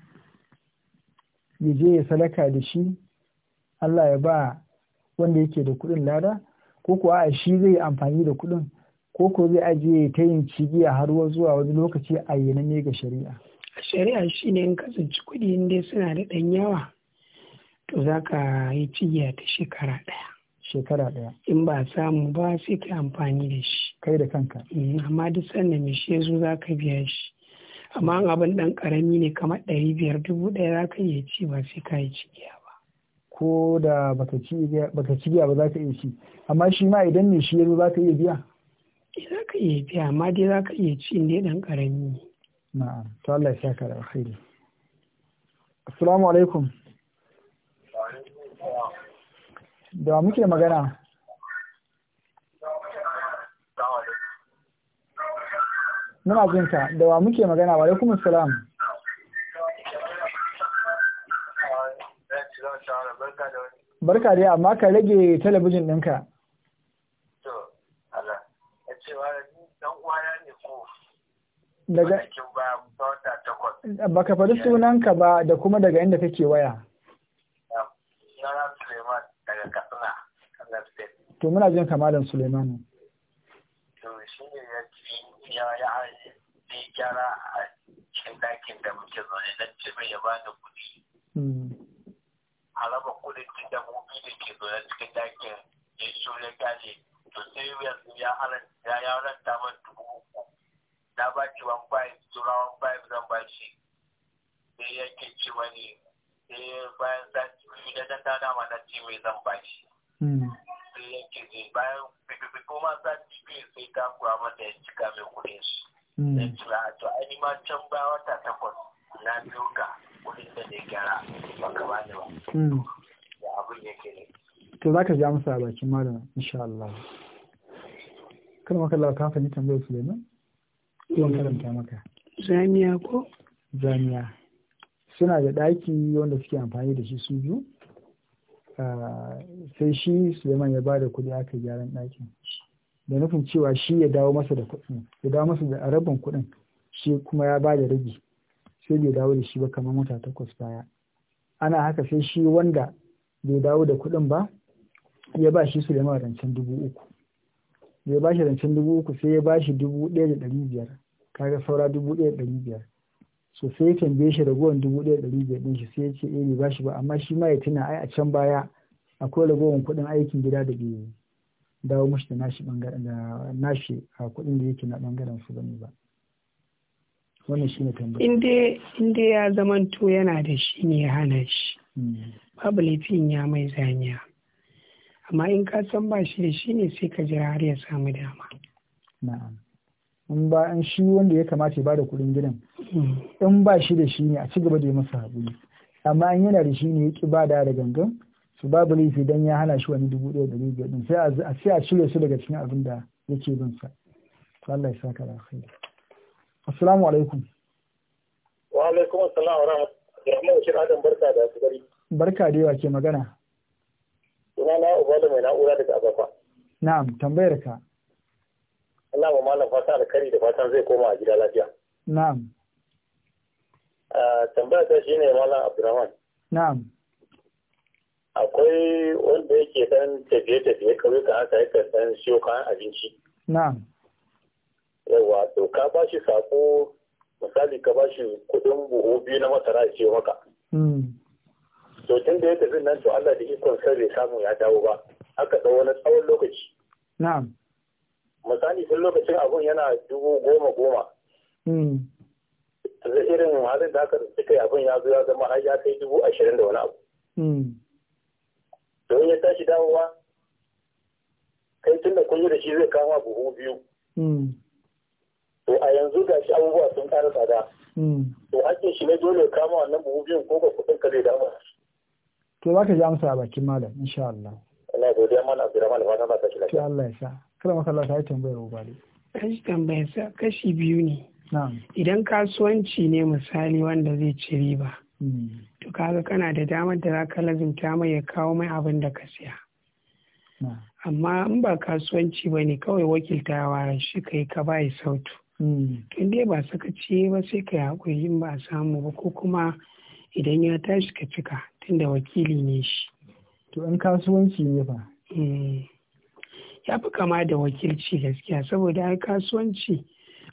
ya je ya sadaka da shi Allah ya ba wanda yake da kuɗin lada ko kuwa a shi zai yi amfani da kuɗin ko ko zai ajiye ta yin cigiya har zuwa wani lokaci a ne ga shari'a. A shari'a shi ne in kasance kuɗi in dai suna da ɗan yawa to za ka yi cigiya ta shekara ɗaya. Shekara ɗaya. In ba samu ba sai ka amfani da shi. Kai da kanka. Eh, amma duk sanda mai shi zo za ka biya shi. amma abin ɗan ƙarami ne kamar ɗari biyar dubu ɗaya za ka iya ci ba sai ka yi cigiya ba. ko da baka ci biya ba za ka iya ci amma shi ma idan ne shi yanzu za ka iya biya. Eh, za ka iya biya amma dai za ka iya ci in dai ɗan ƙarami ne. na'am to Allah ya saka da alkhairi. assalamu alaikum. da muke magana. muna jinka da wa muke magana wa alaikum salam barka dai amma ka rage talabijin ɗinka daga baka sunanka ba da kuma daga inda kake waya to muna jin kamalan suleiman gyara a cikin ɗakin da muke zaune don ce mai ya bani kuɗi. Hmm. A raba kuɗin tun da mobi da ke zaune cikin ɗakin ya so ya gane to sai yanzu ya haranta ya haranta man dubu uku. Na ba ki wan bayan wan bayan zan ba shi. Sai ya ke ce wani sai eh, bayan sati biyu da ta tana ma na ce mai zan ba shi. Hmm. Sai ya ke ce bayan bibi ko ma sati biyu sai ta kura mata ya cika mai kuɗin shi. na mm. cewa ah, to a ma can ba wata takwas na doka kudin da ne gyara ba ka ba ba da mm. abin yake ne to za ka ji amsa a bakin malam insha Allah kada maka Allah ka ni tambayar Suleiman yawan karanta maka zamiya ko zamiya suna da ɗaki wanda suke amfani da shi su biyu ah, sai shi Suleiman ya ba da kuɗi aka gyaran ɗakin da nufin cewa shi ya dawo masa da kuɗin ya dawo masa da rabin kuɗin shi kuma ya ba da rage sai bai dawo da shi ba kamar wata takwas baya ana haka sai shi wanda bai dawo da kuɗin ba ya ba shi Suleiman rancen dubu uku ya ba shi rancen dubu uku sai ya ba shi dubu ɗaya da ɗari biyar kaga saura dubu ɗaya da ɗari biyar so sai ya tambaye shi ragowar dubu ɗaya da ɗari biyar ɗin shi sai ya ce eh bai ba shi ba amma shi ma ya tuna ai a can baya akwai ragowar kuɗin aikin gida da bai dawo mashi da nashi bangaren da nashi kuɗin da yake na bangaren su bane ba wannan ne tambaya inda inde ya zamanto yana da shi ne hana shi hmm. babu laifin ya mai zaniya amma in ka san ba shi da shi ne sai ka jira har ya samu dama na'am in ba an shi wanda ya kamata ya bada kuɗin gidan hmm. in ba shi da shi ne a ci gaba da yi masa haƙuri amma in yana da shi ne ya ki bada da gangan su babu laifi dan ya hana shi wani dubu ɗaya da biyar din sai a sai a cire su daga cikin abin da yake bin sa to Allah ya saka da alkhairi assalamu alaikum wa alaikum assalam wa rahmatullahi wa adam barka da gari barka da yawa ke magana Ina na uba da mai na'ura daga abafa na'am tambayar ka Allah ba malam fata da kari da fatan zai koma a gida lafiya na'am ah, tambayar ta shine malam Abdulrahman na'am akwai wanda yake dan tafiye-tafiye ka haka yake dan siyo kayan abinci. Na'am. Yawa to ka ba shi sako misali ka ba shi kuɗin buhu biyu na masara ya siyo maka. Hmm. To tun da ya tafi nan to Allah da ikon sai bai samu ya dawo ba. Aka ɗau wani tsawon lokaci. Na'am. Misali tun lokacin abun yana dubu goma goma. Da hmm. irin halin da aka suka yi abun ya zo ya zama har ya kai dubu ashirin da wani abu. Hmm. don ya tashi dawowa kai tun da kun yi da shi zai kama buhu biyu hmm. to a yanzu ga shi abubuwa sun ƙara tsada hmm. to hakkin shi ne dole kama wannan buhu biyun ko ba kuɗin ka zai dama to za ka ji amsa a bakin malam insha Allah Allah godiya mana abdira malam ba ta shi lafiya Allah ya sa kada masa Allah ta yi tambayar ubali kashi tambayar sa kashi biyu ne idan kasuwanci ne misali wanda zai ci riba hmm. to kaga kana da damar da za ka lazimta mai ya kawo mai abin da ka siya amma in ba kasuwanci ba ne kawai wakiltawa shi ka yi ka baya sautu hmm. tun dai ba ci ba sai ka yi haƙuri ba samu ba ko kuma idan ya tashi ka cika tun da wakili ne shi to in kasuwanci ne ba eh. ya fi kama da wakilci gaskiya saboda ai kasuwanci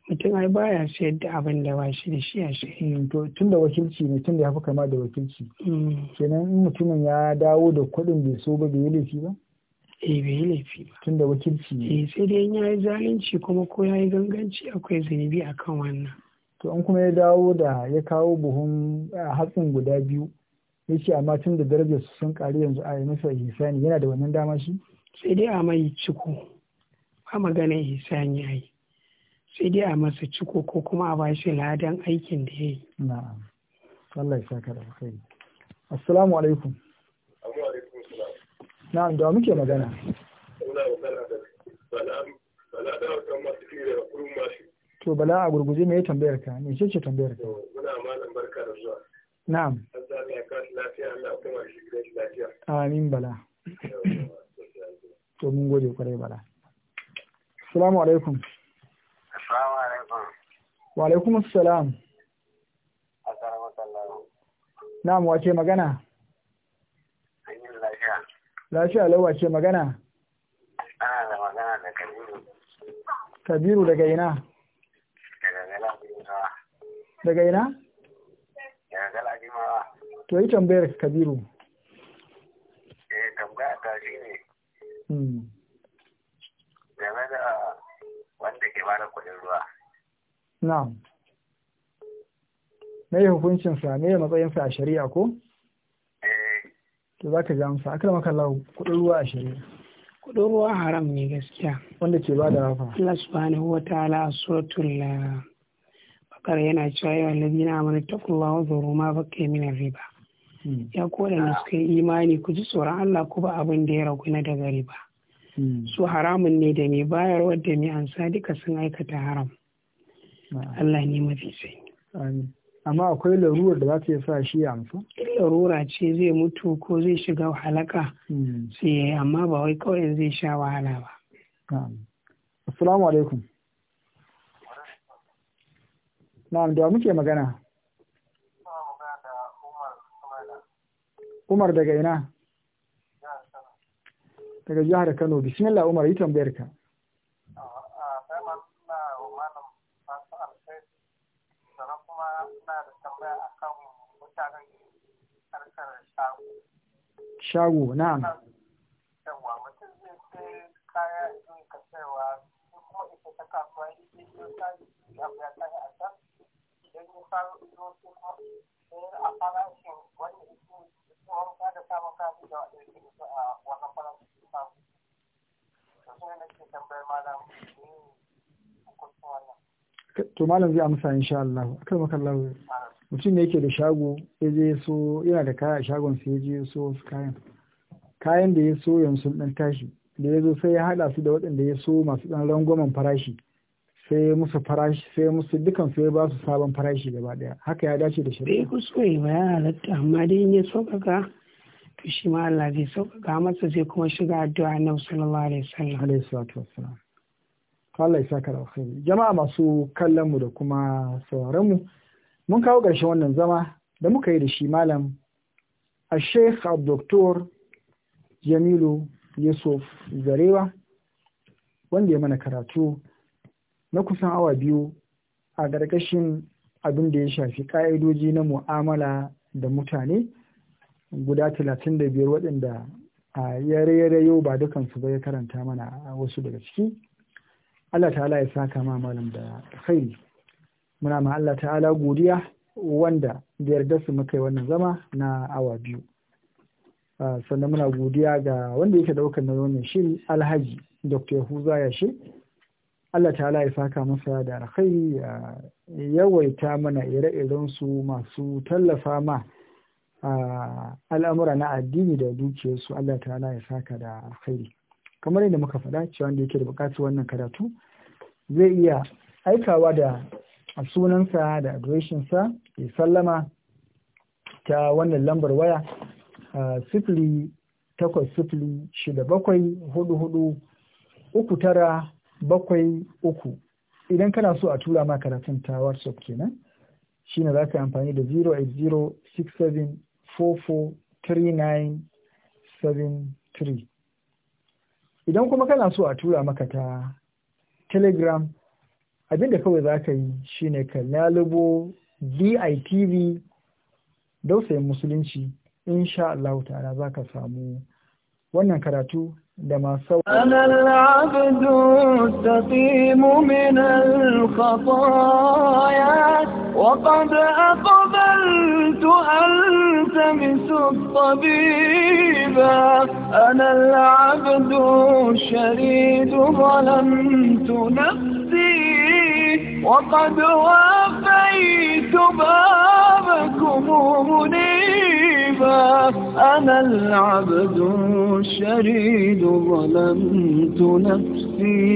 mutum ai baya sayar da abin da ba shi da shi a shi to tun da wakilci ne tun da ya fi kama da wakilci mm. kenan in mutumin ya dawo da kuɗin bai so ba bai yi laifi ba eh bai yi laifi ba tun da wakilci ne eh sai dai ya yi zalunci kuma ko ya yi ganganci akwai zunubi akan wannan to in kuma ya dawo da ya kawo buhun hatsin guda biyu ya ce amma tun da darajar su sun ƙari yanzu a yi masa hisani yana da wannan dama shi sai dai a mai ciko ba magana ihsani ai sai dai a masa ciko ko kuma a bashi ladan aikin da ya yi. Na'am. Allah ya saka da kai. Assalamu alaikum. Na'am da muke magana. To bala a gurguje me tambayar ka? Me ce ce tambayar ka? Muna malam barka da zuwa. Na'am. Amin bala. To mun gode kwarai bala. Assalamu alaikum. Wa alaikum salam. Na Na'am wace magana? lafiya. Lafiya lau ce magana? Ana da magana da Kabiru. Kabiru daga ina? Daga gala Daga ina? Daga gala Jimawa. To yi tambayar Kabiru. Eh tambaya ta shi ne. Hmm. Game da ke bada kuɗin ruwa. Na'am. Me hukuncin sa me matsayin sa a shari'a ko? Eh. To ka ji amsa akalla maka lahu kuɗin ruwa a shari'a. Kuɗin ruwa haram ne gaskiya. Wanda ke bada rafa. Allah subhanahu wa ta'ala a suratul eh, bakar yana cewa yawan ladina amanu taqullaha wa zuru ma baqiya min riba. Hmm. Ya koda ne suka yi imani ku ji tsoron Allah ku ba abin da ya ragu na daga riba. Hmm. su haramun ne da mai bayarwa da mai ansa duka sun aikata haram Allah ne mafi sai amma akwai larurar da za ta sa shi ya amsa larura ce zai mutu ko zai shiga halaka hmm. sai amma ba wai kawai zai sha wahala ba assalamu alaikum na'am da muke magana Umar daga ina? daga jihar Kano bismillah Umar yi tambayar ka shago na'am yawa mutum zai kaya in ka cewa kuma ita ta kasuwa a can su a farashin wanda da a wannan to malam zai amsa insha Allah maka makallar mutum ne yake da shago ya je so yana da kaya a shagon sai ya je so su kayan kayan da ya so yanzu dan tashi da ya zo sai ya hada su da waɗanda ya so masu dan rangwamen farashi sai musu farashi sai musu dukan sai ba su sabon farashi gaba daya haka ya dace da shari'a bai kuskure ba ya halatta amma dai in ya so kaka to shi ma Allah zai sauƙaƙa masa zai kuma shiga addu'a na sallallahu alaihi wasallam alaihi salatu wasallam Allah ya saka alkhairi jama'a masu kallon mu da kuma sauraron mu mun kawo ƙarshen wannan zama da muka yi da shi malam a sheikh abdoktor jamilu yusuf zarewa wanda ya mana karatu na kusan awa biyu a ƙarƙashin abin da ya shafi ƙa'idoji na mu'amala da mutane guda talatin da biyar waɗanda yare yau ba dukansu ba ya karanta mana wasu daga ciki Allah ta'ala ya saka ma malam da khairi muna ma Allah ta'ala godiya wanda da yarda su muka yi wannan zama na awa biyu sannan muna godiya ga wanda yake daukar na wannan shiri alhaji dr yahuza shi. Allah ta'ala ya saka masa da alkhairi yawaita mana ire-iren su masu tallafa ma al'amura na addini da dukiyarsu Allah ta'ala ya saka da alkhairi kamar yadda muka faɗa cewa wanda yake da buƙatar wannan karatu zai iya aikawa da sunansa da adireshinsa ya sallama ta wannan lambar waya sifili takwas sifili shida bakwai hudu hudu uku tara bakwai uku idan kana so a tura ma karatun ta whatsapp kenan shine za ka amfani da 08067 idan kuma kana so a tura maka ta telegram abinda kawai za ka yi shi ne ka lalubo VITV dausayin musulunci insha Allah ta'ala za ka samu wannan karatu da masu أنا ya da التمس الطبيبا أنا العبد الشريد ظلمت نفسي وقد وافيت بابكم منيبا أنا العبد الشريد ظلمت نفسي